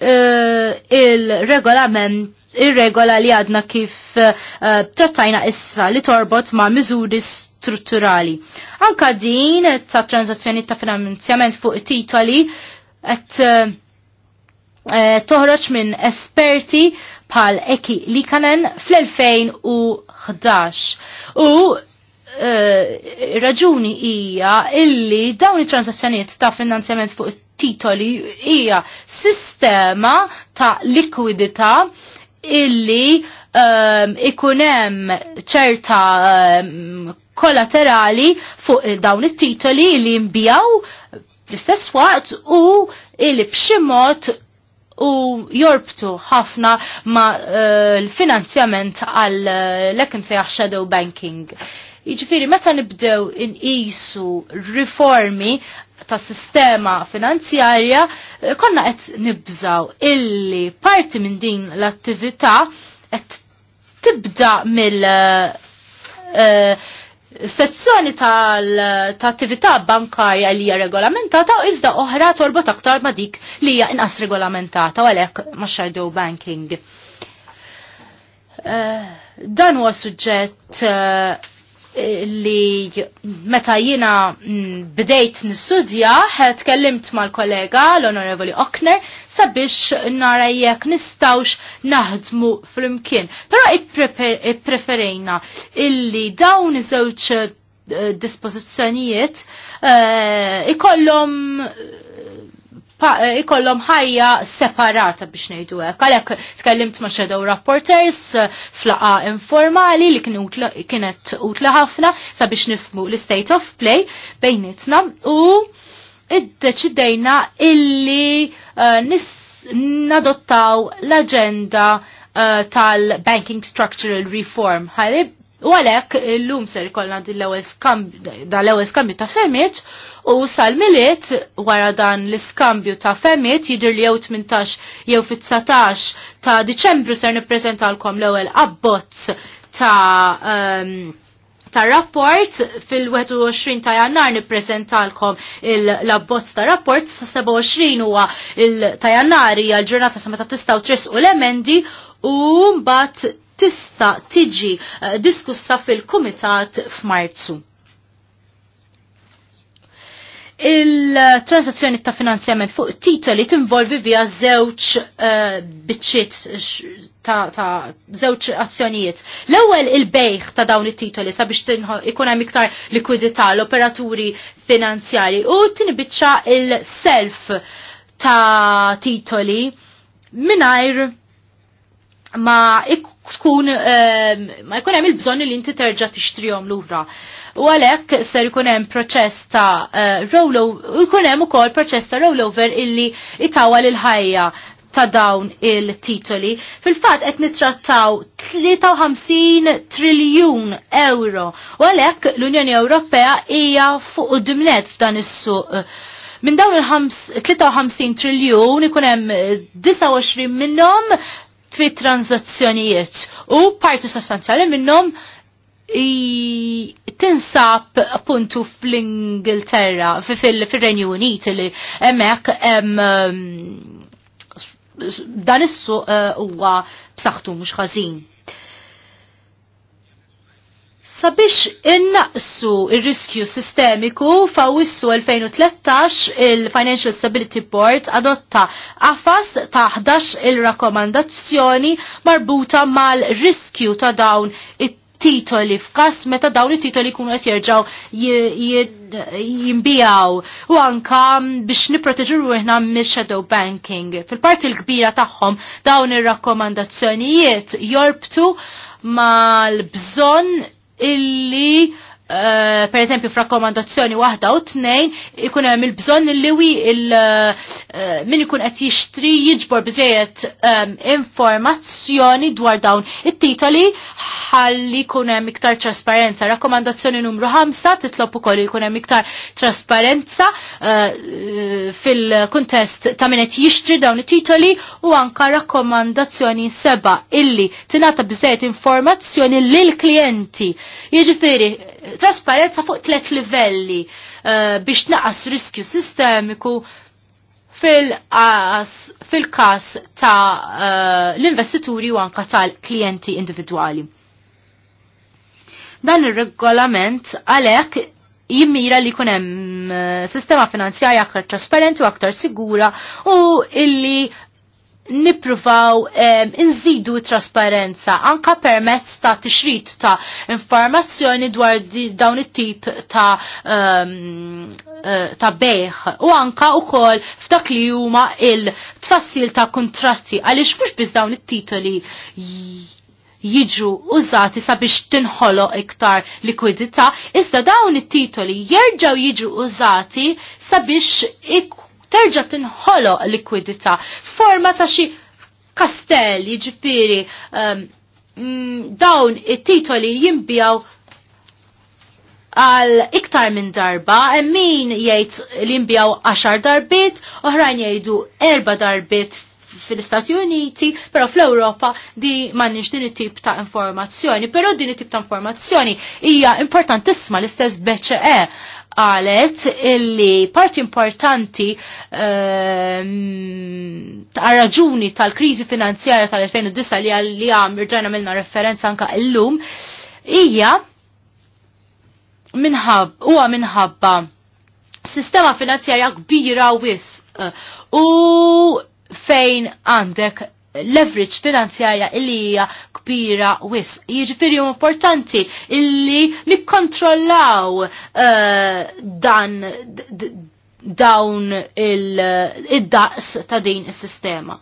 eh, il-regolament ir-regola li għadna kif uh, trattajna issa li torbot ma' miżuri strutturali. Anka din ta' tranzazzjoni ta' finanzjament fuq titoli qed uh, Eh, toħroġ minn esperti bħal Eki Likanen fl-2011. U eh, raġuni hija illi dawn it-transazzjonijiet ta' finanzjament fuq titoli hija sistema ta' likwidità illi eh, ikunem ċerta kolaterali kollaterali fuq dawn it-titoli li mbijaw l-istess waqt u illi b'ximot u jorbtu ħafna ma eh, l-finanzjament għal eh, l-ekim sejħ shadow banking. Iġifiri, meta nibdew in-isu riformi ta' sistema finanzjarja, eh, konna qed nibżaw illi parti minn din l-attività qed tibda mill- uh, sezzjoni tal-attività ta bankarja li hija regolamentata u iżda oħra torbot aktar ma dik li hija inqas regolamentata u għalhekk ma' shadow banking. Uh, dan huwa suġġett uh, li meta jina mm, bdejt nistudja, tkellimt mal-kollega l-Onorevoli Okner sabiex nara jekk nistawx naħdmu fl-imkien. Pero preferejna illi dawn iżewċ żewġ eh, dispożizzjonijiet eh, ikollhom Eh, ikollhom ħajja separata biex ngħidu hekk. Għalhekk tkellimt ma' shadow rapporters eh, flaqa informali li kienet utla ħafna sabiex nifmu l-state of play bejnitna, u iddeċidejna illi eh, nadottaw l-agenda tal-Banking Structural Reform. Ħalib, u għalek l-lum ser kollna dal ewel skambju ta' fermiċ u sal-miliet wara dan l-iskambju ta' femiet jidir li jew 18 jew fit-19 ta' Diċembru ser nippreżentalkom l-ewwel abbozz ta' um, ta' rapport fil-21 ta' jannar nippreżentalkom l-abbozz ta' rapport sa' 27 huwa ta' jannar hija l-ġurnata sa' meta tistgħu u l-emendi u mbagħad tista' tiġi eh, diskussa fil-kumitat f'Marzu il-transazzjoni ta' finanzjament fuq titoli tinvolvi via żewġ eh, biċċiet ta', zewċ azzjonijiet. L-ewwel il-bejħ ta' dawn it-titoli sabiex ikun hemm iktar likwidità l-operaturi finanzjari u tinbiċċa il-self ta' titoli mingħajr ma tkun eh, ma jkun hemm il-bżonn li inti terġa' tixtrihom lura. U għalhekk ser ikun hemm proċess ta' uh, rollover, ikun hemm ukoll proċess ta' rollover illi itawal l ħajja ta' dawn il-titoli. Fil-fat qed nittrattaw 53 triljun euro. U għalhekk l-Unjoni Ewropea hija fuq dimnet f'dan is-suq. Minn dawn il-53 triljun ikun hemm 29 minnhom fi tranzazzjonijiet u parti sostanzjali minnhom tinsab appuntu fl-Ingilterra, fil-Renju Unit, li emmek dan issu eh, huwa b'saħħtu mhux ħażin. Sabiex innaqsu il-riskju sistemiku fawissu 2013 il-Financial Stability Board adotta għafas ta' 11 il-rakomandazzjoni marbuta mal-riskju ta' dawn it titoli f'kas meta dawn it-titoli jkunu qed jerġgħu jinbijaw u anka biex nipproteġu ruħna mix-shadow banking. Fil-parti l-kbira tagħhom dawn ir-rakkomandazzjonijiet jorbtu mal-bżonn illi Eh, per eżempju f'rakkomandazzjoni waħda u tnejn ikun hemm il-bżonn li wi il eh, min ikun qed jixtri jiġbor biżejjed eh, informazzjoni dwar dawn it-titoli ħalli jkun hemm iktar trasparenza. Rakkomandazzjoni numru 5 titlob ukoll jkun hemm iktar trasparenza fil-kuntest ta' min qed jixtri dawn it-titoli u anka rakkomandazzjoni seba' illi tingħata biżejjed informazzjoni lill klijenti. Jiġifieri trasparenza fuq tlet livelli uh, biex naqas riskju sistemiku fil-kas fil ta' uh, l-investituri u anka tal-klienti individuali. Dan il-regolament għalek jimmira li kunem eh, sistema finanzjarja aktar trasparenti u aktar sigura u illi nipruvaw um, inżidu trasparenza anka permezz ta' tixrid ta' informazzjoni dwar dawn it-tip ta' um, ta' beħ u anka wkoll f'dak li huma il-tfassil ta' kontratti għaliex mhux biss dawn it-titoli jiġu użati sabiex tinħolo iktar likwidità, iżda dawn it-titoli jerġgħu jiġu użati sabiex ik terġa' tinħoloq likwidità forma ta' xi kastell jiġifieri um, mm, dawn it-titoli jinbjaw għal iktar minn darba, min jgħid li jimbjaw 10 darbit, oħrajn jgħidu erba' darbit fil-Istati Uniti, però fl-Europa di m'għandniex din it-tip ta' informazzjoni, però din it-tip ta' informazzjoni hija importantissima l-istess BCE qalet illi parti importanti ehm, ta' raġuni tal-krizi finanzjarja tal-2009 li għalli għam rġajna milna referenza anka illum hija minħab, huwa minħabba sistema finanzjarja kbira wis eh, u fejn għandek leverage finanzjarja illi hija kbira wis. Jiġifieri importanti illi nikkontrollaw eh, dan dawn il-daqs ta' din is-sistema.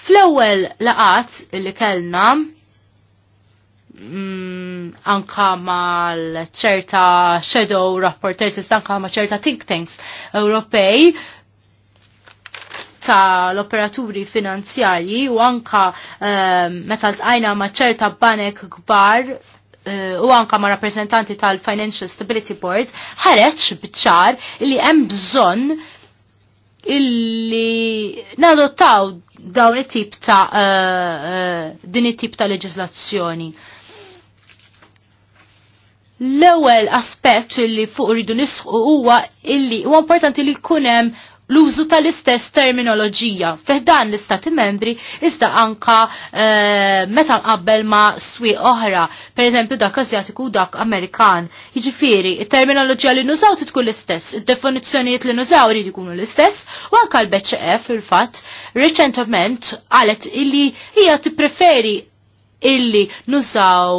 Fl-ewwel laqat li kellna mm, anka mal ċerta shadow rapporters, anka ma ċerta think tanks Ewropej, tal-operaturi finanzjarji u anka ehm, meta l-tqajna ma' ċerta banek kbar eh, u anka ma' rappresentanti tal-Financial Stability Board ħareċ bċar li hemm bżonn illi nadottaw dawn it-tip ta' eh, eh, din it-tip ta' leġislazzjoni. L-ewwel aspett li fuq iridu nisħu huwa illi huwa importanti li jkun hemm l-użu tal-istess terminoloġija fiħdan l-istati membri iżda anka e, meta qabel ma' swi oħra, per eżempju dak azjatiku dak Amerikan. Jiġifieri, it-terminoloġija li nużaw titkun l-istess, id-definizzjonijiet li nużaw jridu jkunu l-istess, u anka l-BCF il-fatt reċentament qalet illi hija tippreferi illi nużaw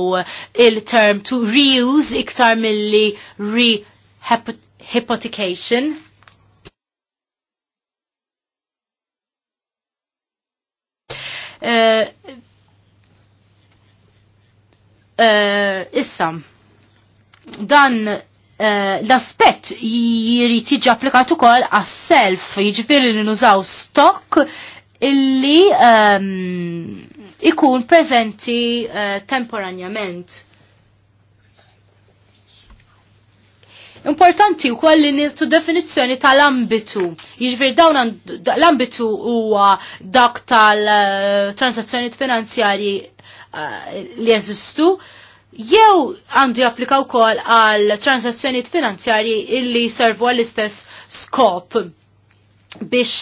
il-term to reuse iktar milli re-hypothecation. Eh, eh, issa, dan eh, l-aspett jirid jiġi applikat ukoll għas-self, jiġifieri li nużaw stock illi ehm, ikun prezenti temporanjament Importanti u koll li definizjoni tal-ambitu. Iġvir jiġifieri dawn l-ambitu huwa dak tal-transazzjoni finanzjari eh, li jeżistu, jew għandu japplika wkoll għal transazzjoni finanzjari illi servu għall-istess skop biex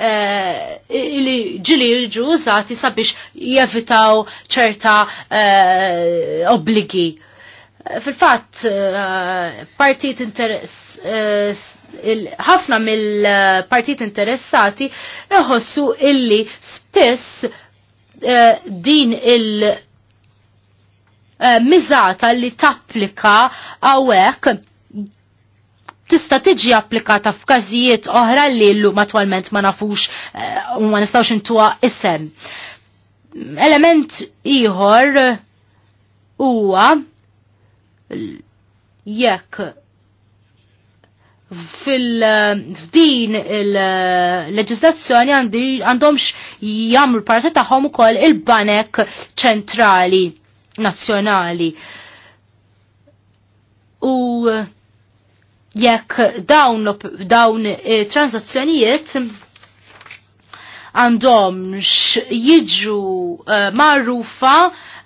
eh, li ġili ġu użati sabiex jevitaw ċerta eh, obbligi fil-fatt eh, partit eh, ħafna mill-partit interessati jħossu illi spiss eh, din il- miżata li tapplika għawek tista tiġi applikata f'każijiet oħra li l matwalment ma nafux u ma nistgħux intuha isem. Element ieħor huwa jekk fil-din il-leġislazzjoni għandhomx jamlu parti tagħhom ukoll il-banek ċentrali nazzjonali. U jekk dawn, dawn transazzjonijiet għandhomx jidġu uh, eh, marrufa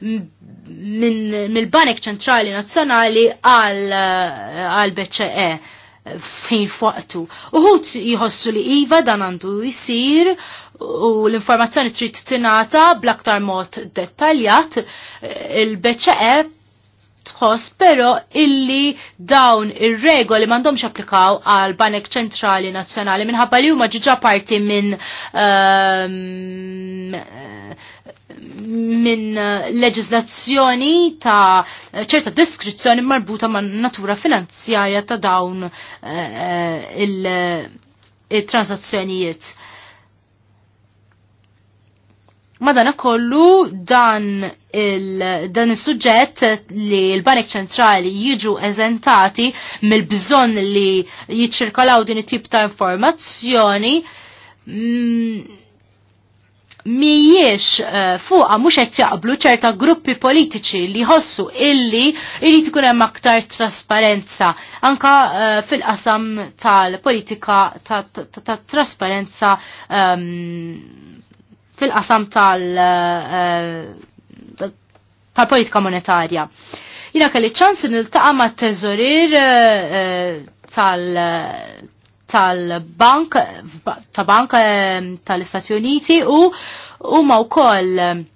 mill-Banek Ċentrali Nazzjonali għal BCE fejn fuqtu. Uħut jħossu li Iva dan għandu jisir u l-informazzjoni trid tinata bl-aktar mod dettaljat il-BCE tħoss però illi dawn ir-regoli m'għandhomx applikaw għal Banek Ċentrali Nazzjonali minħabba li huma ġiġa parti minn ehm, minn leġislazzjoni ta' ċerta diskrizzjoni marbuta ma' natura finanzjarja ta' dawn eh, il-transazzjonijiet. Madana kollu dan il, dan il-sujġett li l-Banek ċentrali jiġu eżentati mill bżonn li jiċċirkolaw din it-tip ta' informazzjoni mm, mijiex uh, fuqa mux qed jaqblu ċerta gruppi politiċi li jħossu illi irid ikun hemm aktar trasparenza anka uh, fil-qasam tal-politika ta', ta, ta, ta trasparenza um, fil-qasam eh, eh, tal-politika monetarja. Jina kelli ċans nil-taqa ma' teżorir eh, tal-bank tal-bank tal-Istati Uniti u u ma' jagħmlu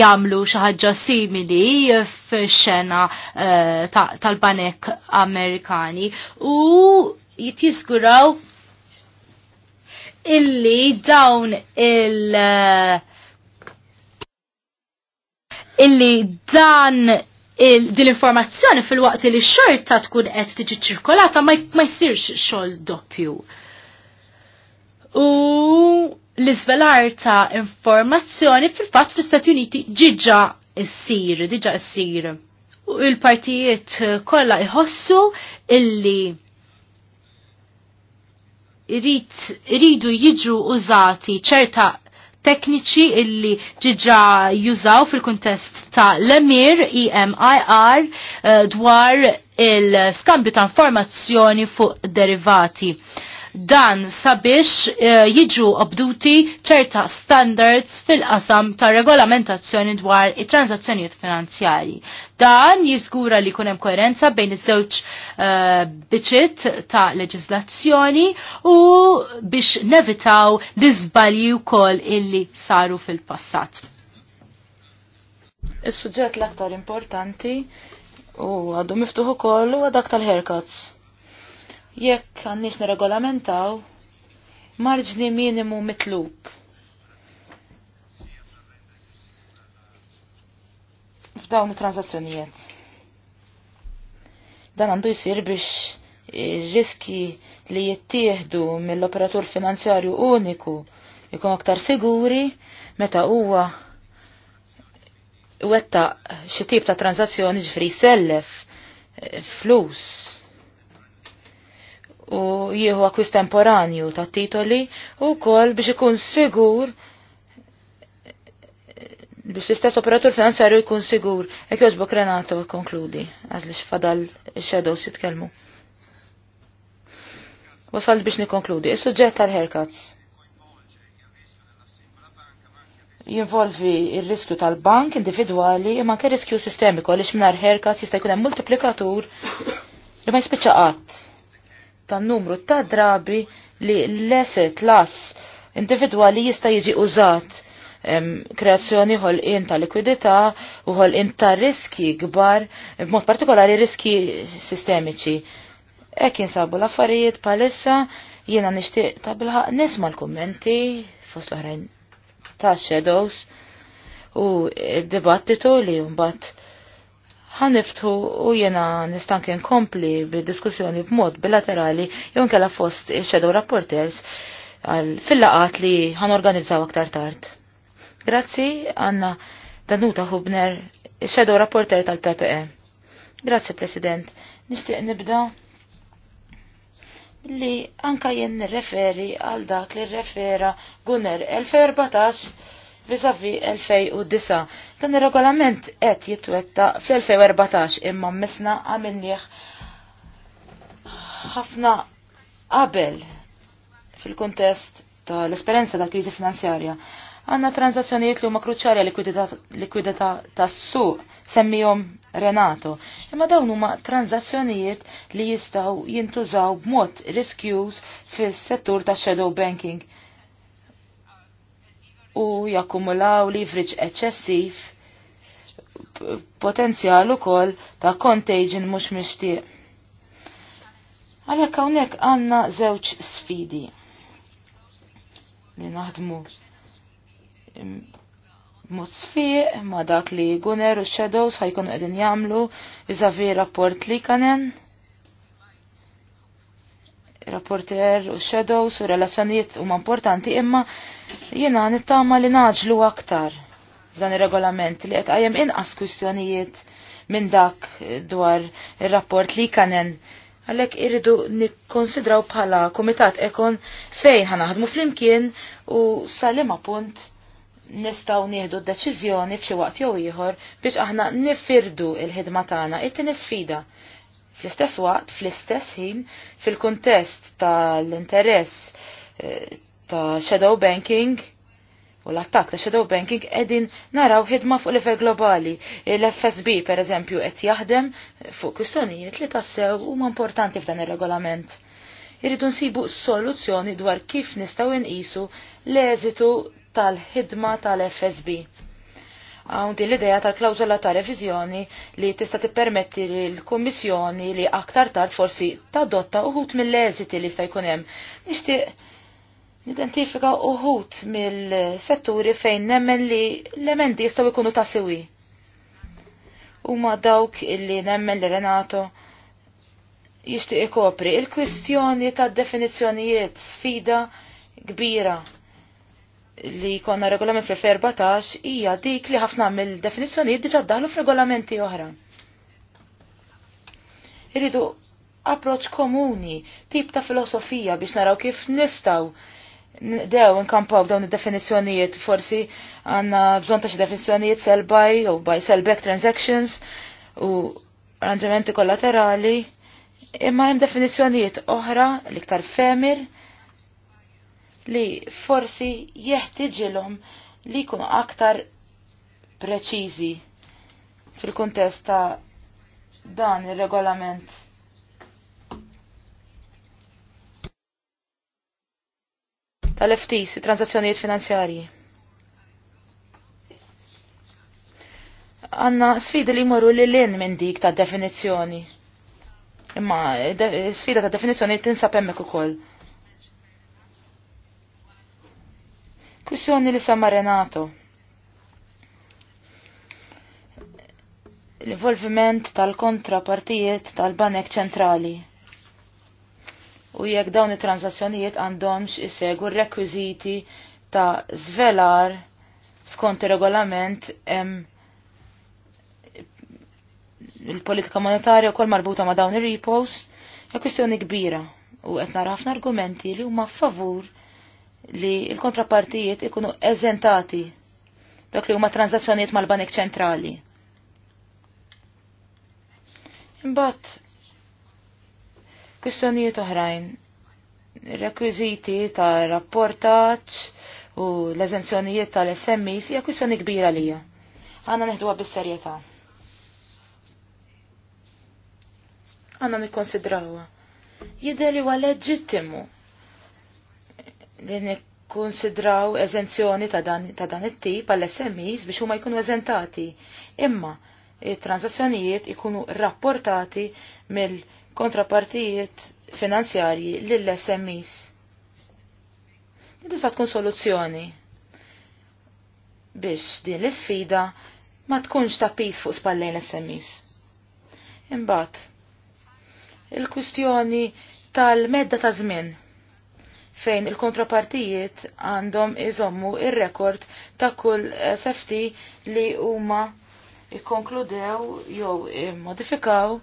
jamlu xaħġa simili f-xena tal-banek Amerikani u jitjizguraw illi dawn il- eh, illi dan il din informazzjoni fil-waqt li xorta tkun qed tiġi ċirkolata ma jsirx xogħol doppju. U l-iżvelar ta' informazzjoni fil-fatt fl-Istati Uniti ġiġa ssir, diġa ssir. U l-partijiet kollha iħossu illi iridu jiġu użati ċerta tekniċi illi ġiġa jużaw fil-kontest ta' l-emir EMIR eh, dwar il-skambju ta' informazzjoni fuq derivati dan sabiex eh, jiġu obduti ċerta standards fil-qasam ta' regolamentazzjoni dwar it-transazzjonijiet finanzjarji. Dan jiżgura li kunem koerenza bejn iż-żewġ biċit eh, biċiet ta' leġislazzjoni u biex nevitaw l-iżbalji wkoll illi saru fil-passat. Is-suġġett l-aktar importanti u għadu miftuħu ukoll u għadak tal-haircuts jekk għandniex nirregolamentaw marġni minimu mitlub. F'dawn it-transazzjonijiet. Dan għandu jsir biex riski li jittieħdu mill-operatur finanzjarju uniku jkun aktar siguri meta huwa wetta xi tip ta' transazzjoni ġifri sellef eh, flus u jieħu akwis temporanju ta' titoli u kol biex ikun sigur biex l-istess operatur finanzjarju jkun sigur. Ek jożbok Renato konkludi, għazli fadal shadows jitkelmu. Wasal biex nikonkludi. Is-suġġett tal-haircuts jinvolvi il-riskju tal-bank individwali imma anke riskju sistemiku għaliex mingħajr haircuts jista' jkun hemm multiplikatur li ma jispiċċa qatt tan numru ta' drabi li l eset las individwali jista' jiġi użat kreazzjoni ħolqien ta' likwidità u ħolqien ta' riski kbar, b'mod partikolari riski sistemiċi. Ek jinsabu l-affarijiet palissa jiena nixtieq ta' bilħaq nisma' l-kummenti fost l-oħrajn ta' shadows u d-dibattitu li mbagħad ħaniftu u jena nistanke nkompli bil diskussjoni b'mod bilaterali jew nkella fost shadow rapporters fil-laqat li ħanorganizzaw aktar tard. Grazzi, Anna Danuta Hubner, shadow rapporter tal-PPE. Grazzi, President. Nishtiq nibda li anka jien referi għal dak li refera Gunner 2014 vizavi 2009. Dan ir-regolament qed jitwetta fl-2014 imma misna għamilnieh ħafna qabel fil-kontest tal-esperjenza tal-kriżi finanzjarja għanna tranzazzjonijiet li huma kruċjali likwidità tas-suq semmihom Renato. Imma dawn huma tranzazzjonijiet li jistgħu jintużaw b'mod riskjuż fis-settur tax-shadow banking u jakkumulaw leverage eċċessiv potenzjal ukoll ta' contagion mhux mixtieq. Għalhekk hawnhekk għandna żewġ sfidi li naħdmu mod sfiq ma' dak li Gunner u Shadows ħajkunu qegħdin jagħmlu iżavi rapport li kanen rapporter u shadows u relazzjonijiet huma importanti imma jiena nittama li naġlu aktar dan ir-regolament li qed qajjem inqas kwistjonijiet minn dak dwar ir-rapport li kanen għalhekk irridu nikkonsidraw bħala kumitat ekon fejn ħanaħdmu flimkien u salim punt nistaw nieħdu d-deċiżjoni f'xi waqt jew ieħor biex aħna nifirdu il-ħidma tagħna it-tieni sfida Fl-istess waqt, fl-istess ħin, fil-kuntest tal-interess eh, ta' shadow banking u l-attak ta' shadow banking edin naraw ħidma fuq level globali. L-FSB per eżempju qed jaħdem fuq kwistjonijiet li tassew huma importanti f'dan ir-regolament. Irridu nsibu soluzzjoni dwar kif nistgħu inqisu l-eżitu tal-ħidma tal-FSB. Għawn din l-ideja tal-klawzola ta' reviżjoni li tista' tippermetti l-Kummissjoni li aktar tard forsi tadotta uħut mill-eżiti li sta' jkun hemm. Nixtieq nidentifika uħut mill-setturi fejn nemmen li l-emendi jistgħu jkunu ta' sewi. Huma dawk illi nemmen li Renato jixtieq ikopri il-kwistjoni tad definizzjonijiet sfida kbira li konna regolament fl-2014 hija dik li ħafna mill-definizzjonijiet diġà daħlu f'regolamenti oħra. Iridu approċ komuni, tip ta' filosofija biex naraw kif nistaw dew nkampaw dawn id-definizzjonijiet forsi għanna bżon ta' xi definizzjonijiet sell buy u buy sell back transactions u arranġamenti kollaterali imma hemm definizzjonijiet oħra l-iktar femir li forsi jeħtiġilhom li jkunu aktar preċiżi fil-kuntest ta' dan ir-regolament. tal-FTs, transazzjonijiet finanzjarji. Għanna sfidi li jmorru li l-in minn dik ta' definizjoni. Imma sfida ta' definizjoni tinsab hemmhekk ukoll. koll Kwissjoni li sama Renato. L-involviment tal-kontrapartijiet tal-Banek Ċentrali. U jekk dawn it-transazzjonijiet għandhomx isegu r-rekwiżiti ta' zvelar skont regolament il-politika monetarja kol marbuta ma dawn ir-repos hija kwistjoni kbira u qed nara ħafna argumenti li huma favur li il-kontrapartijiet ikunu eżentati dak li huma tranzazzjonijiet mal-Banek Ċentrali. Imbagħad kwistjonijiet oħrajn, rekwiżiti ta' rapportaġġ u l-eżenzjonijiet tal smis hija kwistjoni kbira lija. Għandna neħduha bis-serjetà. Għandna nikkonsidrawha. Jidher li huwa leġittimu li nikkonsidraw eżenzjoni ta' dan, dan it-tip għall smis biex huma jkunu eżentati. Imma it-transazzjonijiet ikunu rapportati mill-kontrapartijiet finanzjarji lill-SMEs. Din tkun soluzzjoni biex din l-isfida ma tkunx ta' pis fuq spallejn l-SMIs. Imbagħad, il kustjoni tal-medda ta' żmien fejn il-kontrapartijiet għandhom iżommu il rekord ta' kull safety li huma ikkonkludew jew modifikaw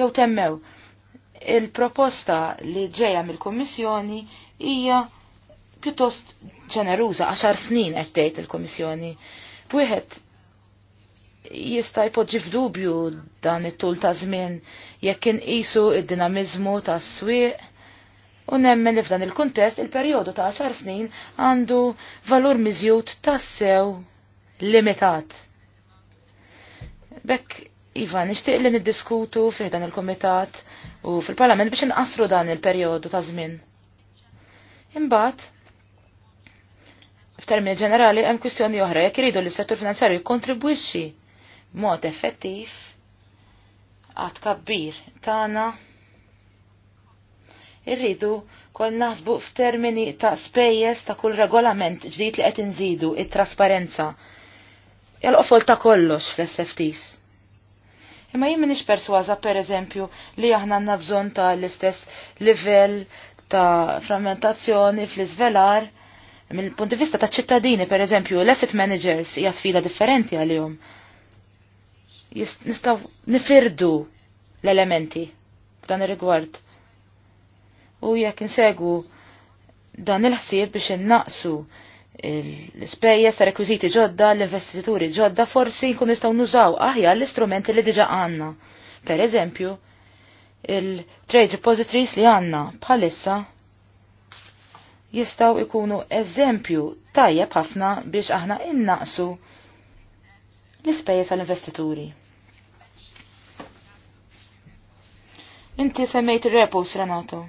jew temmew. Il-proposta li ġejja mill-Kummissjoni hija pjuttost ġeneruża għaxar snin qed tgħid il-Kummissjoni. Wieħed jista' jpoġġi f'dubju dan it-tul ta' żmien jekk inqisu id-dinamiżmu tas-swieq u nemmen li f'dan il-kuntest il-perjodu ta' 10 snin għandu valur miżjud tassew limitat. Bekk Iva, nixtieq li niddiskutu fih dan il-komitat u fil-parlament biex inqasru dan il-perjodu ta' żmien. Imbagħad, f'termini ġenerali hemm kwistjoni oħra jekk iridu li s-settur finanzjarju jikkontribwixxi b'mod effettiv għad kabbir tagħna irridu kol nasbu f'termini ta' spejjeż ta' kull regolament ġdid li qed inżidu it-trasparenza. Jal-qofol ta' kollox fl-SFTs. Imma jien minix perswaza per eżempju li aħna għandna bżonn ta' l-istess livell ta' frammentazzjoni fl-iżvelar mill punti vista ta' ċittadini per eżempju l-asset managers hija sfida differenti għalihom. Nistgħu nifirdu l-elementi f'dan ir-rigward u jekk insegu dan il-ħsieb biex innaqsu l-spejjeż ta' rekwiżiti ġodda, l-investituri ġodda, forsi nkun nistgħu nużaw aħjar l-istrumenti li diġa għandna. Per eżempju, il-trade repositories li għandna bħalissa jistgħu ikunu eżempju tajjeb ħafna biex aħna innaqsu l-ispejjeż tal investituri Inti semmejt il-repos, Renato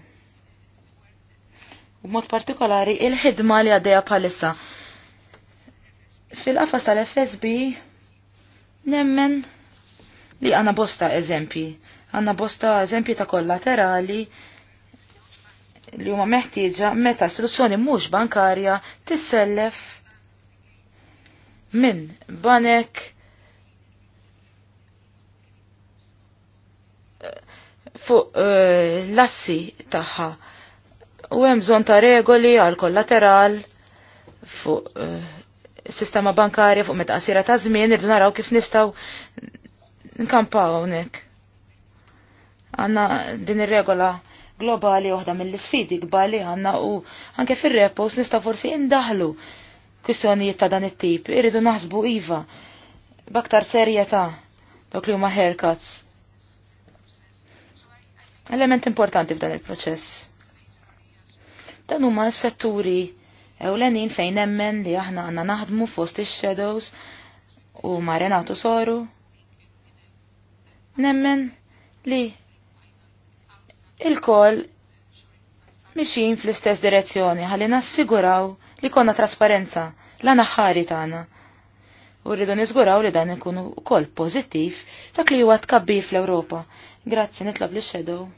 u mod partikolari il-ħidma li għaddeja palissa. Fil-qafas tal-FSB nemmen li għanna bosta eżempji, għanna bosta eżempji ta' kollaterali li huma meħtieġa meta istituzzjoni mhux bankarja tissellef minn banek eh, fuq uh, lassi tagħha u hemm bżonn ta' regoli għal kollateral fuq uh, sistema bankarja fuq meta qasira ta' żmien irdu naraw kif nistgħu nkampaw hawnhekk. Għandna din ir-regola globali waħda mill-isfidi kbar li għandna u anke fir-repos nista' forsi indaħlu kwistjonijiet ta' dan it-tip, irridu naħsbu iva b'aktar serjetà dok li huma haircuts. Element importanti f'dan il-proċess. Dan huma s-setturi ewlenin fejn nemmen li aħna għanna naħdmu fost ix-shadows u ma' Renato Soru. Nemmen li il-kol mixin fl-istess direzzjoni ħalli nassiguraw li konna trasparenza la naħħari tagħna. U rridu niżguraw li dan ikun ukoll pożittiv dak li huwa tkabbir fl-Ewropa. Grazzi nitlob li shadow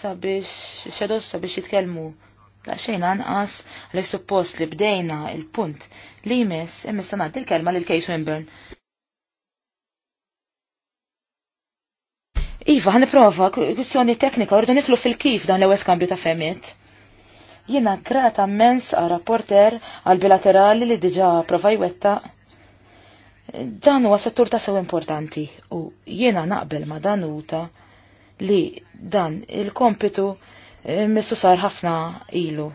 sabiex, xedos sabiex jitkelmu. Da xejn anqas li suppost li bdejna il-punt li jmiss imma sanad l kelma lil Case Winburn. Iva, ħan prova, kwistjoni teknika, ordu nitlu fil-kif dan l-ewes kambju ta' femiet. Jina krata mens għal rapporter għal bilaterali li diġa prova jwetta. Dan huwa settur ta' sew importanti u jiena naqbel ma' danuta. uta li dan il-kompitu eh, missu sar ħafna ilu.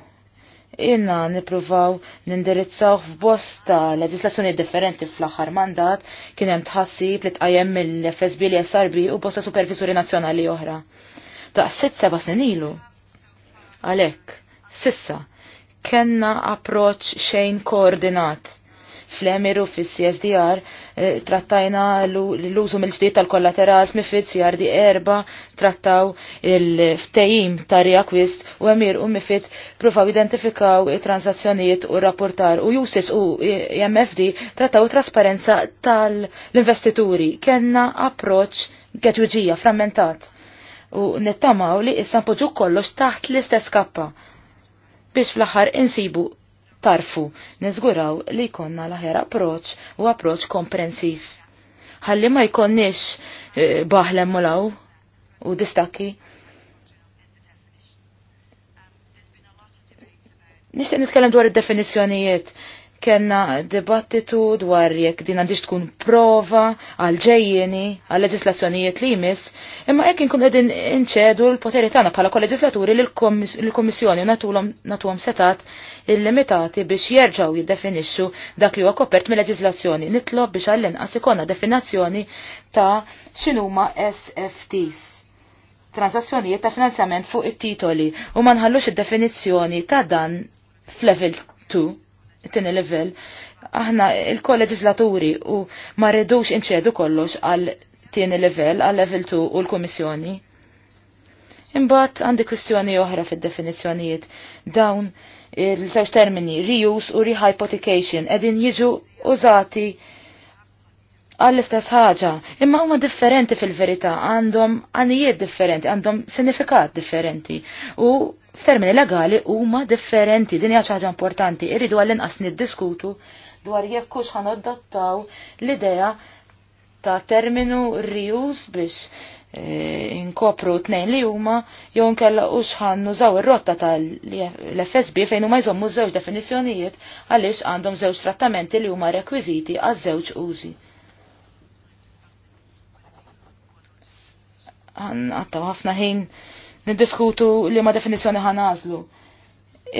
Inna nipruvaw nindirizzaw f'bosta leġislazzjoni differenti fl-aħħar mandat kien hemm tħassib li tqajjem mill-FSB li SRB u bosta supervisuri nazzjonali oħra. Ta' sitt seba' snin ilu. Għalhekk, sissa, kenna approċċ xejn koordinat fl-emiru fis-CSDR eh, trattajna l-użu mill-ġdid tal-kollateral f'Mifid CRD erba trattaw il-ftejim ta' reakwist u emir u Mifid pruvaw identifikaw il-transazzjoniet u rapportar u usis u e MFD trattaw trasparenza tal-investituri kenna approċ għedġuġija, frammentat u nittamaw li issa poġu kollox taħt l-istess kappa biex fl-aħħar insibu tarfu niżguraw li jkollna l-aħjar approċ u approċ komprensiv. Ħalli ma jkonniex eh, baħlem mulaw u distakki. Nishtiq nitkellem dwar id-definizzjonijiet kena dibattitu dwar jekk din għandix tkun prova għal ġejjeni għal leġislazzjonijiet li jmiss, imma jekk nkun qegħdin inċedu l-poteri tagħna bħala kol-leġislaturi l-Kummissjoni natuhom setat illimitati biex jerġgħu jiddefinixxu dak li huwa kopert mill-leġislazzjoni. Nitlob biex għall-inqas ikolna definazzjoni ta' x'inhuma SFTs transazzjonijiet ta' finanzjament fuq it-titoli u ma nħallux id-definizzjoni ta' dan f'level 2 tini level, aħna il-kolleġislaturi u ma rridux inċedu kollox għal tini livell, għal level 2 u l-Kummissjoni. Imbagħad għandi kwistjoni oħra fid-definizzjonijiet. Dawn il-żewġ termini reuse u rehypothecation qegħdin jiġu użati għall-istess ħaġa, imma huma differenti fil-verità, għandhom għanijiet differenti, għandhom sinifikat differenti. U f'termini legali huma differenti, din hija xi ħaġa importanti, irridu għall-inqas niddiskutu dwar jekk hux ħanodattaw l-idea ta' terminu rius biex e, inkopru tnejn li huma jew nkella hux xħan nużaw ir-rotta tal-FSB fejn huma jżommu żewġ definizzjonijiet għaliex għandhom żewġ trattamenti li huma rekwiżiti għaż żewġ użi. Għattaw ħafna ħin niddiskutu li ma definizjoni ħan għazlu.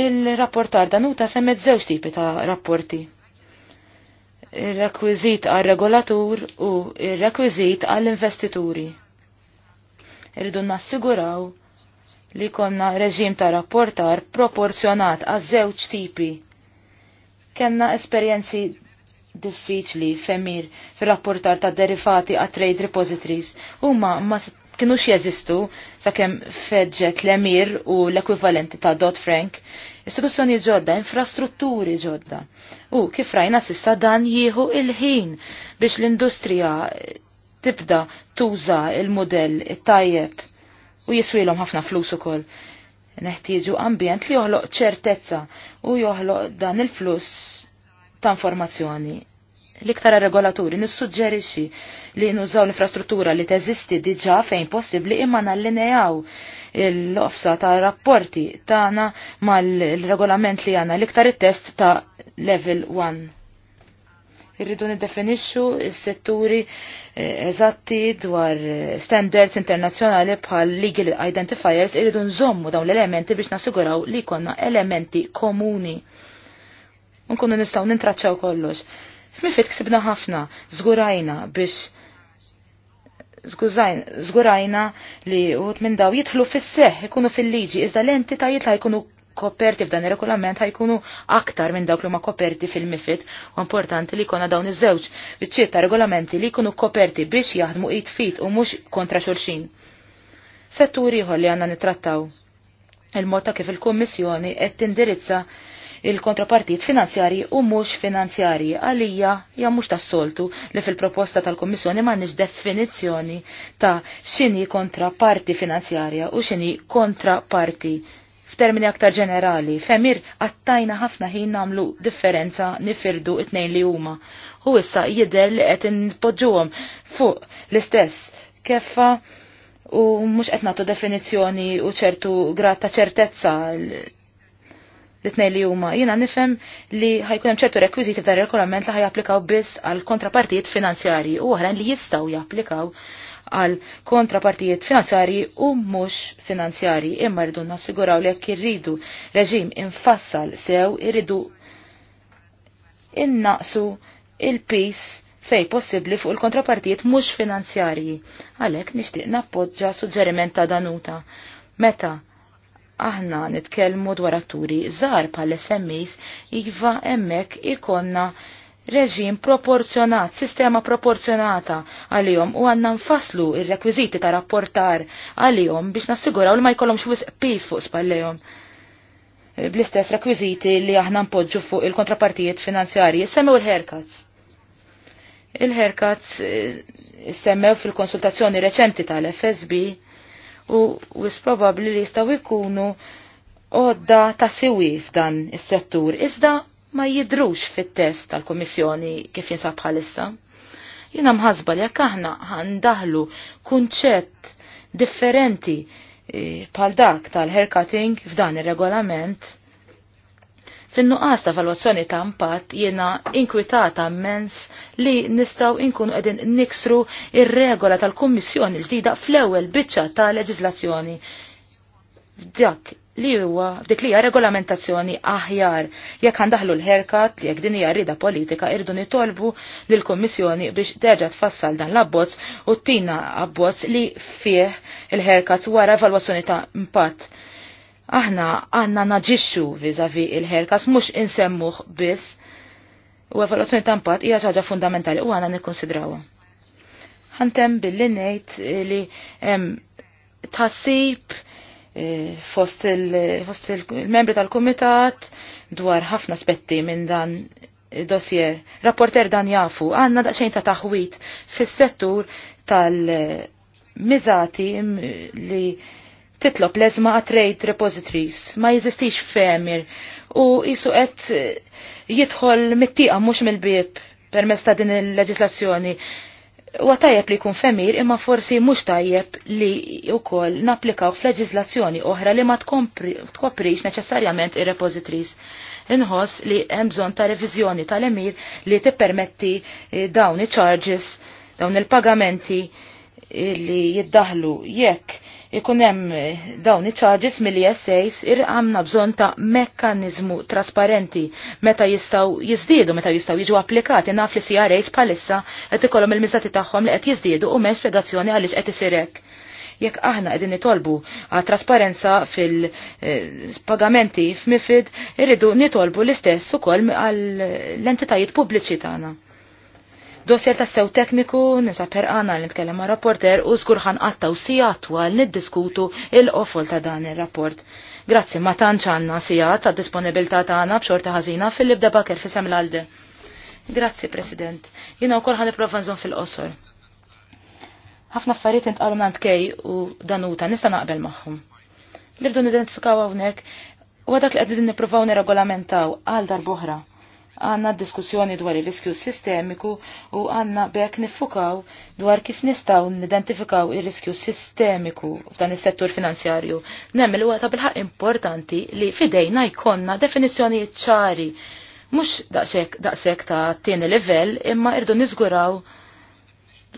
Il-rapportar danuta semmet zewġ tipi ta' rapporti. Il-rekwizit għal-regolatur u il-rekwizit għall-investituri. Irridu nassiguraw li konna reġim ta' rapportar proporzjonat għaż żewġ tipi. Kenna esperjenzi diffiċli femir fir-rapportar ta' derivati għat trade repositories huma ma kienux jeżistu sakemm feġġet l-emir u l-ekwivalenti ta' Dodd Frank, istituzzjoni ġodda, infrastrutturi ġodda. U kif rajna sissa dan jieħu il-ħin biex l-industrija tibda tuża il-modell it-tajjeb u jiswilhom ħafna flus ukoll. Neħtieġu ambjent li joħloq ċertezza u joħloq dan il-fluss ta' informazzjoni L-iktar regolaturi nissuġġerixi li nużaw l-infrastruttura li teżisti diġa fejn possibli imma nallinejaw l-ofsa ta' rapporti tagħna mal-regolament li għandna l-iktar it-test ta' level 1. Irridu niddefinixxu s-setturi eh, eżatti dwar eh, standards internazzjonali bħal legal identifiers irridu nżommu dawn l-elementi biex nasiguraw li konna elementi komuni. Nkunu nistgħu nintraċċaw kollox F'mifid ksibna ħafna, zgurajna biex zgurajna li uħut minn daw jitħlu fis-seħ, ikunu fil-liġi, iżda l-entitajiet la jkunu koperti f'dan ir-regolament ħajkunu aktar minn dawk li huma koperti fil mifit u importanti li jkollna dawn iż-żewġ biċċiet ta' regolamenti li jkunu koperti biex jaħdmu id fit u mhux kontra xulxin. Settur ieħor li għandna nitrattaw il-mod ta' kif il-Kummissjoni qed tindirizza il-kontrapartit finanzjari u mhux finanzjari għalija ja mhux tas-soltu li fil-proposta tal ma' m'għandniex definizzjoni ta' x'inhi kontraparti finanzjarja u x'inhi kontraparti f'termini aktar ġenerali, femir għattajna ħafna ħin namlu differenza nifirdu it-nejn li huma. U issa jider li qed npoġġuhom fuq l-istess keffa u mhux qed nagħtu definizzjoni u ċertu grat ta' ċertezza tnej li huma jiena nifhem li ħajkun ċertu rekwiżiti ta' regolament li ħajapplikaw biss għal kontrapartijiet finanzjarji u oħrajn li jistgħu japplikaw għal kontrapartijiet finanzjarji u mhux finanzjarji imma rridu nassiguraw li jekk irridu reġim infassal sew irridu innaqsu il-pis fej possibbli fuq il-kontrapartijiet mhux finanzjarji. Għalhekk nixtieq nappoġġa suġġeriment ta' Danuta. Meta aħna nitkellmu dwar atturi żgħar bħal SMEs iva hemmhekk ikonna reġim proporzjonat, sistema proporzjonata għalihom u għanna nfaslu ir-rekwiżiti ta' rapportar għalihom biex nassiguraw li ma jkollhomx wisq pis fuq spallejhom bl-istess rekwiżiti li aħna npoġġu fuq il-kontrapartijiet finanzjarji. Semmew il-haircuts. Il-haircuts eh, semmew fil-konsultazzjoni reċenti tal-FSB u wis probabbli li jistgħu jkunu għodda ta' siwi f'dan is-settur iżda ma jidrux fit-test tal-Kummissjoni kif jinsab bħalissa. Jina mħazba li jekk aħna ħandaħlu kunċett differenti bħal eh, dak tal-haircutting f'dan ir-regolament, Fin-nuqqas ta' valwazzjoni ta' impatt jiena inkwitata mens li nistgħu inkunu qegħdin niksru ir-regola tal-Kummissjoni ġdida fl-ewwel biċċa ta' leġiżlazzjoni. Dak li huwa dik li hija regolamentazzjoni aħjar jekk għandaħlu l-herkat li jekk din hija rida politika irdu nitolbu lil kummissjoni biex terġa' tfassal dan l-abbozz u tina abbozz li fih il-herkat wara evalwazzjoni ta' impatt Aħna għanna naġixxu viżavi il-ħerkas mhux insemmuh biss u evoluzzjoni ta' impatt hija ħaġa fundamentali u għandna nikkonsidrawha. Ħantem billi ngħid li hemm tħassib eh, fost il-membri il membri tal kumitat dwar ħafna aspetti minn dan dossier. Rapporter dan jafu, għanna daqxejn ta' taħwit fis-settur tal-mizati li titlob leżma għat trade repositories, ma jeżistix femir u jisu qed eh, jidħol mittieqa mhux mill-bib permezz ta' din il-leġislazzjoni. U tajjeb li jkun femir imma forsi mhux tajjeb li wkoll napplikaw f'leġislazzjoni oħra li ma tkoprix neċessarjament ir-repositories. Inħoss li hemm bżonn ta' reviżjoni tal-emir li tippermetti eh, dawn i-charges, dawn il-pagamenti eh, li jiddaħlu jekk ikun hemm eh, dawn iċ-charges mill-ESAs irqamna bżonn ta' mekkaniżmu trasparenti meta jistgħu jiżdiedu meta jistgħu jiġu applikati naf li CRAs bħalissa qed ikollhom il-miżati tagħhom li qed jiżdiedu u m'hemmx spjegazzjoni għaliex qed isir Jekk aħna qegħdin nitolbu għal trasparenza fil-pagamenti eh, f'MIFID, irridu nitolbu l-istess ukoll għall entitajiet pubbliċi tagħna. Dossier ta' sew tekniku, nisa per għana li nitkellem ma' rapporter u skurħan għatta u sija attwal niddiskutu il-qofol ta' dan il-rapport. Grazzi ma' tanċanna sija ta' disponibilta ta' għana bxorta ħazina fil-libda baker fisem l-alde. Grazzi, President. Jina u kolħan iprofa nżon fil-qosor. ħafna affarijiet intqalu nant kej u danuta nista' naqbel magħhom. Li nidentifikaw hawnhekk huwa dak li qegħdin nippruvaw nirregolamentaw għal darb'oħra għanna diskussjoni dwar il-riskju sistemiku u għanna bekk nifukaw dwar kif nistaw nidentifikaw il-riskju sistemiku f'dan is-settur finanzjarju. Nemmel huwa ta' bilħaq importanti li fidejna jkonna definizjoni ċari mhux daqshekk daqshekk ta' tieni livell imma irdu niżguraw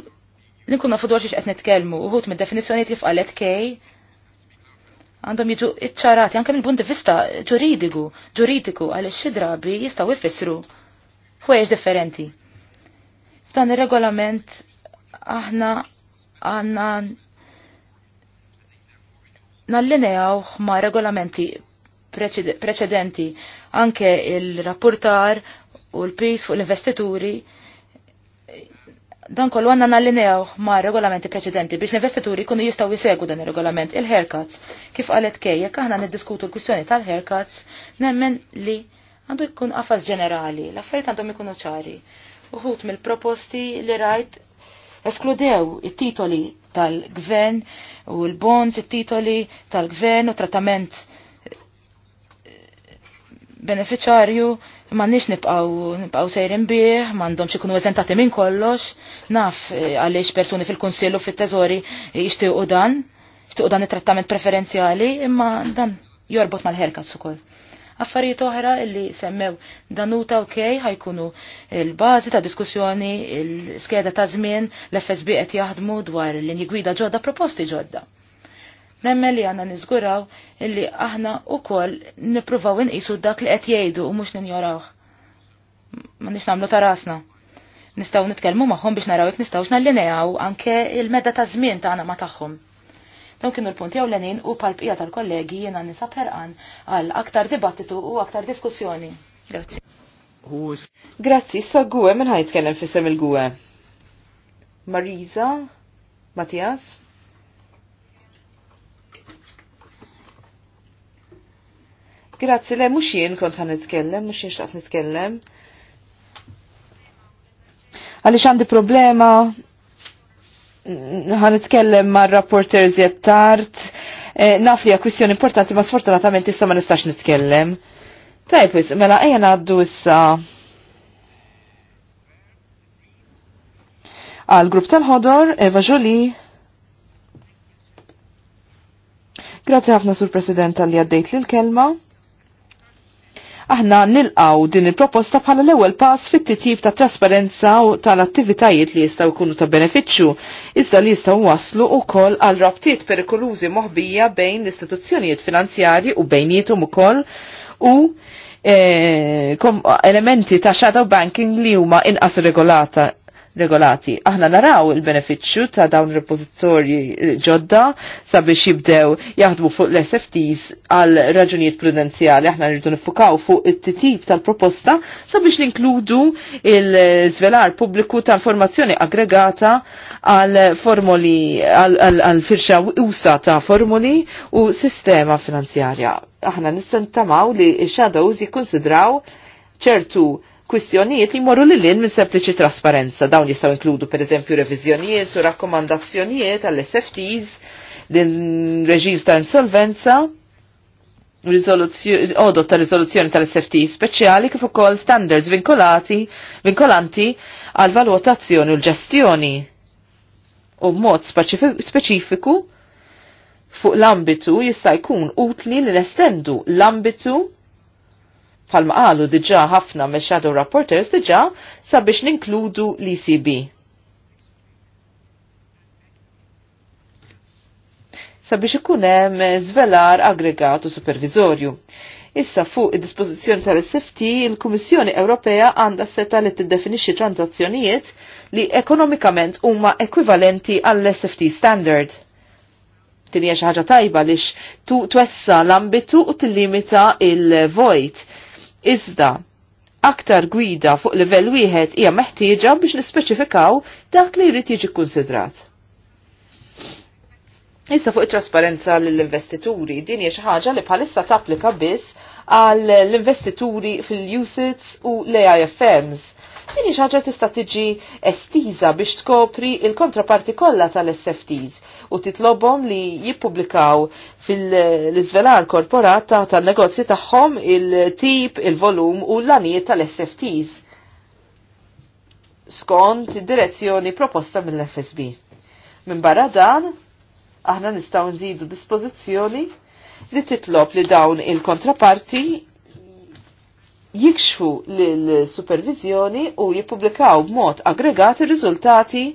li nkunu nafu dwar xiex qed nitkellmu uħut mid definizjoni kif qalet kej għandhom jiġu iċċarati anke mill-punt vista ġuridiku, ġuridiku għaliex xi drabi jistgħu jfissru ħwejjeġ differenti. F'dan ir-regolament aħna għandna nallinejaw ma' regolamenti preċedenti anke il-rapportar u l-pis fuq l-investituri Dan kollu għanna nallinew ma' regolamenti preċedenti biex l-investituri kunu jistaw jisegu dan il-regolament il-haircuts. Kif għalet kej, jekk aħna niddiskutu l-kwistjoni tal-haircuts, nemmen li għandu jkun qafas ġenerali, l-affarijiet għandhom ikunu ċari. Uħut mill-proposti li rajt eskludew it-titoli tal-gvern u l-bonds, it-titoli tal-gvern u trattament beneficjarju ma nix nipqaw, nibqaw sejrin bieħ, mandomx ikunu eżentati minn kollox, naf eh, għaliex persuni fil-konsillu fit-teżori eh, u dan, u dan it-trattament preferenzjali, imma dan jorbot mal-herkat ukoll affarijiet oħra illi semmew danuta u kej ħajkunu il-bazi ta' diskussjoni, il-skeda ta' żmien, l-FSB qed jaħdmu dwar l injigwida ġodda proposti ġodda. Memme li għanna nizguraw illi aħna u kol nipruvaw inqisu dak li qed jgħidu u mhux ninjorawh. Ma nix namlu tarasna. rasna. Nistaw nitkellmu magħhom biex naraw jekk nistgħux nallinejaw anke il-medda ta' żmien tagħna għana tagħhom. Dawn kienu l-punti ewlenin u pal-bqija tal-kollegi jiena nisab ħerqan għal aktar dibattitu u aktar diskussjoni. Grazzi. Grazzi, issa għuwe, minn kellem fissem il-gwe. Marisa, Mattias. Grazzi, le, mux jien kont għan nitkellem, mux jien xtaqt nitkellem. Għalix għandi problema, għan nitkellem ma' rapporter zjed tart, e, naf li kwistjoni importanti ma' sfortunatament issa ma' nistax nitkellem. Tajb, mela, ejja għaddu issa. Għal grupp tal-ħodor, Eva Jolie. Grazie ħafna sur President għalli għaddejt l-kelma. Aħna nilqaw din il-proposta bħala l-ewwel pass fit-titjib ta' trasparenza u tal-attivitajiet li jistgħu jkunu ta' benefiċċju, iżda li jistgħu waslu wkoll għal rabtiet perikolużi moħbija bejn l-istituzzjonijiet finanzjarji u bejnietum ukoll u E, kom, elementi ta' shadow banking li huma inqas regolata regolati. Aħna naraw il-beneficju ta' dawn repozitorji ġodda sabiex jibdew jaħdmu fuq l-SFTs għal raġunijiet prudenzjali. Aħna rridu nifukaw fuq it-titib tal-proposta sabiex ninkludu il-zvelar pubbliku ta' informazzjoni aggregata għal formoli għal firxa usa ta' formoli u sistema finanzjarja. Aħna nissentamaw li shadows jikkonsidraw ċertu kwistjonijiet li morru li lin minn sempliċi trasparenza. Dawn jistaw inkludu per eżempju revizjonijiet u rakkomandazzjonijiet għall-SFTs, din reġim ta' insolvenza, odot ta' rizoluzzjoni tal-SFT speċjali kif ukoll standards vinkolati, vinkolanti għal valutazzjoni u l-ġestjoni. U mod speċifiku fuq l-ambitu jista' jkun utli li l-estendu l-ambitu palma qalu diġa ħafna me shadow rapporters diġa sabiex ninkludu l-ECB. Sabiex ikunem zvelar aggregatu supervizorju. Issa fuq id-dispożizzjoni tal-SFT, il-Kummissjoni Ewropea għandha seta li tiddefinixxi tranzazzjonijiet li ekonomikament huma ekwivalenti għall-SFT standard. Tinija xi ħaġa tajba lix tu twessa l-ambitu u tillimita il-vojt Iżda, aktar gwida fuq livell wieħed hija meħtieġa biex nispeċifikaw dak li jrid jiġi kkunsidrat. Issa fuq it-trasparenza lill-investituri din hija xi ħaġa li bħalissa tapplika biss għall investituri fil-USITS u l-AIFMs Kini ħaġa tista' tiġi estiża biex tkopri il-kontraparti kollha tal-SFTs u titlobhom li jippubblikaw fil-iżvelar korporat tan-negozji tagħhom il-tip, il-volum u l anijiet tal-SFTs skont direzzjoni proposta mill-FSB. Minn barra dan, aħna nistgħu nżidu dispożizzjoni li titlob li dawn il-kontraparti jikxfu l-supervizjoni u jippubblikaw b'mod aggregat ir-riżultati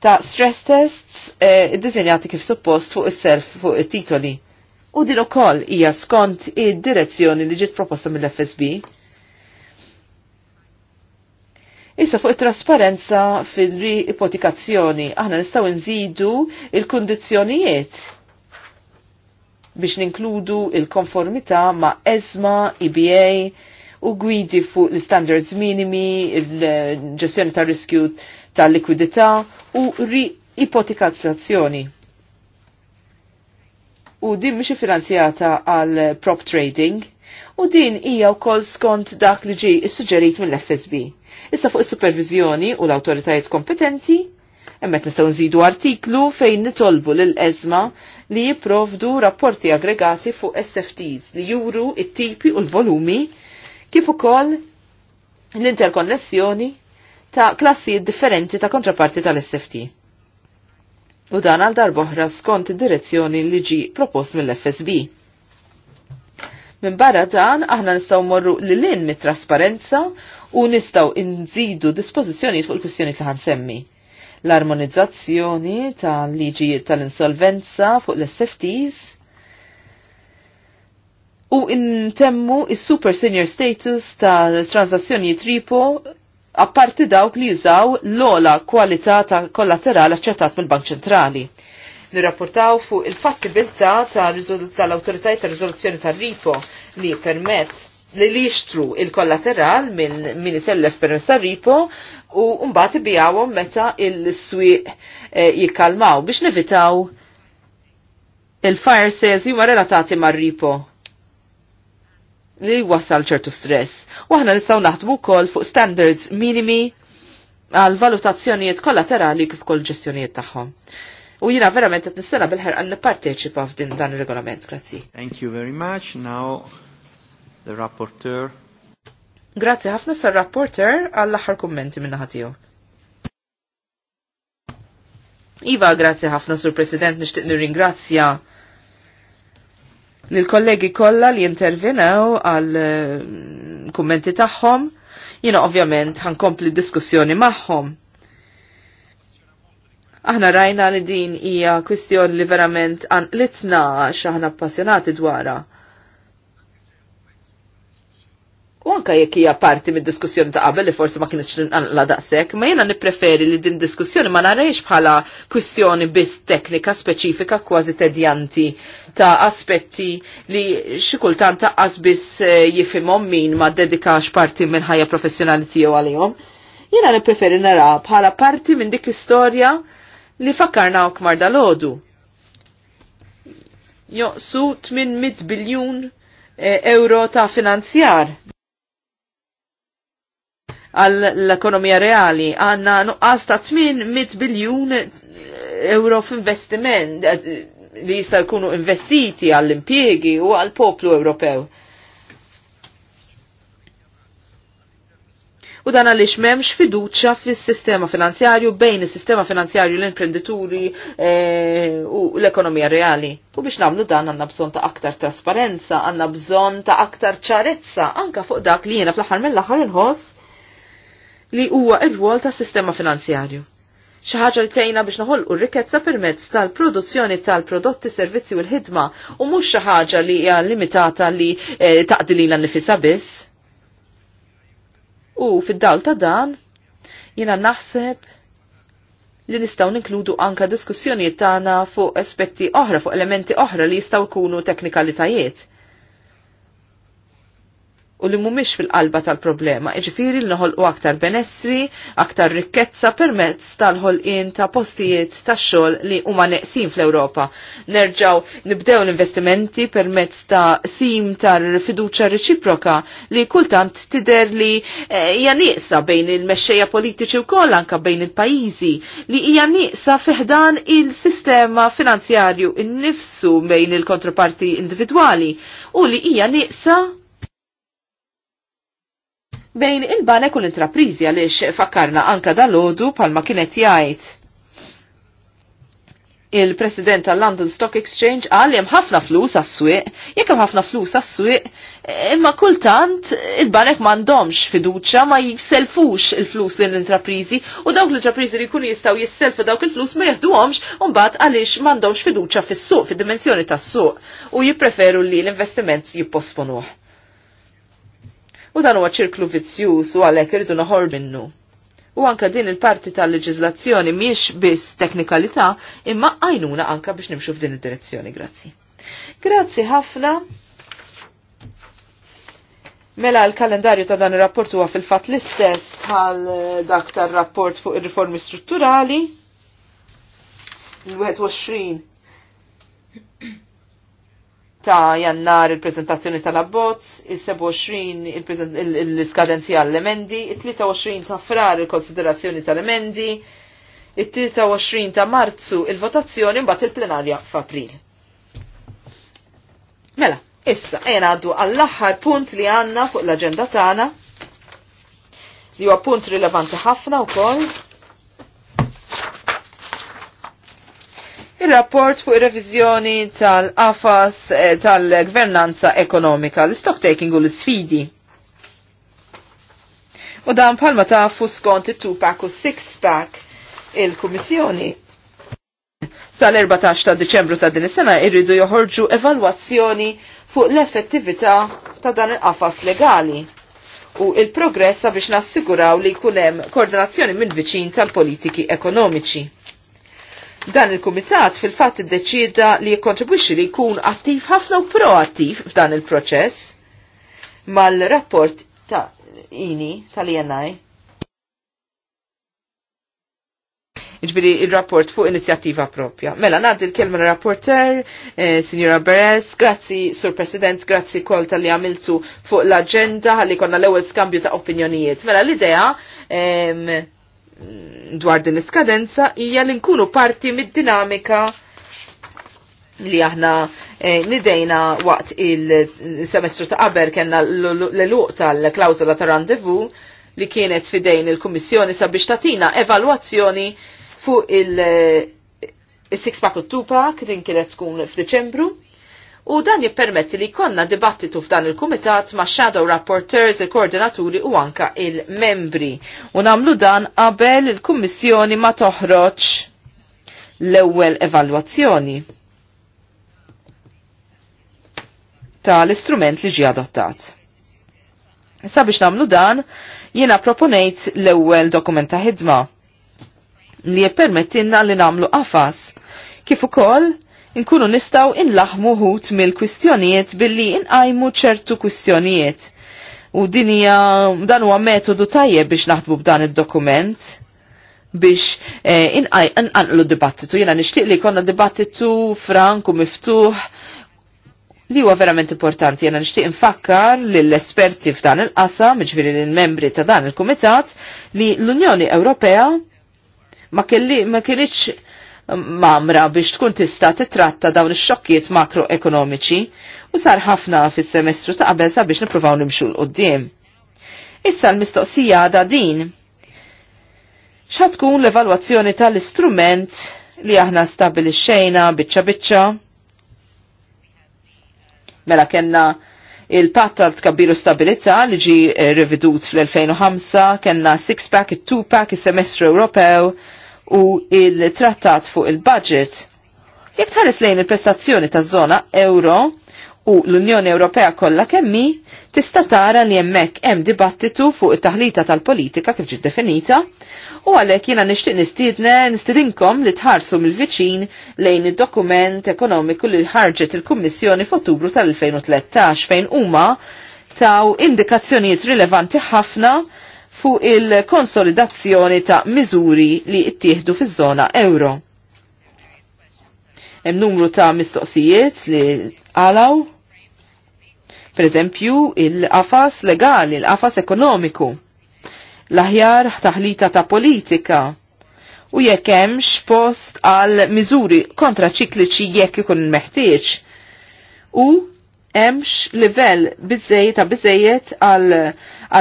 ta' stress tests eh, dizinjati kif suppost fuq is-self fuq it-titoli. U din ukoll hija skont id-direzzjoni li ġiet proposta mill-FSB. Issa fuq it-trasparenza fil ripotikazzjoni aħna nistgħu nżidu il-kundizzjonijiet biex ninkludu il-konformità ma' ESMA, EBA u gwidi fuq l-standards minimi, il-ġestjoni ta' riskju ta' likwidità u ri-ipotikazzazzjoni. U din mhix finanzjata għal prop trading u din hija wkoll skont dak li ġi issuġġerit mill-FSB. Issa fuq is-supervizjoni u l-awtoritajiet kompetenti, emmet nistgħu nżidu artiklu fejn nitolbu lil eżma li jiprovdu rapporti aggregati fuq SFTs li juru it-tipi u l-volumi kif ukoll l-interkonnessjoni ta' klassijiet differenti ta' kontraparti tal-SFT. U dan għal darboħra skont id-direzzjoni li ġi propost mill-FSB. Minn barra dan aħna nistgħu morru li lin mit-trasparenza u nistgħu nżidu dispożizzjonijiet fuq il-kwistjoni li ħansemmi. semmi l-armonizzazzjoni tal-liġijiet tal-insolvenza fuq l-SFTs u intemmu is super senior status tal-transazzjoni tripo apparti dawk li jużaw l-ola kwalità ta' kollaterali aċċettat mill-Bank Ċentrali nirrapportaw fuq il-fattibilità tal autoritajt ta' riżoluzzjoni ta' ripo li permezz li li jixtru il-kollateral minn min isellef permezz ta' ripo u mbagħad ibijawhom meta il-swieq eh, jikkalmaw biex nevitaw il-fire sales huma relatati mar-ripo li wassal ċertu stress. U aħna nistgħu naħdmu wkoll fuq standards minimi għal valutazzjonijiet kollaterali kif ukoll ġestjonijiet tagħhom. U jina verament qed nistenna bil-ħerqa nipparteċipa f'din dan ir-regolament. Grazzi. Thank you very much. Now the rapporteur Grazzi ħafna sar rapporter għall-aħħar kummenti minna ħatiju. Iva, grazzi ħafna sur President, nishtiq nirringrazzja lill-kollegi kollha li intervenew għal mm, kummenti tagħhom. Jiena ovvjament ħankompli diskussjoni magħhom. Aħna rajna li din hija kwistjoni li verament għanqlitna x'aħna appassjonati dwarha U anka jekk hija parti mid-diskussjoni ta' qabel li forsi ma kienx la daqshekk, ma jiena nippreferi li din diskussjoni ma narejx bħala kwistjoni biss teknika speċifika kważi tedjanti ta' aspetti li xi kultant taqqas biss eh, jifhimhom min ma dedikax parti minn ħajja professjonali tiegħu għalihom. Jiena nippreferi nara bħala parti minn dik l-istorja li fakkarna okmar dal-ħodu. Joqsu 800 biljun eh, euro ta' finanzjar għall-ekonomija reali. Għanna nuqqas ta' 800 biljun euro f'investiment eh, li jista' jkunu investiti għall-impjiegi u għall-poplu Ewropew. u dan għaliex m'hemmx fiduċja fis-sistema finanzjarju bejn is-sistema finanzjarju l-imprenditori e, u l-ekonomija reali. U biex nagħmlu dan għandna bżonn ta' aktar trasparenza, għandna bżonn ta' aktar ċarezza anka fuq dak li jiena fl-aħħar mill-aħħar inħoss li huwa ir-rwol tas sistema finanzjarju. Xi ħaġa li tgħinna biex noħolqu r-rikezza permezz tal-produzzjoni tal-prodotti, servizzi u l-ħidma u mhux xi ħaġa li hija limitata li eh, taqdilina nifisha biss. U fid-dawl ta' dan jiena naħseb li nistgħu ninkludu anka diskussjonijiet tagħna fuq aspetti oħra, fuq elementi oħra li jistgħu jkunu teknikalitajiet u li mumiex fil-qalba tal-problema, iġifiri li noħolqu aktar benessri, aktar rikkezza permezz tal-ħolqien ta' postijiet ta' xogħol li huma neqsin fl-Ewropa. Nerġaw nibdew l-investimenti permezz ta' sim tar fiduċa reċiproka li kultant tider li eh, hija nieqsa bejn il-mexxejja politiċi wkoll anka bejn il-pajjiżi li hija nieqsa fiħdan il-sistema finanzjarju in-nifsu bejn il-kontraparti individwali u li hija nieqsa bejn il-banek u l-intraprizi għaliex fakkarna anka dal-ħodu palma kienet jgħid. Il-president tal-London Stock Exchange għal jem ħafna flus għas-swieq, jekk hemm ħafna flus għas-swieq, imma kultant il-banek m'għandhomx fiduċa ma jselfux il-flus l intraprizi u dawk l-intraprizi li jkunu jistgħu jisselfu dawk il-flus ma jeħduhomx u mbagħad għaliex m'għandhomx fiduċa fis-suq, fid-dimensjoni tas-suq u jippreferu li l-investiment jipposponuh. U dan huwa ċirklu vizzjuż u għalhekk irridu noħor minnu. U anka din il-parti tal-leġizlazzjoni miex biss teknikalità imma għajnuna anka biex nimxu f'din id-direzzjoni. Grazzi. Grazzi ħafna. Mela l-kalendarju ta' dan ir-rapport huwa fil-fatt l-istess bħal eh, dak tar-rapport fuq ir-riformi strutturali l-21 ta' jannar il-prezentazzjoni tal-abbozz, il-27 l il għall-emendi, il-23 ta' frar il-konsiderazzjoni tal-emendi, il-23 ta' marzu il-votazzjoni mbagħad il-plenarja f'April. Mela, issa jena għaddu għall-aħħar punt li għandna fuq l-aġenda tagħna li huwa punt rilevanti ħafna wkoll Il-rapport fuq ir-reviżjoni tal-qafas eh, tal-gvernanza ekonomika, l-stock taking u l-sfidi. U dan palma tafu skont it pack u 6-pack il-Kummissjoni sal-14 ta' Deċembru ta' din is-sena irridu joħorġu evalwazzjoni fuq l-effettività ta' dan il-qafas legali u il-progress sabiex nassiguraw li jkun hemm koordinazzjoni mill-viċin tal-politiki ekonomiċi Dan il-Kumitat fil-fatt iddeċieda li jikkontribwixxi li jkun attiv ħafna u proattiv f'dan il-proċess mal-rapport ta' ini tal-INI. Iġbiri il-rapport fuq inizjattiva propja. Mela, kelma l rapporter, eh, Signora Beres, grazzi, Sur President, grazzi kol tal-li għamiltu fuq l-agenda, għalli konna l-ewel skambju ta' opinjonijiet. Mela, l-idea, dwar din iskadenza hija li nkunu parti mid-dinamika li aħna eh, nidejna waqt il-semestru ta' qabel kena l-luq tal-klawzola ta' randevu li kienet fidejn il-Kummissjoni sabiex tatina evalwazzjoni fuq il-6 eh, pack u 2 pack din kienet tkun f'Deċembru u dan jippermetti li konna dibattitu f'dan il-Kumitat ma' Shadow Rapporteurs, il-Koordinaturi u anka il-Membri. U namlu dan qabel il-Kummissjoni ma toħroġ l-ewwel evalwazzjoni tal-istrument li ġi adottat. Sabiex namlu dan, jiena proponejt l-ewwel dokument ta' ħidma li jippermettilna li namlu qafas kif ukoll nkunu nistaw inlaħmu ħut mill-kwistjonijiet billi inqajmu ċertu kwistjonijiet. U dinija dan huwa metodu tajjeb biex naħdmu b'dan id-dokument biex eh, inqanqlu dibattitu. Jena nixtieq li konna dibattitu frank u miftuħ li huwa verament importanti jena nixtieq infakkar lill esperti f'dan il-qasam, ġifieri lill membri ta' dan il-kumitat, li l-Unjoni Ewropea ma kelli ma mamra biex tkun tista' titratta dawn ix-xokkijiet makroekonomiċi u sar ħafna fis-semestru ta' qabel sabiex nippruvaw nimxu l qudiem Issa l-mistoqsija għada din. Xa tkun l-evalwazzjoni tal-istrument li aħna stabilixx-xejna biċċa biċċa? Mela kenna il-patt tal tkabbiru stabilità li ġi eh, revedut fl-2005, kenna six pack 2 pack il-semestru Ewropew, u il-trattat fuq il-budget. Jek tħares lejn il-prestazzjoni ta' zona euro u l-Unjoni Ewropea kollha kemmi, tista' tara li hemmhekk hemm dibattitu fuq it-taħlita tal-politika kif ġiet definita, u għalhekk jiena nixtieq nistiedne nistidinkom li tħarsu mill-viċin lejn id-dokument ekonomiku li ħarġet il-Kummissjoni f'Ottubru tal-2013 fejn huma taw indikazzjonijiet rilevanti ħafna fuq il-konsolidazzjoni ta' miżuri li ittieħdu fiż-żona euro. Hemm numru ta' mistoqsijiet li għalaw, per eżempju, il-qafas legali, l qafas ekonomiku, l-aħjar taħlita ta' politika, u jekk hemmx post għal miżuri kontraċikliċi jekk ikun meħtieġ u hemmx livell bizzej ta' bizzejiet għal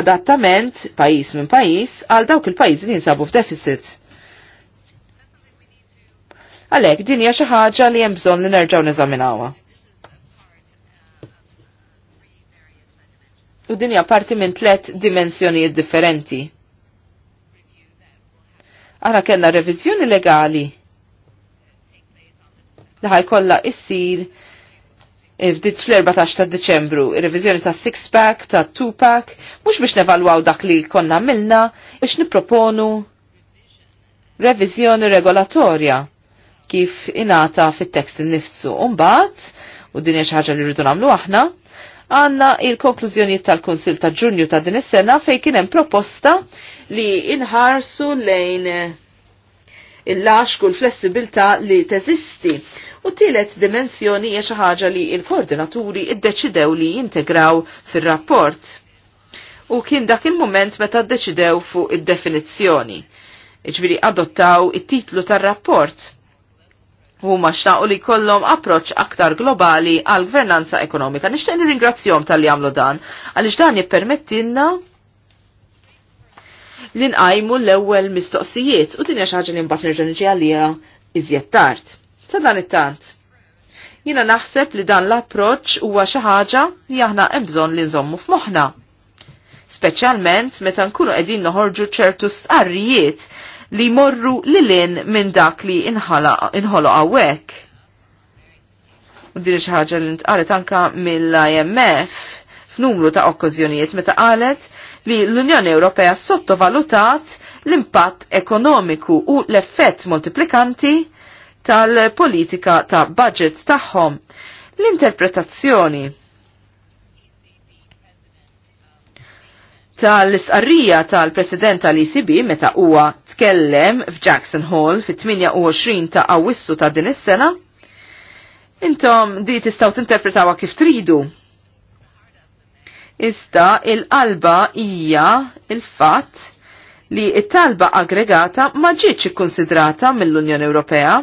adattament pajis minn pajis għal dawk il-pajjiżi li jinsabu f'deficit. Għalhekk din hija xi ħaġa li hemm bżonn li nerġgħu neżaminawha. U din hija parti minn tliet dimensjonijiet differenti. Aħna kellna reviżjoni legali li ħajkollha issir fdit fl-14 ta' Deċembru, reviżjoni ta' six pack, ta' two pack, mux biex nevalwaw dak li konna milna, biex niproponu reviżjoni regolatorja kif inata fit-tekst nifsu. Umbat, u din hija xi ħaġa li rridu nagħmlu aħna, għandna il-konklużjoni tal-Kunsil ta' Ġunju ta' din is-sena fejn kien hemm proposta li inħarsu lejn il lax kull flessibilta li teżisti. U tielet dimensjoni hija xi ħaġa li l-koordinaturi iddeċidew li jintegraw fir-rapport. U kien dak il-moment meta ddeċidew fuq id-definizzjoni. Iġbiri adottaw it-titlu tar-rapport. Huma xnaqu li kollom approċċ aktar globali għal gvernanza ekonomika. Nixtieq ringrazzjom tal-li għamlu dan, għaliex dan jippermettilna li nqajmu l-ewwel mistoqsijiet u din hija xi ħaġa li mbagħad nerġa' niġi għalija iżjed tard. Sa dan it-tant. Jiena naħseb li dan l-approċċ huwa xi ħaġa li aħna hemm bżonn li nżommu f'moħħna. Speċjalment meta nkunu qegħdin noħorġu ċertu stqarrijiet li morru lilin minn dak li inħolo għawek. U din xi ħaġa li ntqalet anka mill-IMF f'numru ta' okkożjonijiet meta qalet li l-Unjoni Ewropea sottovalutat l-impatt ekonomiku u l-effett multiplikanti tal-politika ta' budget tagħhom. L-interpretazzjoni tal-istqarrija tal-President tal-ECB meta huwa tkellem f'Jackson Hall fit-28 ta' Awwissu ta' din is-sena Intom di tistaw tinterpretawa kif tridu. Iżda il-qalba hija il-fatt li it-talba aggregata ma ġietx ikkonsidrata mill-Unjoni Ewropea.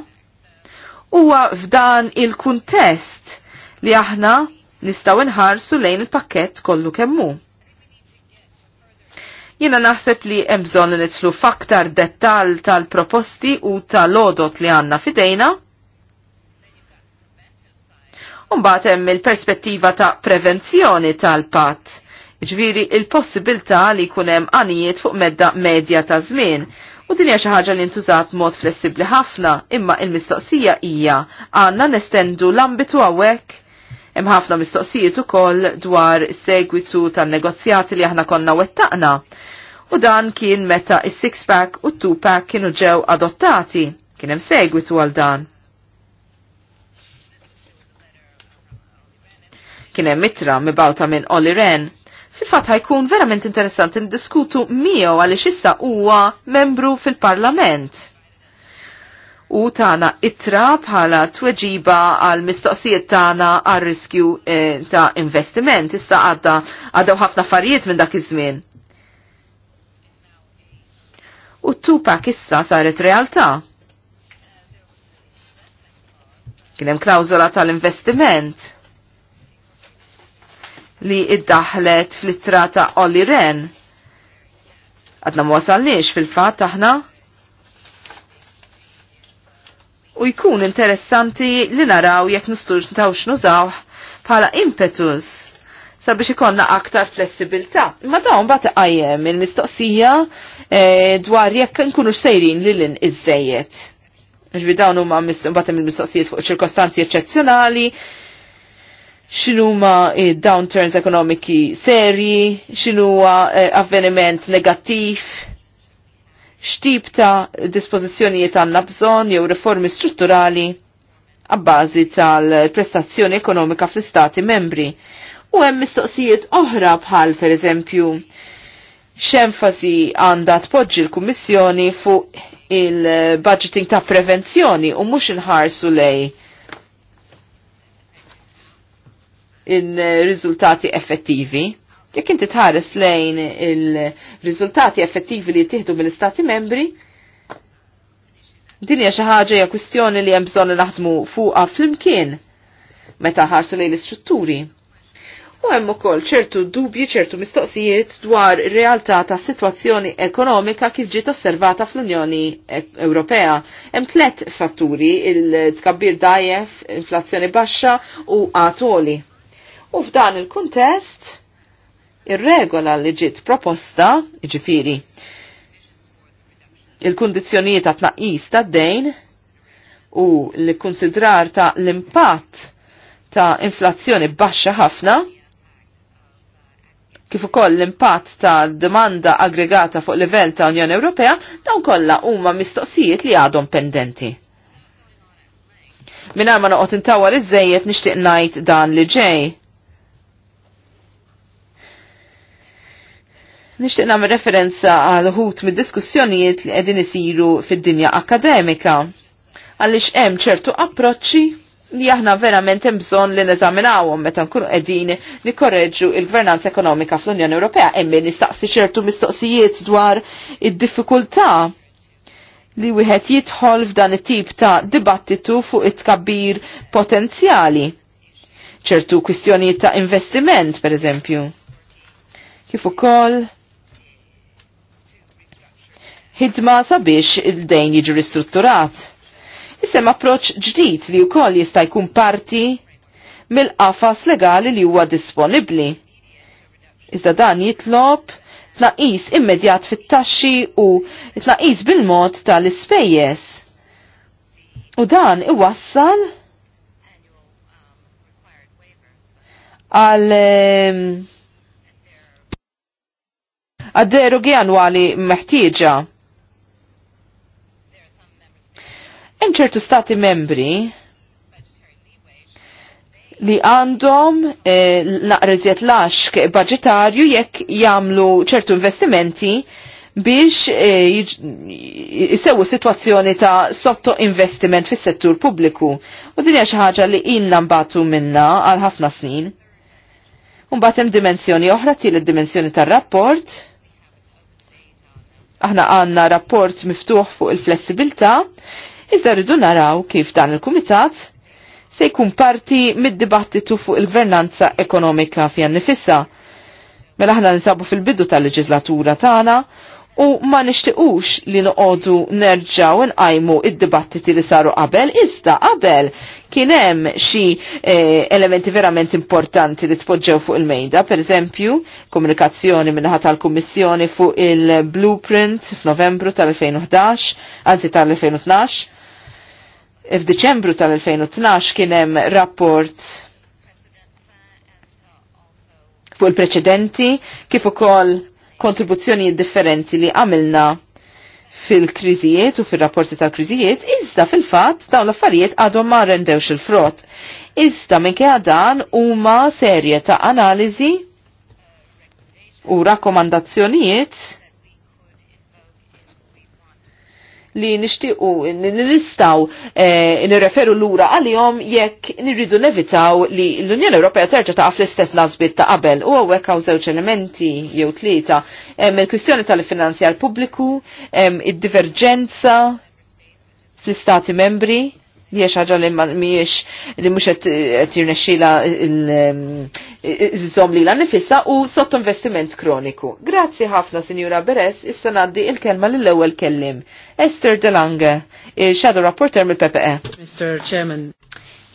Huwa f'dan il-kuntest li aħna nistgħu nħarsu lejn il-pakkett kollu kemmu. Jiena naħseb li hemm bżonn nitlu f'aktar dettall tal-proposti u tal-odot li għandna fidejna Umbat hemm il-perspettiva ta' prevenzjoni tal-pat. Ġviri il-possibilità li kunem għanijiet fuq medda medja ta' żmien. U dinja xi ħaġa li ntużat mod flessibbli ħafna, imma il-mistoqsija hija għandna nestendu l-ambitu hawnhekk. Hemm ħafna mistoqsijiet ukoll dwar segwitu tan-negozjati li aħna konna wettaqna. U dan kien meta is-six pack u t-two pack kienu ġew adottati. Kien hemm segwitu għal dan. Kien hemm mitra mibawta minn Olli Ren. Fil-fatt ħajkun verament interessanti ndiskutu miegħu għaliex issa huwa membru fil-Parlament. U tana itra bħala tweġiba għal mistoqsijiet tana għal riskju e, ta' investiment. Issa għadda għaddew ħafna affarijiet minn dak iż-żmien. U Tupac issa saret realtà. Kien hemm klawżola tal-investiment li iddaħlet fl-ittra ta' Olli Ren. Għadna wasalniex fil-fat taħna. U jkun interessanti li naraw jekk nistux ntaw x'nużaw bħala impetus sabiex ikonna aktar flessibilta. Ma dawn bat għajem il-mistoqsija e, dwar jekk nkunu sejrin li l-in iż-żejiet. Ġbi dawn huma mbagħad il-mistoqsijiet fuq ċirkostanzi eċċezzjonali, xinuma eh, downturns ekonomiki serji, xinuma eh, avveniment negattiv, xtib ta' dispozizjonijiet għanna bżon jew reformi strutturali għabbażi tal-prestazzjoni ekonomika fl-istati membri. U hemm mistoqsijiet oħra bħal per eżempju x'enfasi għandha tpoġġi l-Kummissjoni fuq il-budgeting ta' prevenzjoni u mhux inħarsu lej il rizultati effettivi. Jekk inti tħares lejn il-riżultati effettivi li tieħdu mill-Istati membri, din hija xi ħaġa hija kwistjoni li hemm bżonn naħdmu fuqha flimkien meta ħarsu lejn l-istrutturi. U hemm ukoll ċertu dubji, ċertu mistoqsijiet dwar realtà ta' sitwazzjoni ekonomika kif ġiet osservata fl-Unjoni Ewropea. Hemm tliet fatturi il-tkabbir dajef, inflazzjoni baxxa u għatoli. U f'dan il-kuntest, ir-regola li ġiet proposta, iġifiri, il kondizjoniet ta' tnaqqis ta' dejn u li konsidrar ta' l-impatt ta' inflazzjoni baxxa ħafna, kif ukoll l-impatt ta' domanda aggregata fuq livell ta' Unjoni Ewropea, dawn kollha huma mistoqsijiet li għadhom pendenti. Minar ma noqgħod intawal iż-żejjed nixtieq ngħid dan li ġej. Nixtieq nagħmel referenza għal ħut mid-diskussjonijiet li qegħdin isiru fid-dinja akademika għaliex hemm ċertu approċċi li aħna verament hemm bżonn li neżaminawhom meta nkunu qegħdin nikkorreġġu il-gvernanza ekonomika fl-Unjoni Ewropea hemm min nistaqsi ċertu mistoqsijiet dwar id-diffikultà li wieħed jidħol f'dan it-tip ta' dibattitu fuq it-tkabbir potenzjali. ċertu kwistjonijiet ta' investiment, per eżempju. Kif ukoll ħidma sabiex il-dejn jiġi ristrutturat. Isem approċ ġdid li wkoll jista' jkun parti mill-qafas legali li huwa disponibbli. Iżda dan jitlob tnaqis immedjat fit-taxxi u tnaqis bil-mod tal-ispejjeż. U dan iwassal għal ehm, għad derogi għanwali meħtieġa Hemm ċertu stati membri li għandhom eh, naqreżjet laxk budgetarju jekk jagħmlu ċertu investimenti biex eh, jisewu situazzjoni ta' sotto investiment fis settur pubbliku. U din hija xi ħaġa li inna mbagħtu minna għal ħafna snin. Mbagħad hemm dimensjoni oħra til id-dimensjoni tar-rapport. Aħna għandna rapport miftuħ fuq il-flessibilità Iżda rridu naraw kif dan il-Kumitat se jkun parti mid-dibattitu fuq il-gvernanza ekonomika fjan nifissa. Mela ħna nisabu fil-bidu tal-leġislatura tagħna u ma nixtiqux li noqogħdu nerġaw nqajmu id-dibattiti li saru qabel, iżda qabel kien hemm xi eh, elementi verament importanti li tpoġġew fuq il-mejda, pereżempju komunikazzjoni minnaħa tal-Kummissjoni fuq il-Blueprint f'Novembru tal-2011, anzi tal-2012 f'Diċembru tal-2012 kien hemm rapport fuq il-preċedenti kif ukoll kontribuzzjonijiet differenti li għamilna fil-kriżijiet u fil-rapporti tal-kriżijiet, iżda fil-fatt dawn l-affarijiet għadhom ma rendewx il-frott. Iżda minkejja dan huma serje ta' analiżi u rakkomandazzjonijiet li nishtiqu nistaw eh, nirreferu l-ura għal-jom jekk nirridu nevitaw li l-Unjoni Ewropea terġa taqaf l-istess nazbit ta' qabel u għawek għaw zewċ elementi jew tlieta hemm il-kwistjoni tal-finanzjar pubbliku, id-diverġenza fl-istati membri li ħaġa li miex li mux għet jirnexxila il-zom ehm, li l-nifissa u sotto investiment kroniku. Grazzi ħafna, Signora Beres, issa naddi il-kelma l ewwel kellim. Esther Delange, il-Shadow Rapporter mill-PPE. Mr. Chairman.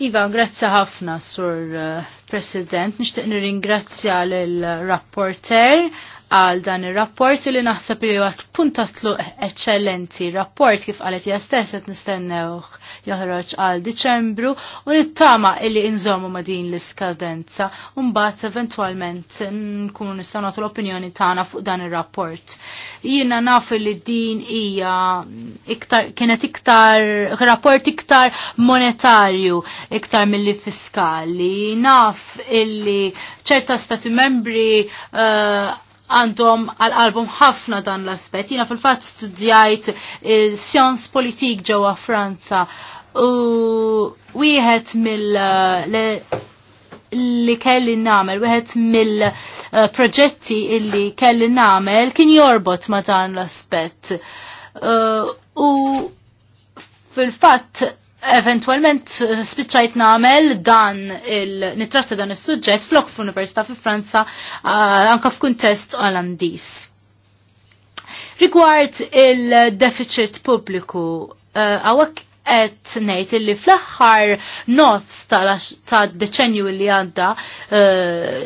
Iva, grazzi ħafna, Sur eh, President. Nishtiq nirringrazzja l-rapporter għal dan il-rapport li naħseb li għat puntatlu eccellenti. Rapport kif għalet jastess għet nistennewħ joħroġ għal Diċembru u nittama illi nżommu ma din l-iskadenza u mbagħad eventwalment nkunu nistgħu nagħtu l-opinjoni tagħna fuq dan ir-rapport. Jiena naf li din hija iktar kienet iktar rapport iktar monetarju iktar milli fiskali. Naf illi ċerta stati membri uh, għandhom għal-album ħafna dan l-aspet. Jina fil-fat studjajt il-sjons politik ġewwa Franza u wieħed mill uh, li kelli namel, wieħed mill-proġetti uh, illi kelli namel kien jorbot ma dan l-aspett. Uh, u fil-fatt eventualment spiċċajt namel dan il-nitratta dan is-suġġett flok f'Università fi Franza anke anka f'kuntest Olandiż. Rigward il-deficit pubbliku, għawak qed ngħid illi fl-aħħar nofs tad-deċenju li għadda eh,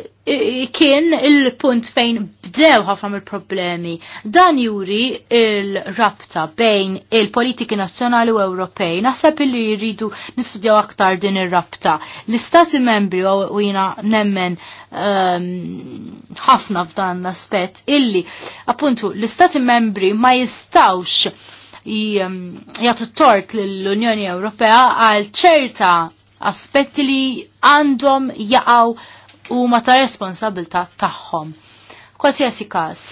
kien il-punt fejn bdew ħafna mill-problemi. Dan juri il-rabta bejn il-politiki nazzjonali u Ewropej. Naħseb illi jridu nistudjaw aktar din ir-rabta. L-istati membri u jina nemmen ehm, ħafna f'dan l-aspett illi appuntu l-istati membri ma jistawx Um, jagħtu tort lill-Unjoni Ewropea għal ċerta aspetti li għandhom jaqgħu huma ta' responsabilità tagħhom. Ta Kwasjasi kas,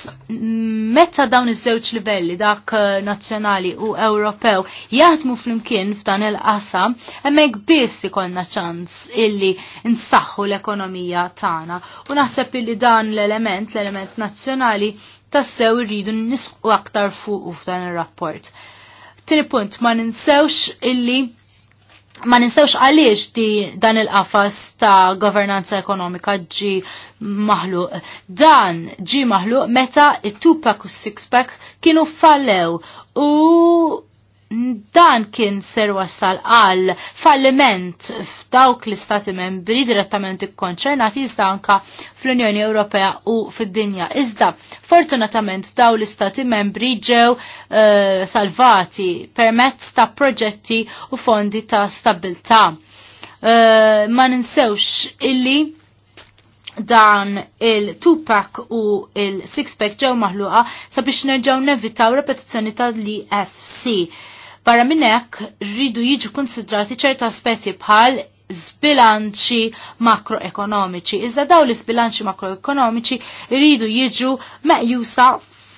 meta dawn iż-żewġ livelli dak eh, nazzjonali u Ewropew jaħdmu flimkien f'dan il-qasam, hemmhekk biss ikollna ċans illi nsaħħu l-ekonomija tagħna u naħseb illi dan l-element, l-element nazzjonali tassew irridu nisqu aktar fuq f'dan ir-rapport. Tini punt ma ninsewx illi ma ninsewx għaliex di dan il-qafas ta' governanza ekonomika ġi maħluq. Dan ġi maħluq meta it-2-pack u 6-pack kienu fallew u dan kien ser wassal għal falliment f'dawk l-istati membri direttament ikkonċernati iżda anka fl-Unjoni Ewropea u fid-dinja. Iżda, fortunatament daw l-istati membri ġew uh, salvati permezz ta' proġetti u fondi ta' stabilità. Uh, eh, ma ninsewx illi dan il-2-pack u il-6-pack ġew maħluqa sabiex nerġaw nevitaw repetizzjoni tal-li FC Barra minnek rridu jiġu konsidrati ċerta aspetti bħal sbilanċi makroekonomiċi. Iżda daw l sbilanċi makroekonomiċi rridu jiġu meqjusa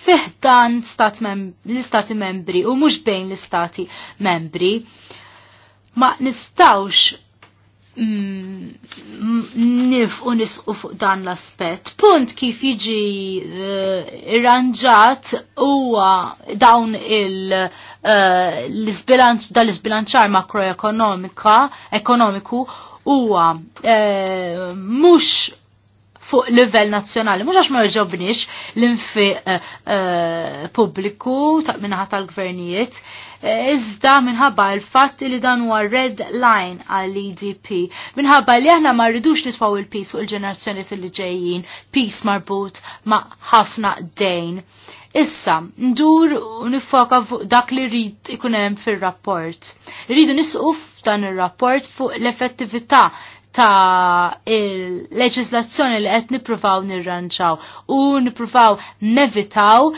fiħdan l-istati membri u mhux bejn l-istati membri. Ma nistawx Mm, nif u nisqu fuq dan l-aspet. Punt kif jiġi eh, irranġat huwa dawn il uh, eh, dal isbilanċar makroekonomika ekonomiku huwa eh, mhux fuq livell nazzjonali. Mhux għax ma jġobniex l-infiq eh, eh, pubbliku minnaħat tal-gvernijiet, eh, iżda minħabba l-fatt li dan huwa red line għall-EDP. Minħabba li aħna ma rridux nitfaw il peace fuq il-ġenerazzjoni li ġejjin, peace marbut ma' ħafna dejn. Issa, ndur u nifoka fuq dak li rrid ikun hemm fir-rapport. Rridu nisqu f'dan ir-rapport fuq l-effettività ta' il-leġislazzjoni li qed nippruvaw nirranġaw u nippruvaw nevitaw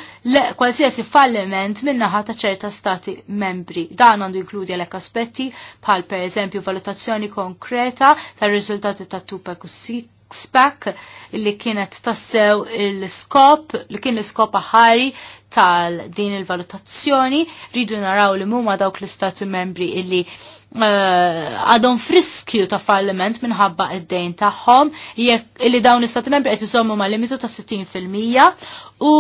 kwalsiasi falliment minnaħa ta' ċerta stati membri. Dan għandu jinkludi għalhekk aspetti bħal pereżempju valutazzjoni konkreta tar-riżultati ta' tupek u Sixpack li kienet tassew il-skop, li kien l-skop aħari tal din il-valutazzjoni, ridu naraw li mumma dawk l-istati membri illi Eh, għadhom uh, friskju ta' falliment minħabba id-dejn tagħhom jekk li dawn l-istati membri qed iżommu ma' limitu ta' 60% u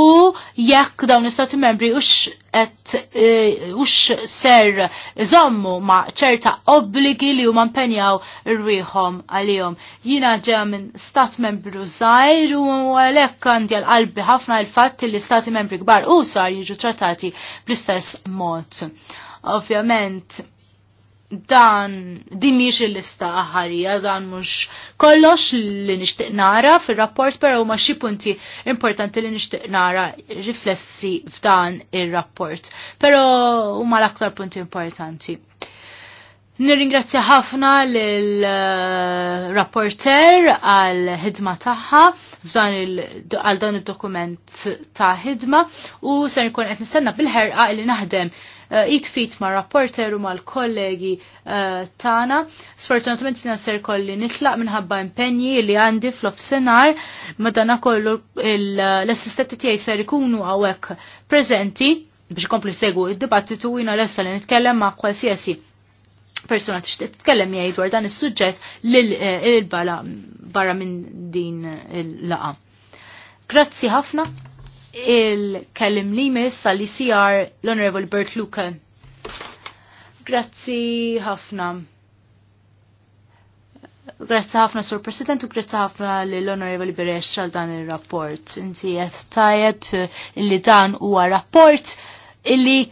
jekk dawn l-istati membri ux qed eh, ux ser iżommu ma' ċerta obbligi li huma mpenjaw irwieħhom għalihom. Jiena ġew minn stat membru żgħir u għalhekk għandi għall-qalbi ħafna il fatt li stati membri kbar u sar jiġu trattati bl-istess mod. Ovvjament, dan din miex il-lista aħarija, dan mhux kollox li nixtieq nara fir-rapport però huma xi punti importanti li nixtieq nara riflessi f'dan ir-rapport. Però huma l-aktar punti importanti. Nirringrazzja ħafna l-rapporter eh, għal ħidma tagħha għal dan id-dokument ta' ħidma u se nkun qed nistenna bil-ħerqa li naħdem jitfit eh, ma' rapporter u mal-kollegi eh, tagħna. Sfortunatament jina ser kolli nitlaq minħabba impenji li għandi fl-offsenar madana kollu l-assistenti tiegħi ser ikunu hawnhekk prezenti biex kompli segu id-dibattitu jina l-essa li nitkellem ma' kwasjesi persona tixtieq tkellem jgħid dwar dan is-suġġett lil eh, il-bala barra minn din il-laqa. Grazzi ħafna il-kellim li miss għalli sijar l-Honorable Bert Luke. Grazzi ħafna. Grazzi ħafna, Sur President, u grazzi ħafna l-Honorable Beresh għal dan il-rapport. Inti għed tajab illi dan huwa rapport illi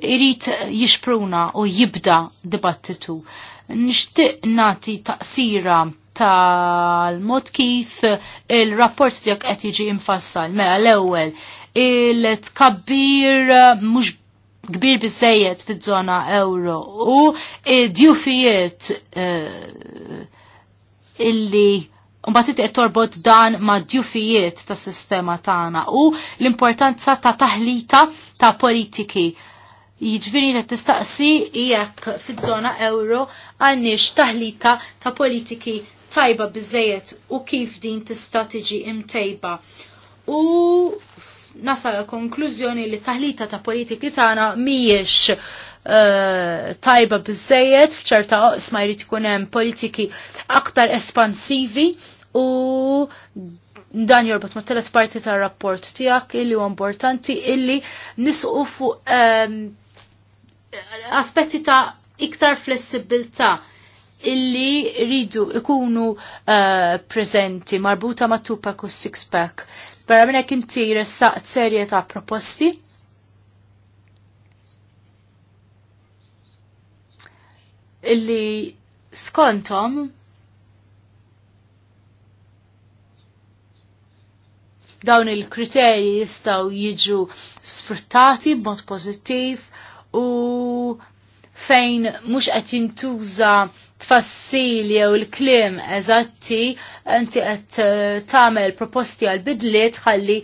irrit jixpruna u jibda dibattitu nixtieq nagħti taqsira tal-mod kif il-rapport tiegħek qed jiġi infassal. Mela l-ewwel il-tkabbir mhux kbir biżejjed fiż żona euro u djufijiet eh, illi Mbagħad qed torbot dan ma' djufijiet tas sistema tagħna u l-importanza ta' taħlita ta' politiki Jiġviri li tistaqsi jekk fit-zona euro għandniex taħlita ta' politiki tajba bizzejet u kif din tista' tiġi imtejba. U nasal konklużjoni li taħlita ta' politiki tagħna miex uh, eh, tajba bizzejet f'ċerta oqsma jrid ikun hemm politiki aktar espansivi u dan jorbot ma' telet parti tar rapport tiegħek illi huwa importanti illi nisqu fuq um, aspetti ta' iktar flessibilta illi ridu ikunu uh, prezenti marbuta ma' tupak u six-pack. Barra minna kinti ressaqt serje ta' proposti. Illi skontom dawn il-kriterji jistaw jiġu sfruttati b'mod pozittiv u fejn mhux qed jintuża tfassil jew il-kliem eżatti inti qed eh, tagħmel proposti għal bidliet ħalli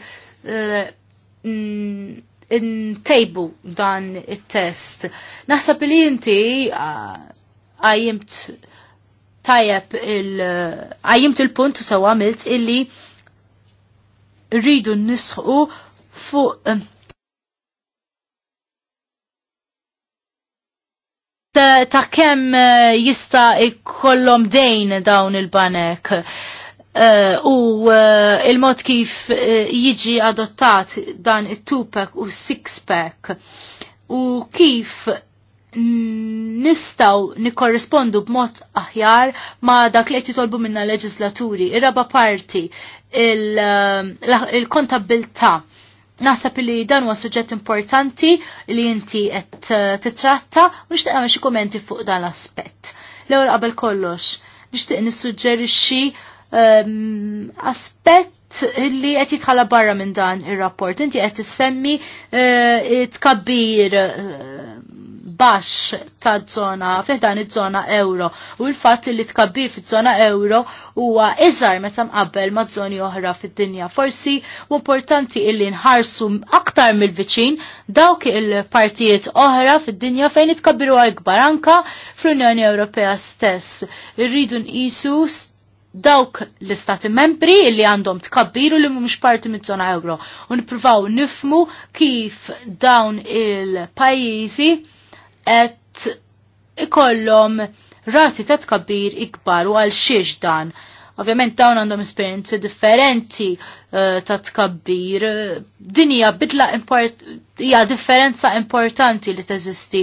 intejbu eh, dan it-test. Naħseb li inti eh, għajimt tajjeb il il-punt u sew għamilt illi rridu nisħu fuq ta' kemm eh, jista' jkollhom dejn dawn il-banek. Eh, u eh, il-mod kif jiġi adottat dan it tupek u six pack u kif nistaw nikorrespondu b'mod aħjar ma dak li jitolbu minna leġislaturi, ir-raba parti, il-kontabilta. Naħseb li dan huwa suġġett importanti li inti qed eh, titratta u nixtieq nagħmel xi kummenti fuq dan l-aspett. L-ewwel qabel kollox, nixtieq nissuġġerixxi ehm, aspett li qed jitħala barra minn dan ir-rapport. Inti qed issemmi eh, tkabbir eh, baxx ta' zona fiħdan iż-żona euro u l-fatt li tkabbir fiż-żona euro huwa iżgħar meta mqabbel ma' żoni oħra fid-dinja. Forsi importanti illi nħarsu aktar mill-viċin dawk il-partijiet oħra fid-dinja fejn itkabbiru ikbar anka fl-Unjoni Ewropea stess. Irridu nqisu dawk l-istati membri li għandhom tkabbiru li mhumiex parti mid-żona euro u nippruvaw nifmu kif dawn il-pajjiżi qed ikollom rasi ta' tkabbir ikbar u għal xiex dan. Ovvjament dawn għandhom esperienzi differenti eh, ta' tkabbir. Din hija bidla hija differenza importanti li teżisti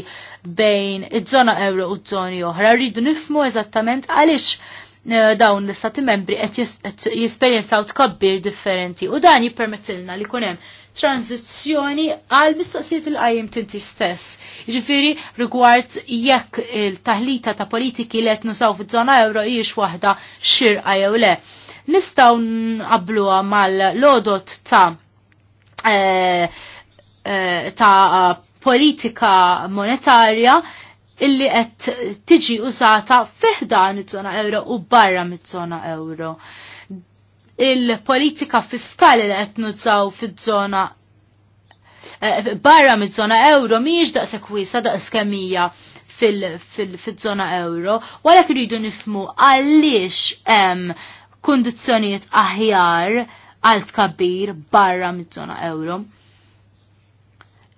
bejn iż-żona euro u żoni oħra. Rridu nifmu eżattament għaliex eh, dawn l-istati membri qed jesperjenzaw tkabbir differenti u dan jippermettilna li kunem hemm Transizzjoni għal mistoqsijiet il qajjim tinti stess. Ġifiri rigward jekk il-taħlita ta' politiki li qed nusaw fiż-żona euro hijiex waħda xirqa jew le. Nistgħu nqabluha mal-lodot ta' eh, eh, ta' politika monetarja illi qed tiġi użata fiħdan iż-żona euro u barra miż-żona euro il-politika fiskali li qed nuzzaw fiż-żona eh, barra mid-żona euro mhijiex daqshekk wiesa daqs kemija fil-żona euro, wara rridu nifmu għaliex hemm kundizzjonijiet aħjar għal tkabbir barra mid-żona euro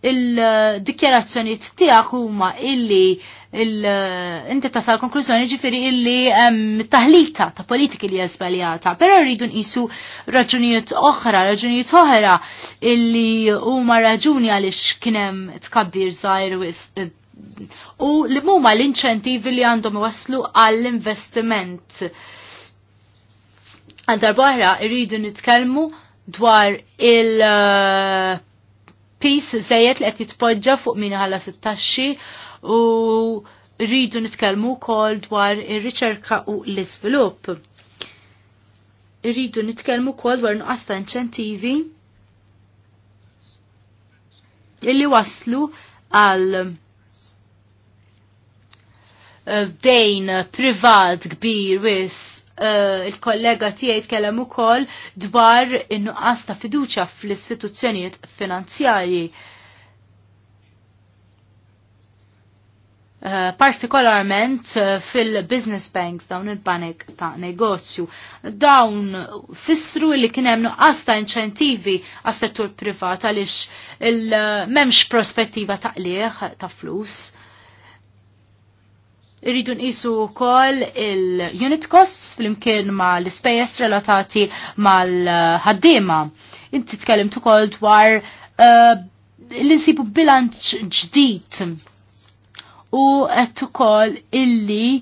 il-dikjerazzjoniet tiegħek huma illi inti tasal konklużjoni ġifiri illi taħlita ta' politiki li jazbaljata, pero rridu nqisu raġunijiet oħra, raġunijiet oħra illi huma raġuni għaliex kien hemm tkabbir żgħir u li huma l-inċentivi li għandhom waslu għall-investiment. Għal darbohra rridu nitkellmu dwar il tis żejjed li qed jitpoġġa fuq min għalla it u rridu nitkellmu wkoll dwar ir-riċerka u l-iżvilupp. Irridu nitkellmu wkoll dwar nuqasta inċentivi illi waslu għal eh, dejn privat kbir wis Eh, il-kollega tiegħi kellem ukoll dwar in-nuqqas ta' fiduċja fl-istituzzjonijiet finanzjarji. Eh, partikolarment eh, fil-business banks dawn il-banek ta' negozju. Dawn fissru li kienem nuqqas ta' inċentivi għas settur privat għalix il-memx prospettiva ta' liħ ta' flus. Irridu nqisu wkoll il-unit costs flimkien ma l-ispejjeż relatati mal-ħaddiema. Inti tkellimt ukoll dwar uh, eh, insibu bilanċ ġdid u qed ukoll illi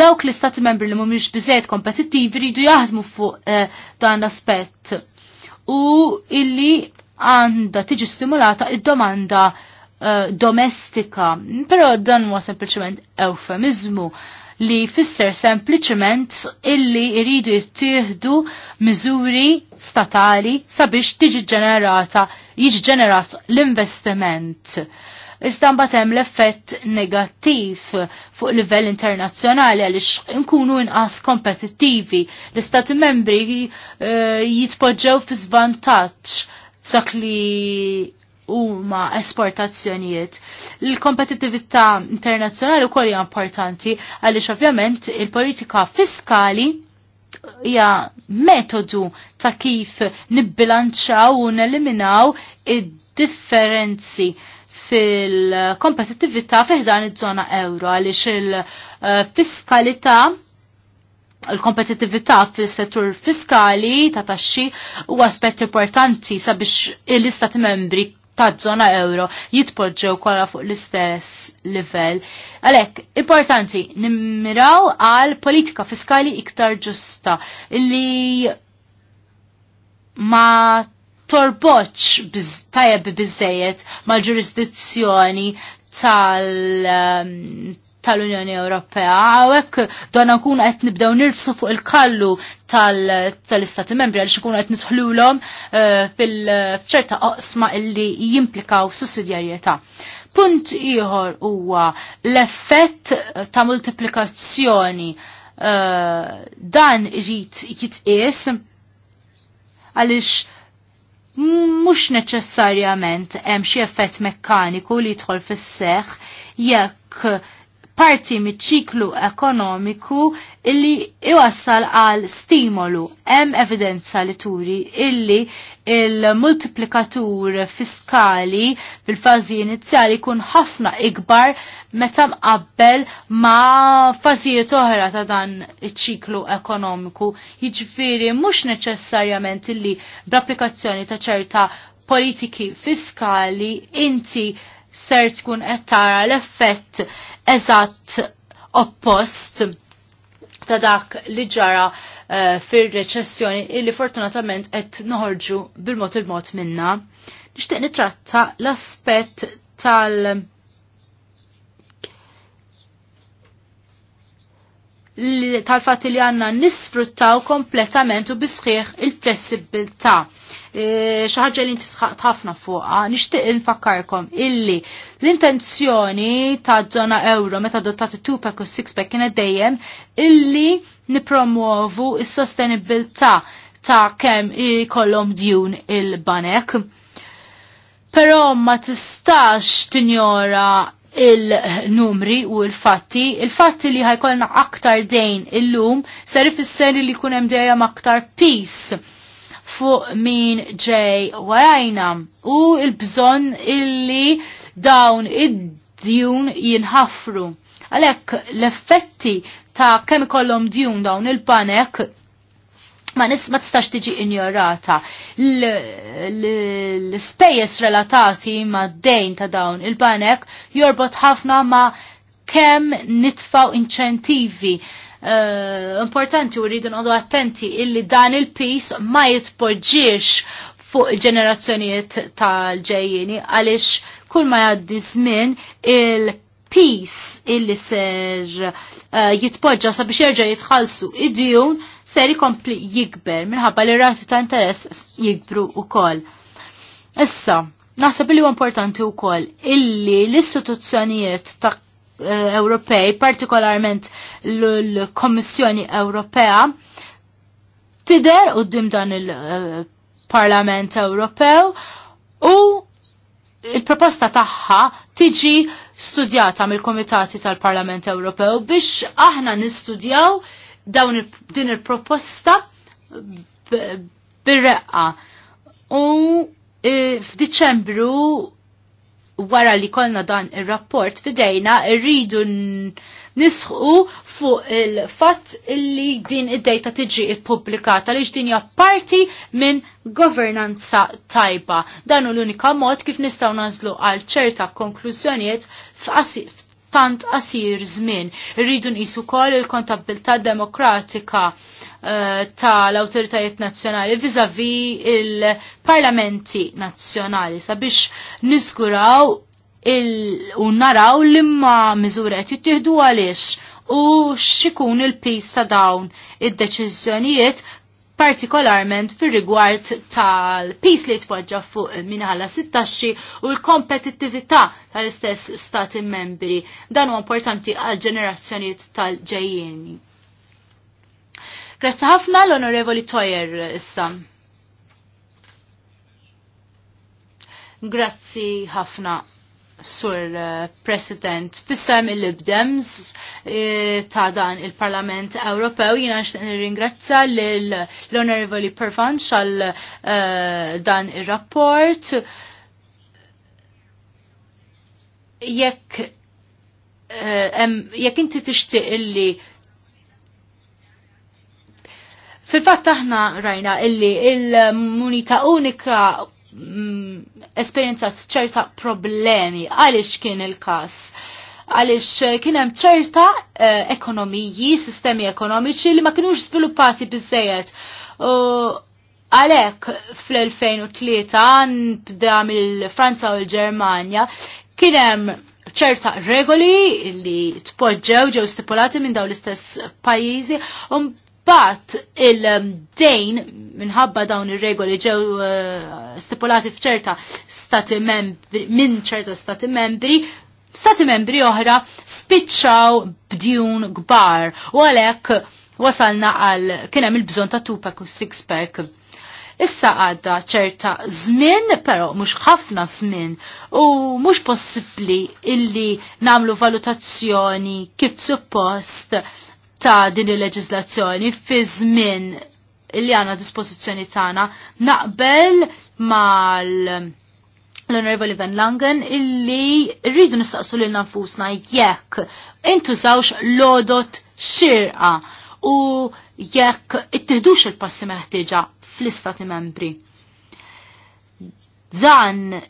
dawk l-istati membri li mhumiex biżejjed kompetittivi jridu jaħdmu fuq uh, dan aspett u illi għanda tiġi stimulata id-domanda il Eh, domestika, pero dan huwa sempliċement eufemizmu li fisser sempliciment illi iridu jittieħdu miżuri statali sabiex tiġi ġenerata jiġi ġenerat l-investiment. Iżda batem hemm l-effett negattiv fuq livell internazzjonali għaliex nkunu inqas kompetittivi. L-istati membri eh, jitpoġġew fi zvantaċ dak li huma esportazzjonijiet. il kompetitività internazzjonali wkoll hija importanti għaliex ovvjament il-politika fiskali hija metodu ta' kif nibbilanċaw u neliminaw id-differenzi fil-kompetittività fiħdan iż-żona euro għaliex il-fiskalità il kompetitività fil-settur fiskali ta' taxxi u aspett importanti sabiex l-istati membri ta' zona euro jitpoġġew kollha fuq l-istess livell. Għalhekk, importanti nimmiraw għal politika fiskali iktar ġusta li ma torboċ biz, tajab bizzejet mal ġurisdizzjoni tal tal-Unjoni Ewropea. Għawek donna kun qed nibdew nirfsu fuq il-kallu tal-Istati Membri għaliex ikunu qed nidħlulhom eh, fil-ċerta qosma illi jimplikaw sussidjarjetà. Punt ieħor huwa l-effett ta' multiplikazzjoni eh, dan rrit jitqies għaliex mhux neċessarjament hemm xi effett mekkaniku li jidħol fis-seħħ jekk parti mit-ċiklu ekonomiku illi iwassal għal stimolu. Hemm evidenza li turi illi il-multiplikatur fiskali fil-fazi inizjali kun ħafna ikbar meta mqabbel ma' fażijiet oħra ta' dan iċ-ċiklu ekonomiku. Jiġifieri mhux neċessarjament illi bl-applikazzjoni ta' ċerta politiki fiskali inti ser tkun qed tara l-effett eżatt oppost ta' dak li ġara uh, fir-reċessjoni illi fortunatament qed noħorġu bil-mod il-mod minna. Nixtieq nitratta l-aspett tal- tal-fat li għanna nisfruttaw kompletament u bisħiħ il-flessibilta. E, ħaġa li ntisħaq ħafna fuqa, nixtieq infakkarkom illi l-intenzjoni ta' zona euro meta dottati 2-pack u 6-pack kienet dejjem illi nipromuovu il sostenibilta ta' kemm ikollhom djun il-banek. Però ma tistax tinjora il-numri u il-fatti, il-fatti li ħajkolna aktar dejn il-lum ser ifisseri li kunem dejjem aktar peace fuq min ġej warajna u il-bżon illi dawn id-djun jinħafru. Għalek l-effetti ta' kemm ikollhom djun dawn il-panek ma nis ma tistax tiġi injorata. L-spejjes relatati ma dejn ta' dawn il-banek jorbot ħafna ma kem nitfaw inċentivi uh, importanti u rridu nqodu attenti illi dan il-pis ma jitpoġġiex fuq il-ġenerazzjonijiet tal-ġejjini għaliex kull ma jaddi żmien il- peace illi ser uh, jitpoġġa sabiex jerġa' jitħallsu id-djun ser ikompli jikber minħabba li rasi ta' interess jikbru wkoll. Issa, naħseb li huwa importanti wkoll illi l-istituzzjonijiet ta' eh, Ewropej, partikolarment l-Kommissjoni Ewropea, tider u dan il-Parlament Ewropew u il-proposta taħħa tiġi studjata mill-Komitati tal-Parlament Ewropew biex aħna nistudjaw dawn din il-proposta bir-reqqa. U e, f'Diċembru wara li kolna dan il-rapport fidejna rridu nisħu fuq il-fatt li din id-dejta tiġi ippubblikata li ġdinja parti minn governanza tajba. Dan hu l-unika mod kif nistgħu nazlu għal ċerta konklużjonijiet tant qasir żmien. Irridu nqisu wkoll il-kontabilità demokratika eh, tal-awtoritajiet nazzjonali viżavi il-parlamenti nazzjonali sabiex niżguraw u naraw l-imma miżura qed jittieħdu għaliex u xikun il-pis ta' dawn id-deċiżjonijiet partikolarment fir rigward tal peace li tpoġġa fuq minħalla 16 u l-kompetittività tal-istess stati membri. Dan huwa importanti għal ġenerazzjonijiet tal-ġejjeni. Grazzi ħafna l-Onorevoli Toyer issa. Grazzi ħafna, Sur uh, President, fissem il-libdems uh, ta' dan il-Parlament Ewropew, jina ringrazza l honorable Pervan xal uh, dan il-rapport. Jekk jekk inti tixtieq illi Fil-fatt aħna rajna illi il-munita unika Mm, esperienzat ċerta problemi għaliex kien il-kas għaliex eh, kien hemm ċerta eh, ekonomiji, sistemi ekonomiċi li ma kienux sviluppati biżejjed. Għalhekk fl-2003 nbda il franza u l-Ġermanja kien hemm ċerta regoli li tpoġġew ġew stipulati minn dawn l-istess pajjiżi u Bat il-dejn minħabba dawn ir-regoli ġew uh, stipulati f'ċerta stati membri, minn ċerta stati membri, stati membri oħra spiċċaw bdjun gbar u għalhekk wasalna għal kien hemm il-bżonn ta' tupak u six pack Issa għadda ċerta żmien, però mhux ħafna żmien u mhux possibbli illi namlu valutazzjoni kif suppost ta' din il-leġislazzjoni fi żmien illi għandna dispożizzjoni tagħna naqbel mal l-Onorevoli Van Langen illi rridu nistaqsu lil nafusna jekk intużawx lodot xirqa u jekk ittihdux il-passi meħtieġa fl-istati membri. Dan uh,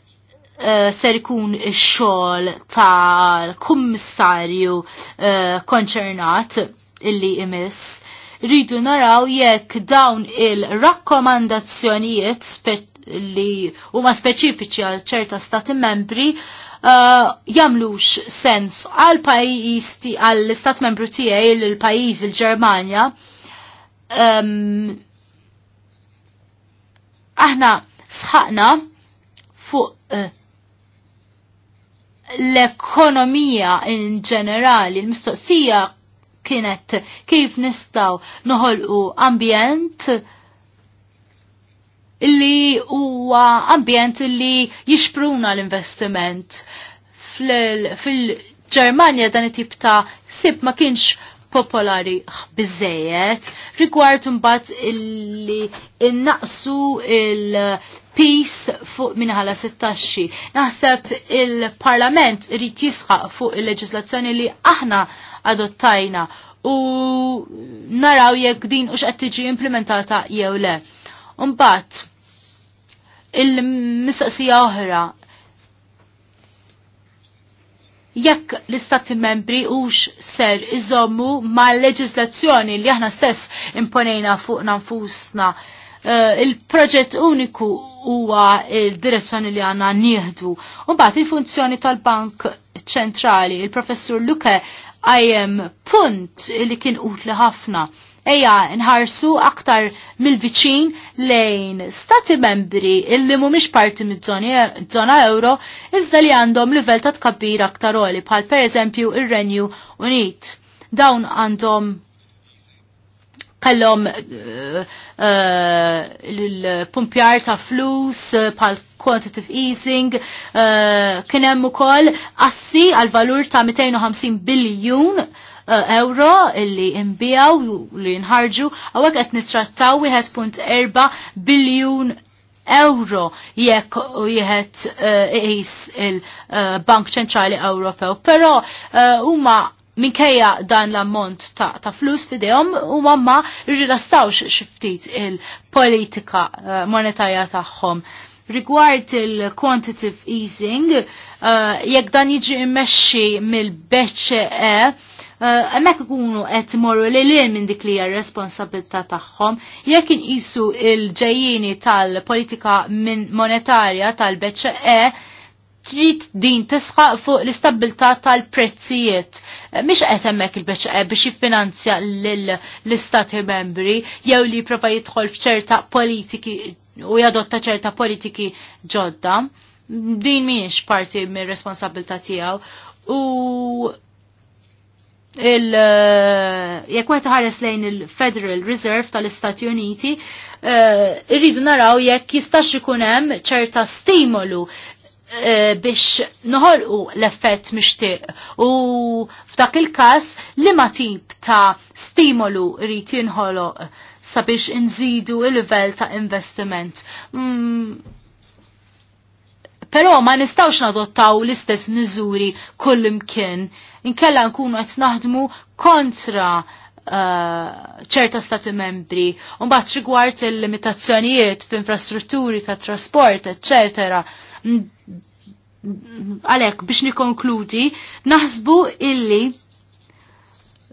ser ikun ix-xogħol tal-kummissarju eh, konċernat uh, illi imiss rridu naraw jekk dawn il-rakkomandazzjonijiet speċi li huma speċifiċi għal ċerta stati membri uh, jamlux sens għal pajjiż għall stat membru tiegħi l pajjiż il-Ġermanja. Um, aħna sħaqna fuq uh, l-ekonomija in ġenerali, l-mistoqsija kienet kif nistaw noħolqu ambjent uh, li huwa ambjent li jixpruna l-investiment. Fil-Ġermanja dan it-tip ta' sib ma kienx popolari bizzejet rigward imbagħad illi innaqsu il peace fuq ħala 16. Naħseb il-Parlament irid jisħaq fuq il-leġislazzjoni li aħna adottajna u naraw jekk din u x'qed tiġi implementata jew le. Mbagħad il-mistaqsija oħra. Jekk l-istati membri ux ser iżommu ma leġislazzjoni li aħna stess imponejna fuq nanfusna. Uh, il-proġett uniku huwa il-direzzjoni li għanna nieħdu. Mbagħad il-funzjoni tal-Bank ċentrali, il-professur Luke għajem punt li kien utli ħafna Eja, nħarsu aktar mil viċin lejn stati membri illi mumiex parti mid-zona euro iżda li għandhom livell ta' tkabbir aktar oli bħal per eżempju il renju Unit. Dawn għandhom kellhom eh, eh, l-pumpjar ta' flus pal eh, quantitative easing kien hemm ukoll assi għal valur ta' 250 biljun Eh, euro illi imbijaw li nħarġu għawek għet nitrattaw 1.4 biljun euro jekk u jħet eh, iqis il-Bank eh, ċentrali Ewropew. Pero huma minkejja dan l-ammont ta', ta flus fidejhom u mamma rilassawx xiftit il-politika monetarja tagħhom. Rigward il-quantitative easing, uh, jekk dan jiġi immexxi mill-BCE, Eh, hemmhekk ikunu qed imorru lil lil minn dik li hija responsabilità tagħhom jekk inqisu il ġejjini tal-politika monetarja tal-BCE trid din tisħaq fuq l-istabilità tal-prezzijiet. Eh, mhix qed hemmhekk il-BCE biex jiffinanzja l-istati membri jew li jipprova jidħol f'ċerta politiki u jadotta ċerta politiki ġodda. Din mhijiex parti mir-responsabilità tiegħu u il eh, jekk wieħed ħares lejn il-Federal Reserve tal-Istati Uniti, eh, irridu naraw jekk jistax ikun hemm ċerta stimolu eh, biex noħolqu l-effett mixtieq u f'dak il-każ liema tip ta' stimolu rrid jinħoloq sabiex inżidu il-livell ta' investiment. Mm, però ma nistawx nadottaw l-istess miżuri kullimkien. imkien inkella nkunu qed naħdmu kontra uh, ċerta uh, stati membri, un bat rigward il-limitazzjonijiet f'infrastrutturi ta' trasport, eccetera. Għalek, biex nikonkludi, naħsbu illi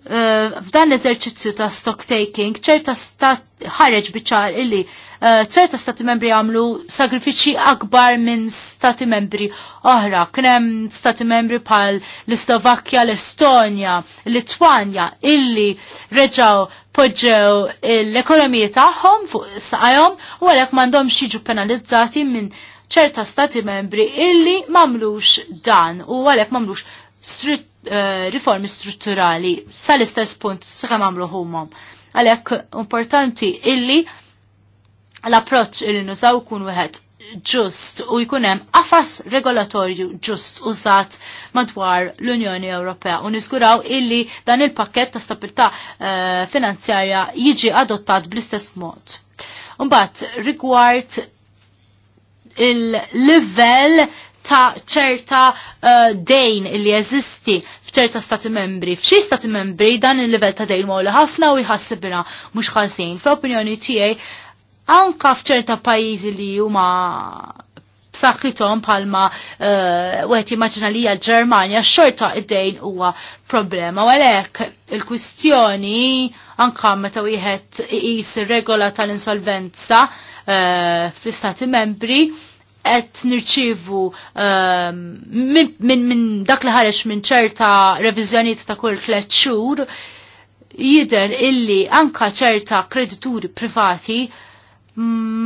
Eh, f'dan l-eżerċizzju ta' stock taking ċerta stat ħareġ biċar illi eh, ċerta stati membri għamlu sagrifiċi akbar minn stati membri oħra. Knem stati membri pal l-Slovakkja, l-Estonja, l-Litwanja illi reġaw poġġew l-ekonomiji tagħhom fuq saqajhom u għalhekk m'għandhomx jiġu penalizzati minn ċerta stati membri illi mamlux dan u għalhekk mamlux Eh, riformi strutturali sal-istess punt s-sakam għamlu humom. Għalek importanti illi l-approċ illi nużaw kun wieħed ġust u jkun hemm regolatorju ġust użat madwar l-Unjoni Ewropea u nizguraw illi dan il-pakket ta' stabilta uh, eh, finanzjarja jiġi adottat bl-istess mod. Mbagħad rigward il-livell ta' ċerta uh, dejn li jeżisti f'ċerta stati membri. F'xi stati membri dan il-livell ta' dejn mawla ħafna u jħassibna mhux ħażin. F'opinjoni tiegħi anka f'ċerta pajjiżi li huma b'saħħithom palma uh, eh, wieħed jimmaġina li hija l-Ġermanja xorta id-dejn huwa problema. U għalhekk il-kwistjoni anka meta wieħed iqis ir-regola tal-insolvenza uh, fl-istati membri qed nirċivu ehm, minn dak li ħareġ minn ċerta reviżjonijiet ta' kull flet xhur jider illi anka ċerta kredituri privati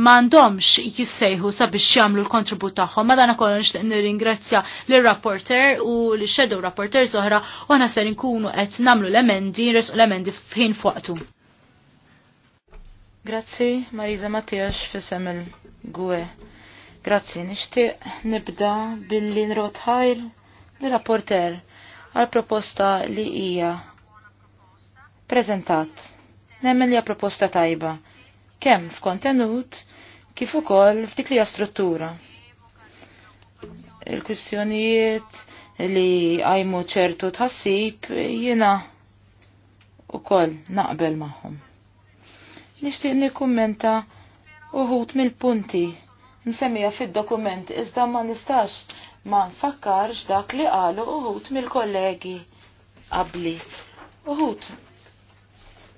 mandomx jissejħu sabiex jagħmlu l-kontribut tagħhom. Madana kollu nixtieq nirringrazzja lir-rapporter u l-shadow rapporter oħra u għana ser inkunu qed nagħmlu l-emendi, nresqu l-emendi f'ħin fuqtu. Grazzi, Marisa Mattias, fissem il-Gwe. Grazzi, nixtieq nibda billi nrotħajl l-rapporter għal proposta li hija prezentat. Nemmen li proposta tajba. Kemm f'kontenut kif ukoll f'dik li struttura. Il-kwistjonijiet li għajmu ċertu tħassib jiena koll naqbel magħhom. Nixtieq nikkummenta uħut mill-punti msemmija fid-dokument iżda ma nistax ma nfakkarx dak li qalu uħut mill-kollegi qabli. Uħut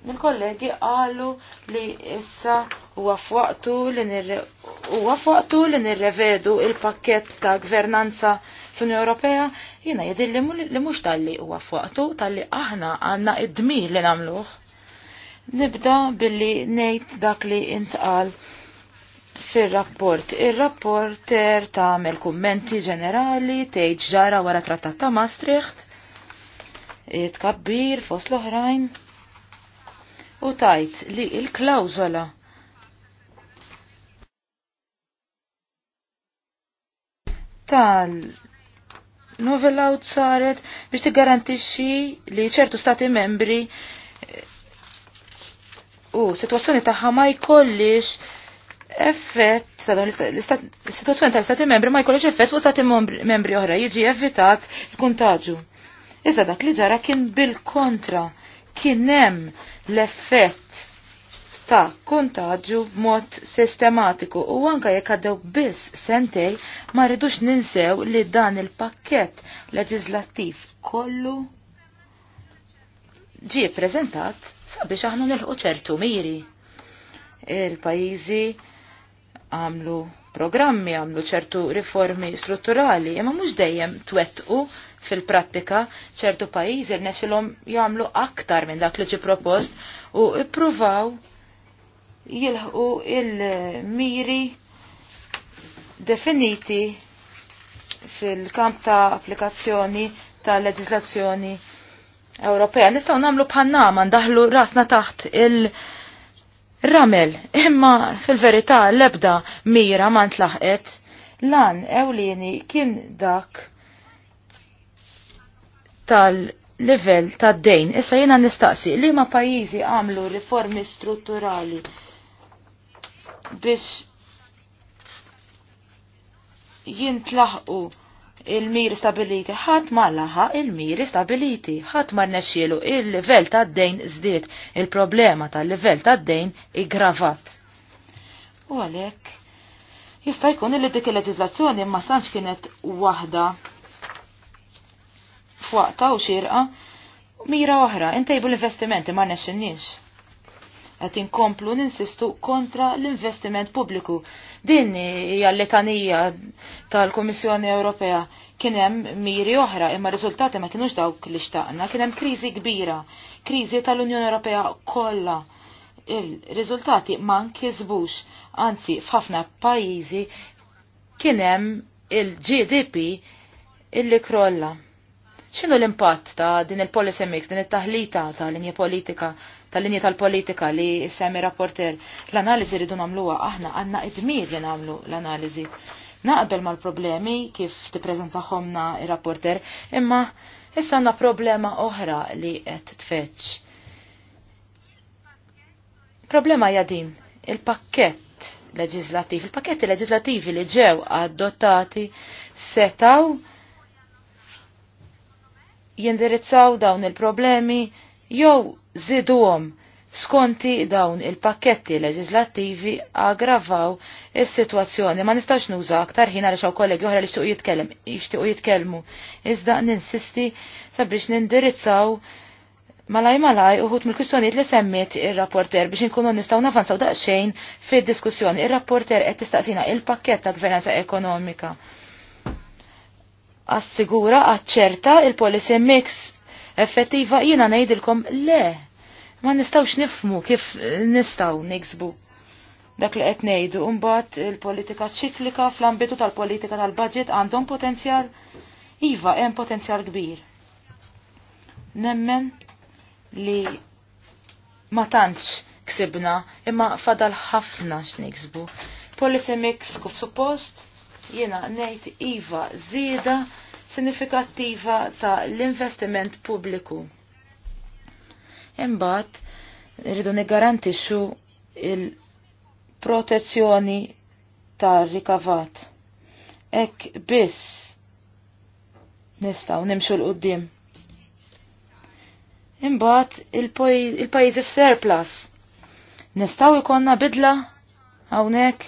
mill-kollegi qalu li issa huwa f'waqtu li nirrevedu il-pakkett ta' gvernanza fl-Unjoni Ewropea jiena jidil li mhux tal-li huwa f'waqtu tal-li aħna għandna id-dmir li nagħmluh. Nibda billi ngħid dak li intqal fil-rapport. Il-rapporter tagħmel kummenti ġenerali tgħid ġara wara trattat ta' Maastricht, tkabbir fost l-oħrajn u tajt li il klawzola tal novella u saret biex tigarantixxi li ċertu stati membri u situazzjoni tagħha ma jkollix effett ta' dawn l-istituzzjoni tal-Stati membri ma jkollux effett fuq Stati membri oħra jiġi evitat il kuntaġu Iżda dak li ġara kien bil-kontra kien hemm l-effett ta' kuntaġu b'mod sistematiku u anka jekk għaddew biss sentej ma rridux ninsew li dan il-pakkett leġislattiv kollu ġie prezentat sabiex aħna nilħu ċertu miri il-pajizi għamlu programmi, għamlu ċertu riformi strutturali, imma mhux dejjem twettqu fil-prattika ċertu pajjiżi rnexilhom jagħmlu aktar minn dak li ġi propost u ippruvaw jilħqu il-miri definiti fil-kamp ta' applikazzjoni ta' leġislazzjoni Ewropea. Nistgħu nagħmlu bħannama ndaħlu rasna taħt il- ramel, imma fil-verità l-ebda mira ma ntlaħqet, lan ewlieni kien dak tal-level tad dejn Issa jena nistaqsi li ma pajizi għamlu riformi strutturali biex jintlaħqu il-miri stabiliti, ħadd ma laħa il-miri stabiliti, ħadd ma rnexxielu il ta' tad-dejn żdied, il-problema tal ta' tad-dejn iggravat. U għalhekk jista' jkun li dik il-leġiżlazzjoni ma tantx kienet waħda f'waqta u xirqa mira oħra, intejbu l-investimenti ma rnexxinniex qed inkomplu ninsistu kontra l-investiment pubbliku. Din hija l-letanija tal-Kummissjoni Ewropea kien hemm miri oħra imma riżultati ma kinux dawk li xtaqna, kien hemm kriżi kbira, kriżi tal-Unjoni Ewropea kollha. Il-riżultati ma nkisbux, anzi f'ħafna pajjiżi kien hemm il-GDP illi krolla. ċinu l-impatt ta' din il-policy mix, din it-taħlita ta' linja politika tal-linja tal-politika li semmi rapporter. L-analiżi ridu nagħmluha aħna għandna id li nagħmlu l-analiżi. Naqbel mal-problemi kif prezentaħomna ir-rapporter, imma issa għandna problema oħra li qed tfeċ. Problema hija din, il-pakkett leġizlativ. Il-pakketti leġislativi li ġew adottati setaw jindirizzaw dawn il-problemi jew ziduhom skonti dawn il-pakketti leġislattivi aggravaw is-sitwazzjoni. Ma nistax nuża aktar ħin għaliex kollegi oħra li xtuq jitkellem, jixtiequ jitkellmu. Iżda ninsisti sabiex nindirizzaw malaj malaj uħut mill-kwistjonijiet li semmiet ir-rapporter biex inkunu nistgħu nafanzaw daqsxejn fid-diskussjoni. Ir-rapporter qed tistaqsina il-pakkett ta' gvernanza ekonomika. Assigura, aċċerta il-policy mix effettiva jiena ngħidilkom le Ma nistawx nifmu kif nistaw niksbu dak li qed ngħidu mbagħad il-politika ċiklika fl-ambitu tal-politika tal-budget għandhom potenzjal iva hemm potenzjal kbir. Nemmen li ma tantx ksibna imma fadal ħafna x'niksbu. Policy mix kif suppost jiena ngħid iva żieda sinifikattiva ta' l-investiment pubbliku. Imbagħad irridu niggarantixxu il-protezzjoni tar-rikavat. Hekk biss nistgħu nimxu l qudiem Imbagħad il-pajjiżi f'surplus. Nistgħu jkollna bidla hawnhekk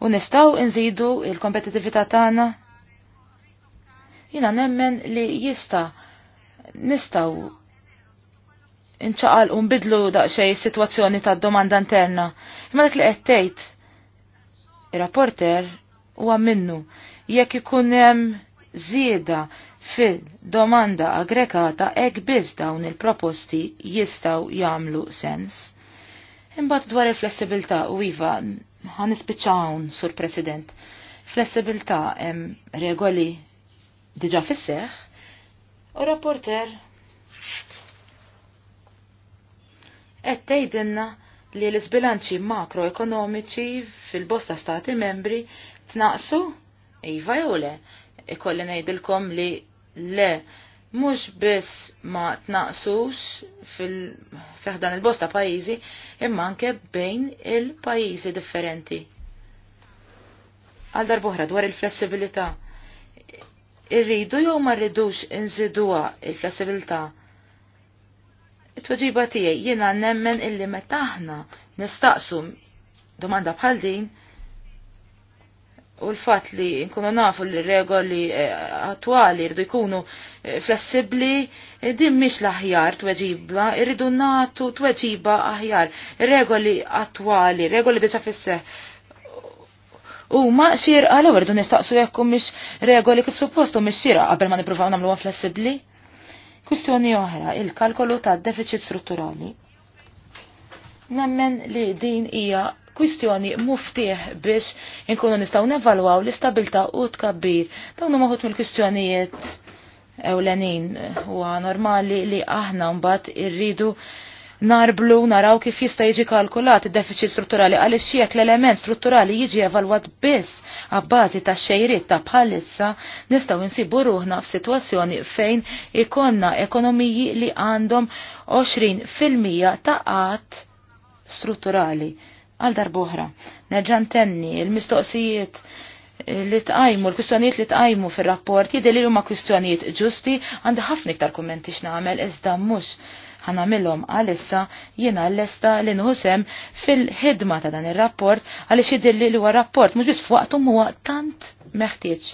u nistgħu nżidu il-kompetitività tagħna. Jiena nemmen li jista' nistgħu inċaqal u nbidlu daqxej situazzjoni ta' domanda interna. Imma dak li qed tgħid ir-rapporter huwa minnu jekk ikun hemm zieda fil-domanda aggregata hekk biss dawn il-proposti jistgħu jagħmlu sens. Imbagħad dwar il-flessibilità u iva għan hawn, Sur President. Flessibilità hemm regoli diġa' fis u rapporter qed tgħidilna li l-isbilanċi makroekonomiċi fil-bosta stati membri tnaqsu iva jew le. Ikolli ngħidilkom li le mhux biss ma tnaqsux fil-fehdan il-bosta pajjiżi imma anke bejn il-pajjiżi differenti. Għal darbohra dwar il-flessibilità. Irridu jew ma rridux inżiduha il-flessibilità. il flessibilità It-tweġiba tiegħi jiena nemmen illi meta aħna nistaqsu domanda bħal din u l-fatt li nkunu nafu li regoli eh, attwali rridu jkunu eh, flessibli eh, din mhix l-aħjar tweġiba, irridu natu tweġiba aħjar, regoli attwali, regoli diġa fisseħ. U ma xirqa l-ewwel rridu nistaqsu jekk mish regoli kif suppostu mish xirqa qabel ma nippruvaw nagħmluha flessibbli. Kwistjoni oħra, il-kalkolu ta' deficit strutturali. Nemmen li din hija kwistjoni muftieħ biex inkunu nistgħu nevalwaw l-istabilta u tkabbir. Dawn huma mill-kwistjonijiet ewlenin huwa normali li aħna mbagħad irridu narblu naraw kif jista' jiġi kalkulat id-deficit strutturali għaliex jekk l-element strutturali jiġi evalwat biss għabbażi ta' xejrit ta' bħalissa nistgħu insibu ruħna f'sitwazzjoni fejn ikonna ekonomiji li għandhom 20% ta' qatt strutturali għal darbohra. Nerġan tenni il-mistoqsijiet li tqajmu, l-kwistjonijiet li tqajmu fil-rapport jideli li huma kwistjonijiet ġusti għandi ħafna iktar kummenti x'nagħmel iżda mhux ħanamilhom għalissa jiena l-lesta li nħusem fil-ħidma ta' dan ir-rapport għaliex jidilli li huwa rapport mhux biss f'waqthom huwa tant meħtieġ.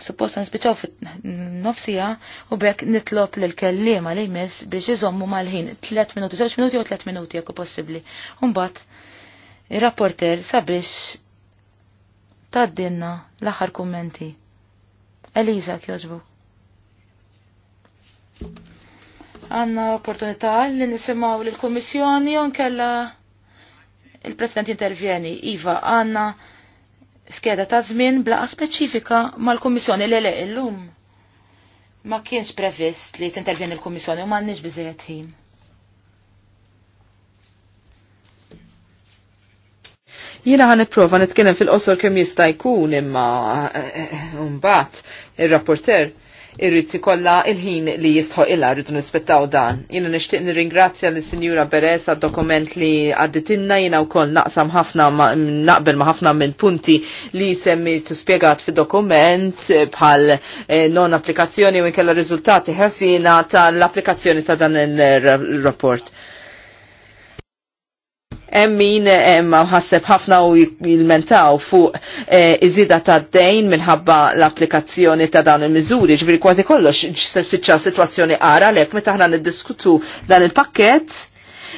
Suppost nispiċaw fit-nofsija u bekk nitlob l kellima li jmiss biex jizommu mal-ħin 3 minuti, 6 minuti u 3 minuti jekk possibbli. Umbat, il-rapporter sabiex taddinna l-aħħar kummenti. Eliza kjoġbuk. Għanna opportunità li nisimaw l-Komissjoni un kella il-President intervjeni. Iva, għanna skeda ta' żmien blaqa speċifika mal-Komissjoni li le illum. Ma kienx previst li t-intervjeni l-Komissjoni u ma' nix bizzejet ħin. Jina ħan iprofa nitkellem fil-qosor kemm jista' jkun imma eh, eh, eh, mbagħad ir-rapporter irrid kolla il-ħin li jistħo illa rridu nispettaw dan. Jiena nixtieq nirringrazzja lis sinjura Beres għad-dokument li għadditinna jiena wkoll naqsam ħafna naqbel ma ħafna minn punti li t-spiegat fid-dokument bħal non applikazzjoni u nkella rizultati ħafina tal-applikazzjoni ta' dan il-rapport emmin emma ħasseb ħafna u jilmentaw fuq iżida ta' dejn minħabba l-applikazzjoni ta' dawn il-mizuri, ġviri kważi kollox ġsessicċa situazzjoni għara lek meta ħna niddiskutu dan il-pakket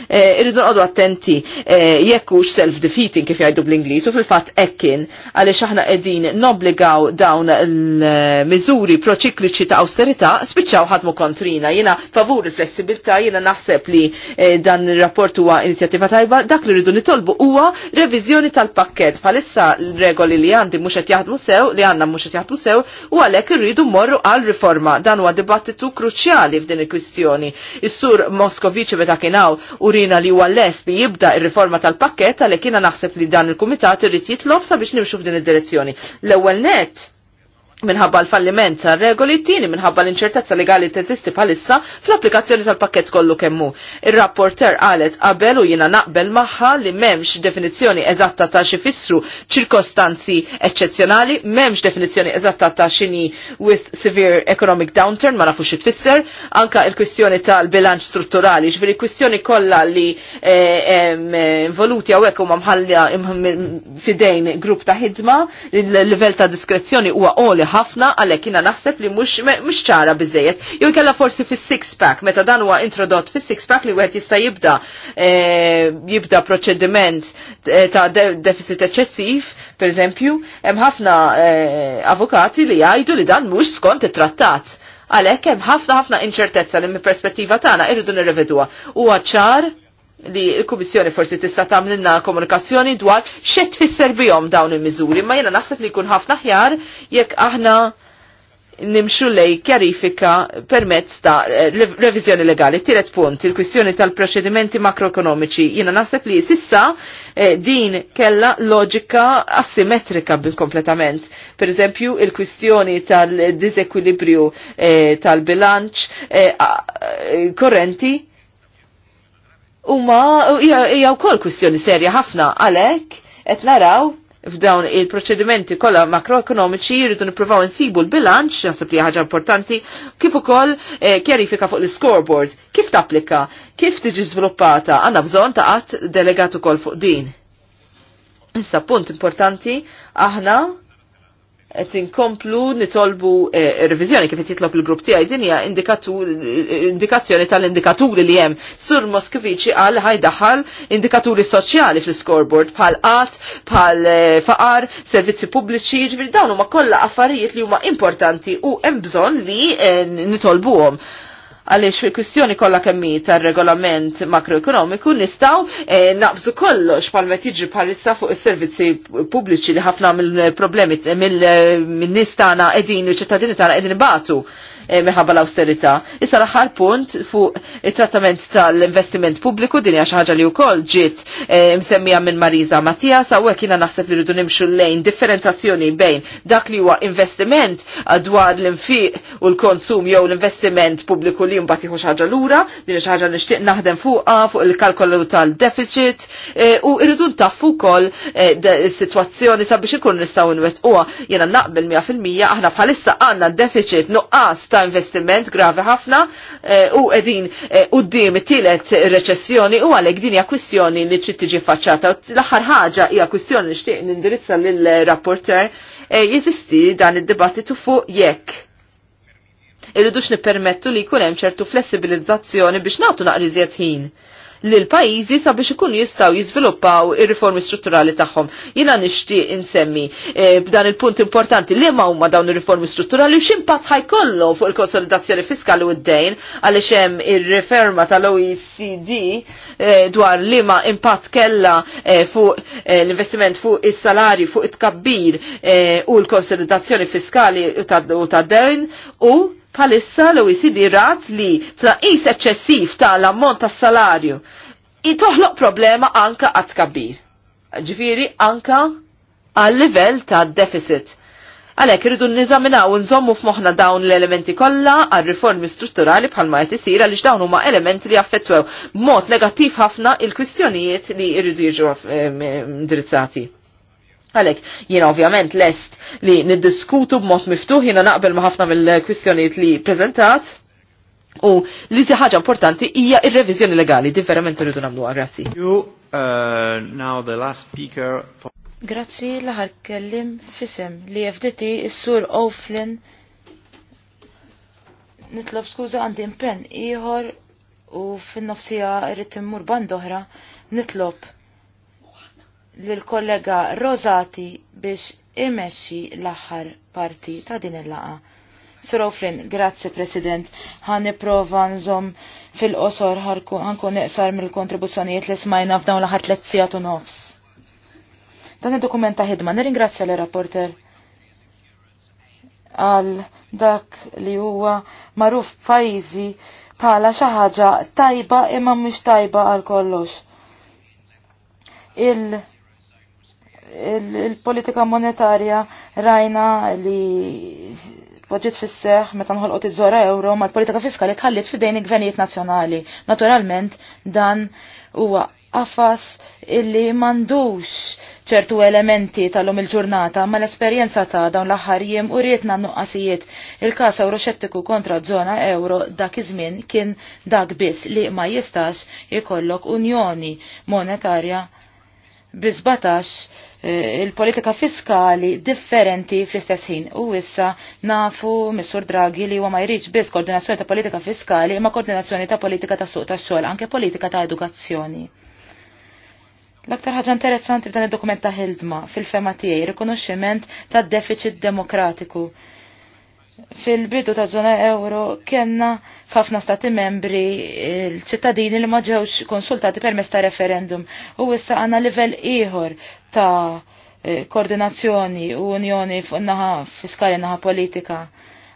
Eh, irridu nqogħdu attenti eh, jekk hux self-defeating kif jgħidu bl-Ingliż u fil-fatt hekk kien għaliex aħna qegħdin nobbligaw dawn il-miżuri proċikliċi ta' austerità spiċċaw ħadmu kontrina. Jiena favur il-flessibilità, jiena naħseb li eh, dan ir-rapport huwa inizjattiva tajba, dak li rridu nitolbu huwa reviżjoni tal-pakkett bħalissa regoli li għandi mhux qed jaħdmu sew, li għandna mhux qed jaħdmu sew u għalhekk irridu morru għal riforma. Dan huwa dibattitu kruċjali f'din il-kwistjoni. Is-sur Moskoviċi meta kien hawn urina li huwa lest li jibda ir-riforma tal-pakket għalhekk jiena naħseb li dan il-kumitat irid jitlob sabiex nimxu f'din id-direzzjoni. L-ewwel net minħabba l-falliment ta' regoli t-tini minħabba l-inċertezza legali teżisti bħalissa fl-applikazzjoni tal-pakket kollu kemmu. Ir-rapporter qalet qabel u jina naqbel maħħa li memx definizzjoni eżatta ta' xifissru ċirkostanzi eccezjonali, memx definizzjoni eżatta ta' xini with severe economic downturn, ma nafux tfisser, anka il-kwistjoni tal-bilanċ strutturali, ġveri kwistjoni kollha li eh, involuti għawek u mamħalja fidejn grupp ta' hidma, il-level ta' diskrezzjoni huwa għoli ħafna għalhekk jiena naħseb li mhux ċara bizzejet. Jow inkella forsi fis-six pack meta dan huwa introdott fis-six pack li wieħed jista' jibda e, jibda proċediment e, ta' deficit eċċessiv, pereżempju, hemm ħafna e, avukati li jgħidu li dan mhux skont it-trattat għalhekk hemm ħafna ħafna inċertezza li mill perspettiva tagħna irridu nirrevedwa. Huwa ċar li l-Kummissjoni forsi tista' tagħmilna komunikazzjoni dwar xed tfisser bihom dawn il-miżuri, ma jiena naħseb li jkun ħafna ħjar jekk aħna nimxu lej kjarifika permezz ta' eh, revizjoni legali. Tiret punt, il-kwistjoni tal-proċedimenti makroekonomiċi. Jina naħseb li sissa eh, din kella loġika asimetrika bil-kompletament. Per eżempju, il-kwistjoni tal-dizekwilibrju eh, tal-bilanċ korrenti Uma, hija wkoll kwistjoni serja ħafna għalhekk qed naraw f'dawn il-proċedimenti kollha makroekonomiċi jridu nippruvaw insibu l-bilanċ, jaħseb li ħaġa importanti, kif ukoll eh, kjarifika fuq l-scoreboard, kif tapplika, kif tiġi żviluppata, għanna bżonn ta' qatt delegat ukoll fuq din. Issa punt importanti, aħna qed inkomplu nitolbu eh, revizjoni kif jitlob il-grupp tiegħi din hija indikazzjoni tal-indikaturi li hemm. Sur Moskviċi qal ħajdaħal indikaturi soċjali fl-scoreboard bħal qatt, bħal eh, faqar, servizzi pubbliċi, ġifieri dawn huma kollha affarijiet li huma importanti u hemm bżonn li eh, nitolbuhom għaliex fil-kwistjoni kollha kemmi tar-regolament makroekonomiku nistgħu eh, naqbżu kollox bħalma tiġi bħalissa fuq is-servizzi pubbliċi li ħafna mill-problemi mill-nies tagħna qegħdin u ċittadini tagħna qegħdin ibatu. Eh, minħabba l austerita Issa l-aħħar punt fuq it-trattament tal-investiment pubbliku din hija xi ħaġa li wkoll ġiet eh, msemmija minn Marisa Mattia hawnhekk jiena naħseb li rridu nimxu lejn differenzazzjoni bejn dak li huwa investiment dwar l-infiq u l-konsum jew l-investiment pubbliku li mbagħad jieħu xi ħaġa lura, din xi ħaġa nixtieq naħdem fuqha fuq il-kalkolu tal-deficit eh, u rridu ntaffu wkoll situazzjoni sitwazzjoni sabiex ikun nistgħu nwettquha jiena naqbel 100% aħna bħalissa għandna deficit nuqqas ta' investiment gravi ħafna eh, u edin eh, u d-dim reċessjoni u għalek din hija kwistjoni li trid tiġi faċċata. L-aħħar ħaġa hija kwistjoni xtieq nindirizza lill-rapporter eh, jeżisti dan id-dibattitu fuq jekk irridux nippermettu li jkun hemm ċertu flessibilizzazzjoni biex nagħtu naqriżiet ħin lil pajjiżi sabiex ikunu jistgħu jiżviluppaw ir-riformi strutturali tagħhom. Jina nixtieq insemmi eh, b'dan il-punt importanti li ma huma dawn ir-riformi strutturali u x'impatt ħajkollu fuq il-konsolidazzjoni fiskali u d-dejn għaliex hemm ir-riferma tal-OECD eh, dwar li ma impatt kella eh, fuq l-investiment fuq is-salari, fuq it-kabbir u l-konsolidazzjoni fiskali u tad-dejn u Palissa l-OECD rat li tnaqis eċċessiv tal-ammont tas-salarju toħloq problema anka għat kabir. Ġifiri anka għal livell ta' deficit. Għalek irridu nizaminaw nżommu f'moħna dawn l-elementi kollha għal riformi strutturali bħal qed isir għaliex dawn huma elementi li affettwew mod negattiv ħafna il-kwistjonijiet li jridu jiġu eh, indirizzati. Għalek, jina ovvjament lest li niddiskutu b'mod miftuħ, jiena naqbel ma' ħafna mill-kwistjonijiet li prezentat. U li ti ħaġa importanti hija ir-reviżjoni legali, di verament rridu nagħmluha, grazzi. Uh, grazzi l kellim fisem li FDT is-sur Oflin nitlob skuża għandi impenn ieħor u fin-nofsija irrid immur band oħra nitlob lill-kollega Rosati biex imexxi l-aħħar parti ta' din il-laqa. Sir grazzi President, ħan niprofa nżom fil-qosor ħankun neqsar mill-kontribuzzjonijiet li smajna f'dawn l-aħħar t-letzijat u nofs. Dan id-dokument ta' ħidma nirringrazzja l-rapporter għal dak li huwa magħruf pajizi bħala xi ħaġa tajba imma mux tajba għal kollox. Il- il-politika monetarja rajna li poġġiet fis-seħ meta nħolqot iż euro ma l-politika fiskali tħallit fidejn il-gvernijiet nazzjonali. Naturalment dan huwa qafas illi mandux ċertu elementi tal-lum il-ġurnata ma l-esperjenza ta' dawn l-aħħar jiem u rietna nuqqasijiet il-kas euroxettiku kontra zona euro dak iż-żmien kien dak biss li ma jistax ikollok unjoni monetarja bi Eh, il-politika fiskali differenti fl-istess ħin. U issa nafu Missur Draghi li huwa ma jridx biss koordinazzjoni ta' politika fiskali imma koordinazzjoni ta' politika ta' suq tax-xogħol, anke politika ta' edukazzjoni. L-aktar ħaġa interessanti f'dan id-dokument ta' ħildma fil-fema tiegħi rikonoxximent tad-deficit demokratiku fil-bidu ta' zona euro kienna f'ħafna stati membri il ċittadini li ma ġewx konsultati permezz ta' referendum u issa għandna livell ieħor ta' eh, koordinazzjoni u unjoni fuq fiskali naħa politika.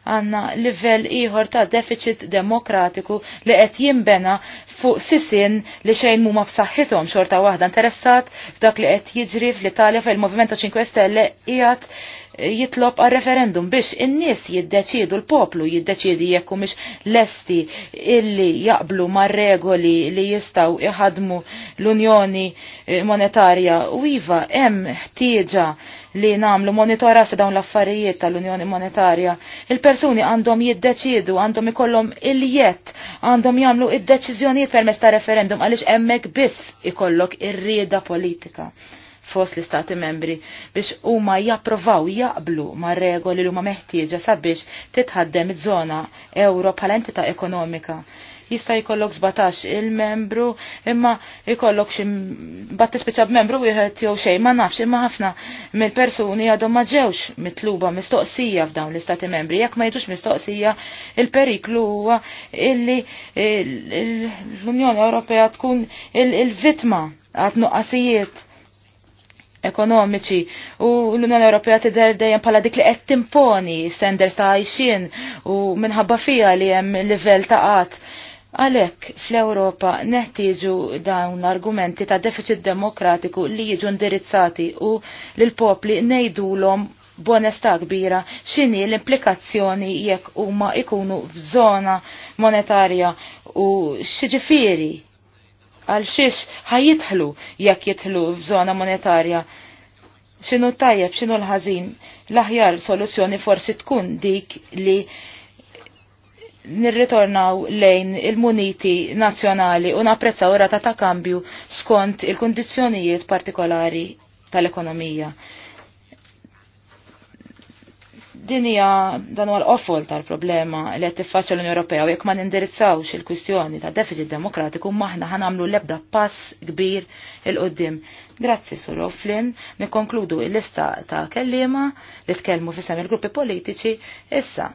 Għanna livell ieħor ta' deficit demokratiku li qed jimbena fuq sisin li xejn mu b'saħħithom xorta waħda interessat f'dak li qed jiġri fl-Italja fil-Movimento 5 Stelle qiegħed jitlob għal referendum biex in-nies jiddeċidu l-poplu jiddeċidi jekk mhux lesti illi jaqblu mar-regoli li jistaw iħadmu l-Unjoni eh, Monetarja u iva hemm ħtieġa li namlu monitoraġġ ta' dawn l-affarijiet tal-Unjoni Monetarja. Il-persuni għandhom jiddeċidu, għandhom ikollhom iljett, għandhom jagħmlu id-deċiżjonijiet permezz ta' referendum għaliex hemmhekk biss ikollok ir-rieda politika fost l-istati membri biex huma japprovaw jaqblu ma' regoli li huma meħtieġa sabiex titħaddem iż-żona euro bħala entità ekonomika. Jista' jkollok 17 il-membru imma jkollok xi bat tispiċċa b'membru wieħed jew xejn ma nafx imma ħafna mill-persuni għadhom ma ġewx mitluba mistoqsija f'dawn l-istati membri jekk ma jiġux mistoqsija il-periklu huwa illi l-Unjoni Ewropea tkun il-vitma għad nuqqasijiet ekonomiċi u l-Unjoni Ewropea tidher dejjem bħala dik li qed timponi standards ta' għajxin u minħabba fija li hemm livell ta' qatt. Għalhekk fl-Ewropa neħtieġu dawn argumenti ta' deficit demokratiku li jiġu indirizzati u lil popli ngħidulhom b'onestà kbira x'inhi l-implikazzjoni jekk huma ikunu f'żona monetarja u x'ġifieri għal xiex ħajjitħlu jekk jitħlu f'żona monetarja. Xinu tajjeb, xinu l-ħażin, l-aħjar soluzzjoni forsi tkun dik li nirritornaw lejn il-muniti nazzjonali u napprezzaw rata ta' kambju skont il kondizjonijiet partikolari tal-ekonomija. Din hija dan huwa l-qofol tal-problema li qed tiffaċċja l-Unjoni Ewropea u jekk ma nindirizzawx il-kwistjoni ta' deficit demokratiku maħna ħanamlu l-ebda pass kbir il qudiem Grazzi Sur Oflin, nikkonkludu l-lista ta' kellima li tkellmu fisem il-gruppi politiċi issa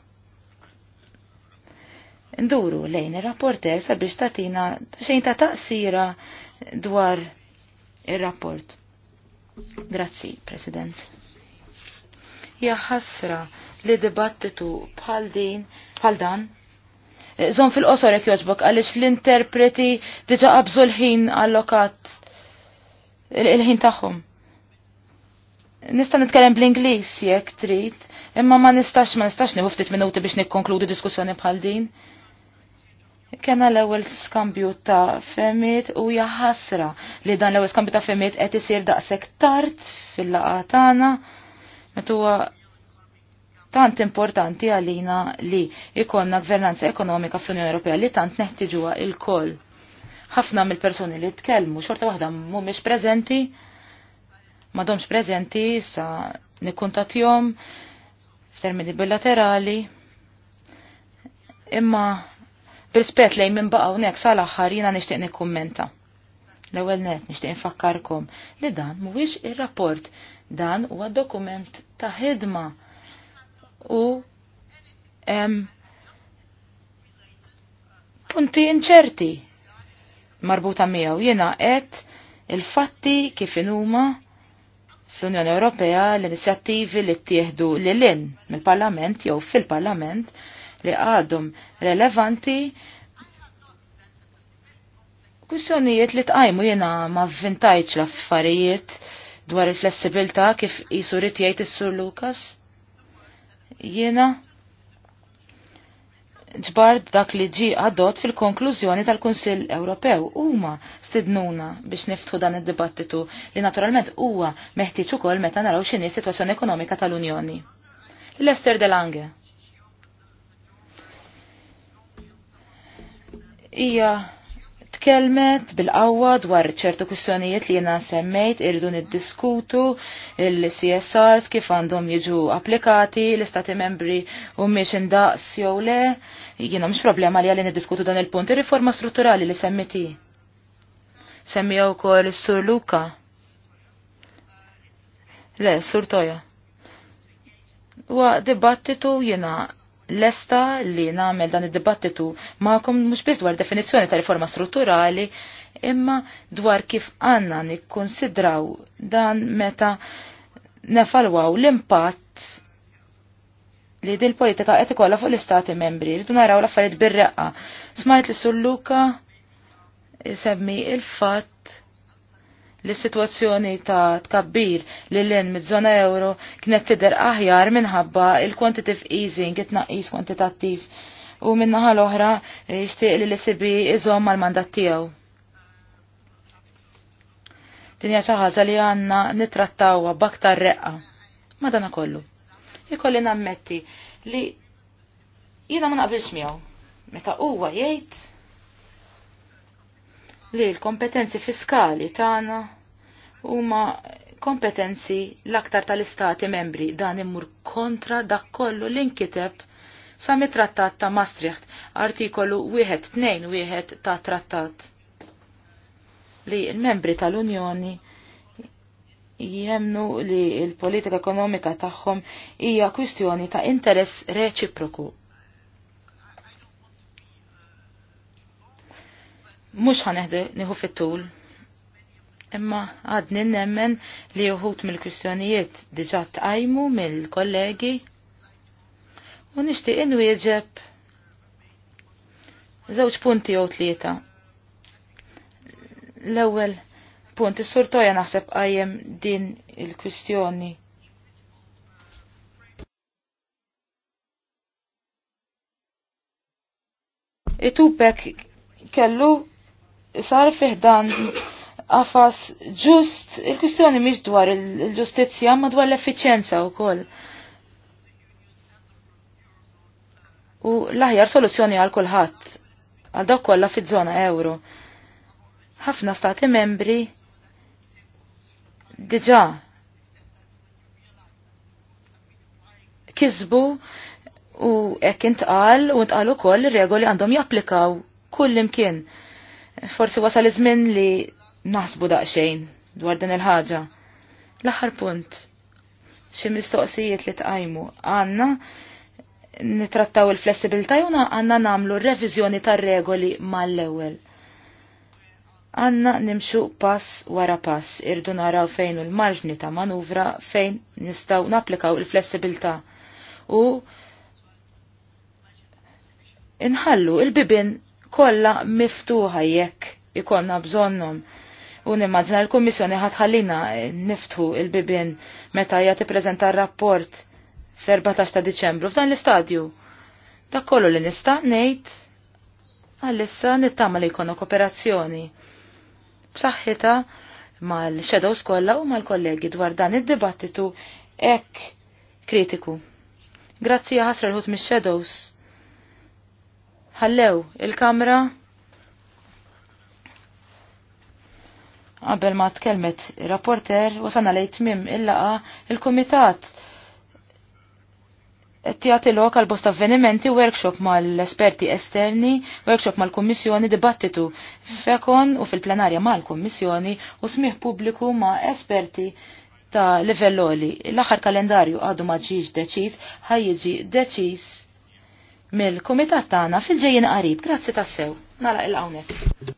nduru lejn ir-rapporter sabiex tatina xejn ta' taqsira dwar ir-rapport. Grazzi, President hija ħasra li dibattitu bħal din bħal dan. E, Zon fil qosorek joġbok jogħġbok għaliex l-interpreti diġa qabżu l-ħin allokat il-ħin tagħhom. Nista' nitkellem bl-Ingliż jekk trid, imma ma nistax ma nistax nieħu ftit minuti biex nikkonkludi diskussjoni bħal din. Kena l-ewwel skambju ta' femiet u hija ħasra li dan l-ewwel skambju ta' femiet qed isir daqshekk tard fil-laqgħa tagħna. Għatuwa tant importanti għalina li ikonna gvernanza ekonomika fl-Unjoni Ewropea li tant neħtiġuha il-koll. Ħafna mill-persuni li tkellmu xorta waħda mhumiex preżenti, m'għadhomx preżenti sa nikkuntatjom f'termini bilaterali. Imma bil-spett lejn minn baqgħu hawnhekk sal-aħħar jiena nixtieq nikkummenta. L-ewwel net nixtieq infakkarkom li dan mhuwiex ir-rapport, dan huwa dokument ta' ħidma u em, punti inċerti marbuta miegħu jiena qed il-fatti kif inhuma fl-Unjoni Ewropea l-inizjattivi li ttieħdu lil-in mill-Parlament jew fil-Parlament li għadhom relevanti Kwissjonijiet li tqajmu jiena ma vintajċ l-affarijiet dwar il-flessibilta kif jisu rrit jgħid is-Sur Lukas. Jiena ġbard dak li ġi għadot fil-konklużjoni tal-Kunsill Ewropew huma stidnuna biex niftħu dan id-dibattitu li naturalment huwa meħtieġ ukoll meta naraw x'inhi s-sitwazzjoni ekonomika tal-Unjoni. Lester De Lange. Ija tkellmet bil-qawwa dwar ċertu kwistjonijiet li jiena semmejt irridu niddiskutu il-CSRs kif għandhom jiġu applikati l-istati membri u miex indaqs jew le. Jiena mhux problema li għalli niddiskutu dan il-punt ir-riforma strutturali li semmiti. Semmi wkoll is-Sur Luka. Le, Sur Toja. Wa dibattitu jiena lesta li nagħmel dan id-dibattitu magħkom mhux biss dwar definizzjoni ta' riforma strutturali, imma dwar kif għandna nikkonsidraw dan meta nefalwaw l-impatt li din politika qed ikollha fuq l-istati membri, li naraw l-affarijiet bir-reqqa. Smajt li sulluka semmi il-fatt L-situazzjoni ta' tkabbir li l-in mid-zona euro kienet tider aħjar minħabba il-quantitative easing, it-naqis kwantitattiv u minnaħa l-oħra eh, jishtiq li l-sibi iżom mal-mandat tiegħu. Dinja xi ħaġa li għandna nittrattawha baktar reqqa. Madana kollu. Ikolli nammetti li jiena ma naqbilx miegħu. Meta huwa jgħid li l-kompetenzi fiskali tagħna huma kompetenzi l-aktar tal-istati membri dan immur kontra dak kollu li nkiteb sa mit-trattat ta' Maastricht, artikolu 1-2-1 ta' trattat li l-membri tal-Unjoni jemnu li l-politika ekonomika tagħhom hija kwistjoni ta' interess reċiproku. mux ħaneħdu nieħu fit-tul. Imma għadni nemmen li uħut mill-kwistjonijiet diġat għajmu mill-kollegi u nixtieq inwieġeb żewġ punti jew tlieta. L-ewwel punt is surtoja naħseb qajjem din il-kwistjoni Itupek kellu sar fiħdan għafas ġust, il-kwistjoni miex dwar il-ġustizja, ma dwar l efficienza u koll. U l-aħjar soluzzjoni għal kulħadd għal dawk kollha fiż-żona euro. Ħafna stati membri diġà kisbu u hekk intqal u ntqal ukoll ir-regoli għandhom japplikaw kull imkien. Forsi wasal iż-żmien li naħsbu daqsxejn dwar din il-ħaġa. L-aħħar punt. Xi mistoqsijiet li tqajmu għandna nitrattaw il-flessibilità u għandna nagħmlu r-reviżjoni tar-regoli mal-ewwel. Għanna nimxu pass wara pass, irdu naraw fejn u l-marġni ta' manuvra fejn nistaw naplikaw il-flessibilità. U inħallu il-bibin kollha miftuħa jekk ikonna bżonnhom. U nimmaġna l-Kummissjoni ħatħallina niftħu il-bibien meta hija tippreżenta r-rapport f-14 ta' Diċembru f'dan l-istadju. Da' kollu li nista' ngħid għalissa nittama li jkollna kooperazzjoni. B'saħħitha mal-shadows kollha u mal-kollegi dwar dan id-dibattitu hekk kritiku. Grazzi ħasra l-ħut mis xedows ħallew il-kamra qabel ma tkellmet ir-rapporter wasalna lejn tmim il-laqa il-kumitat Tijati jagħti lok għal bosta avvenimenti workshop mal-esperti esterni, workshop mal-Kummissjoni dibattitu fekon u fil-plenarja mal-Kummissjoni u smih pubbliku ma' esperti ta' livelloli. L-aħħar kalendarju għadu ma ġiġ deċiż ħajjiġi deċiż mill-kumitat tagħna fil-ġejjin qarib. Grazzi tassew. Nara il-hawnhekk.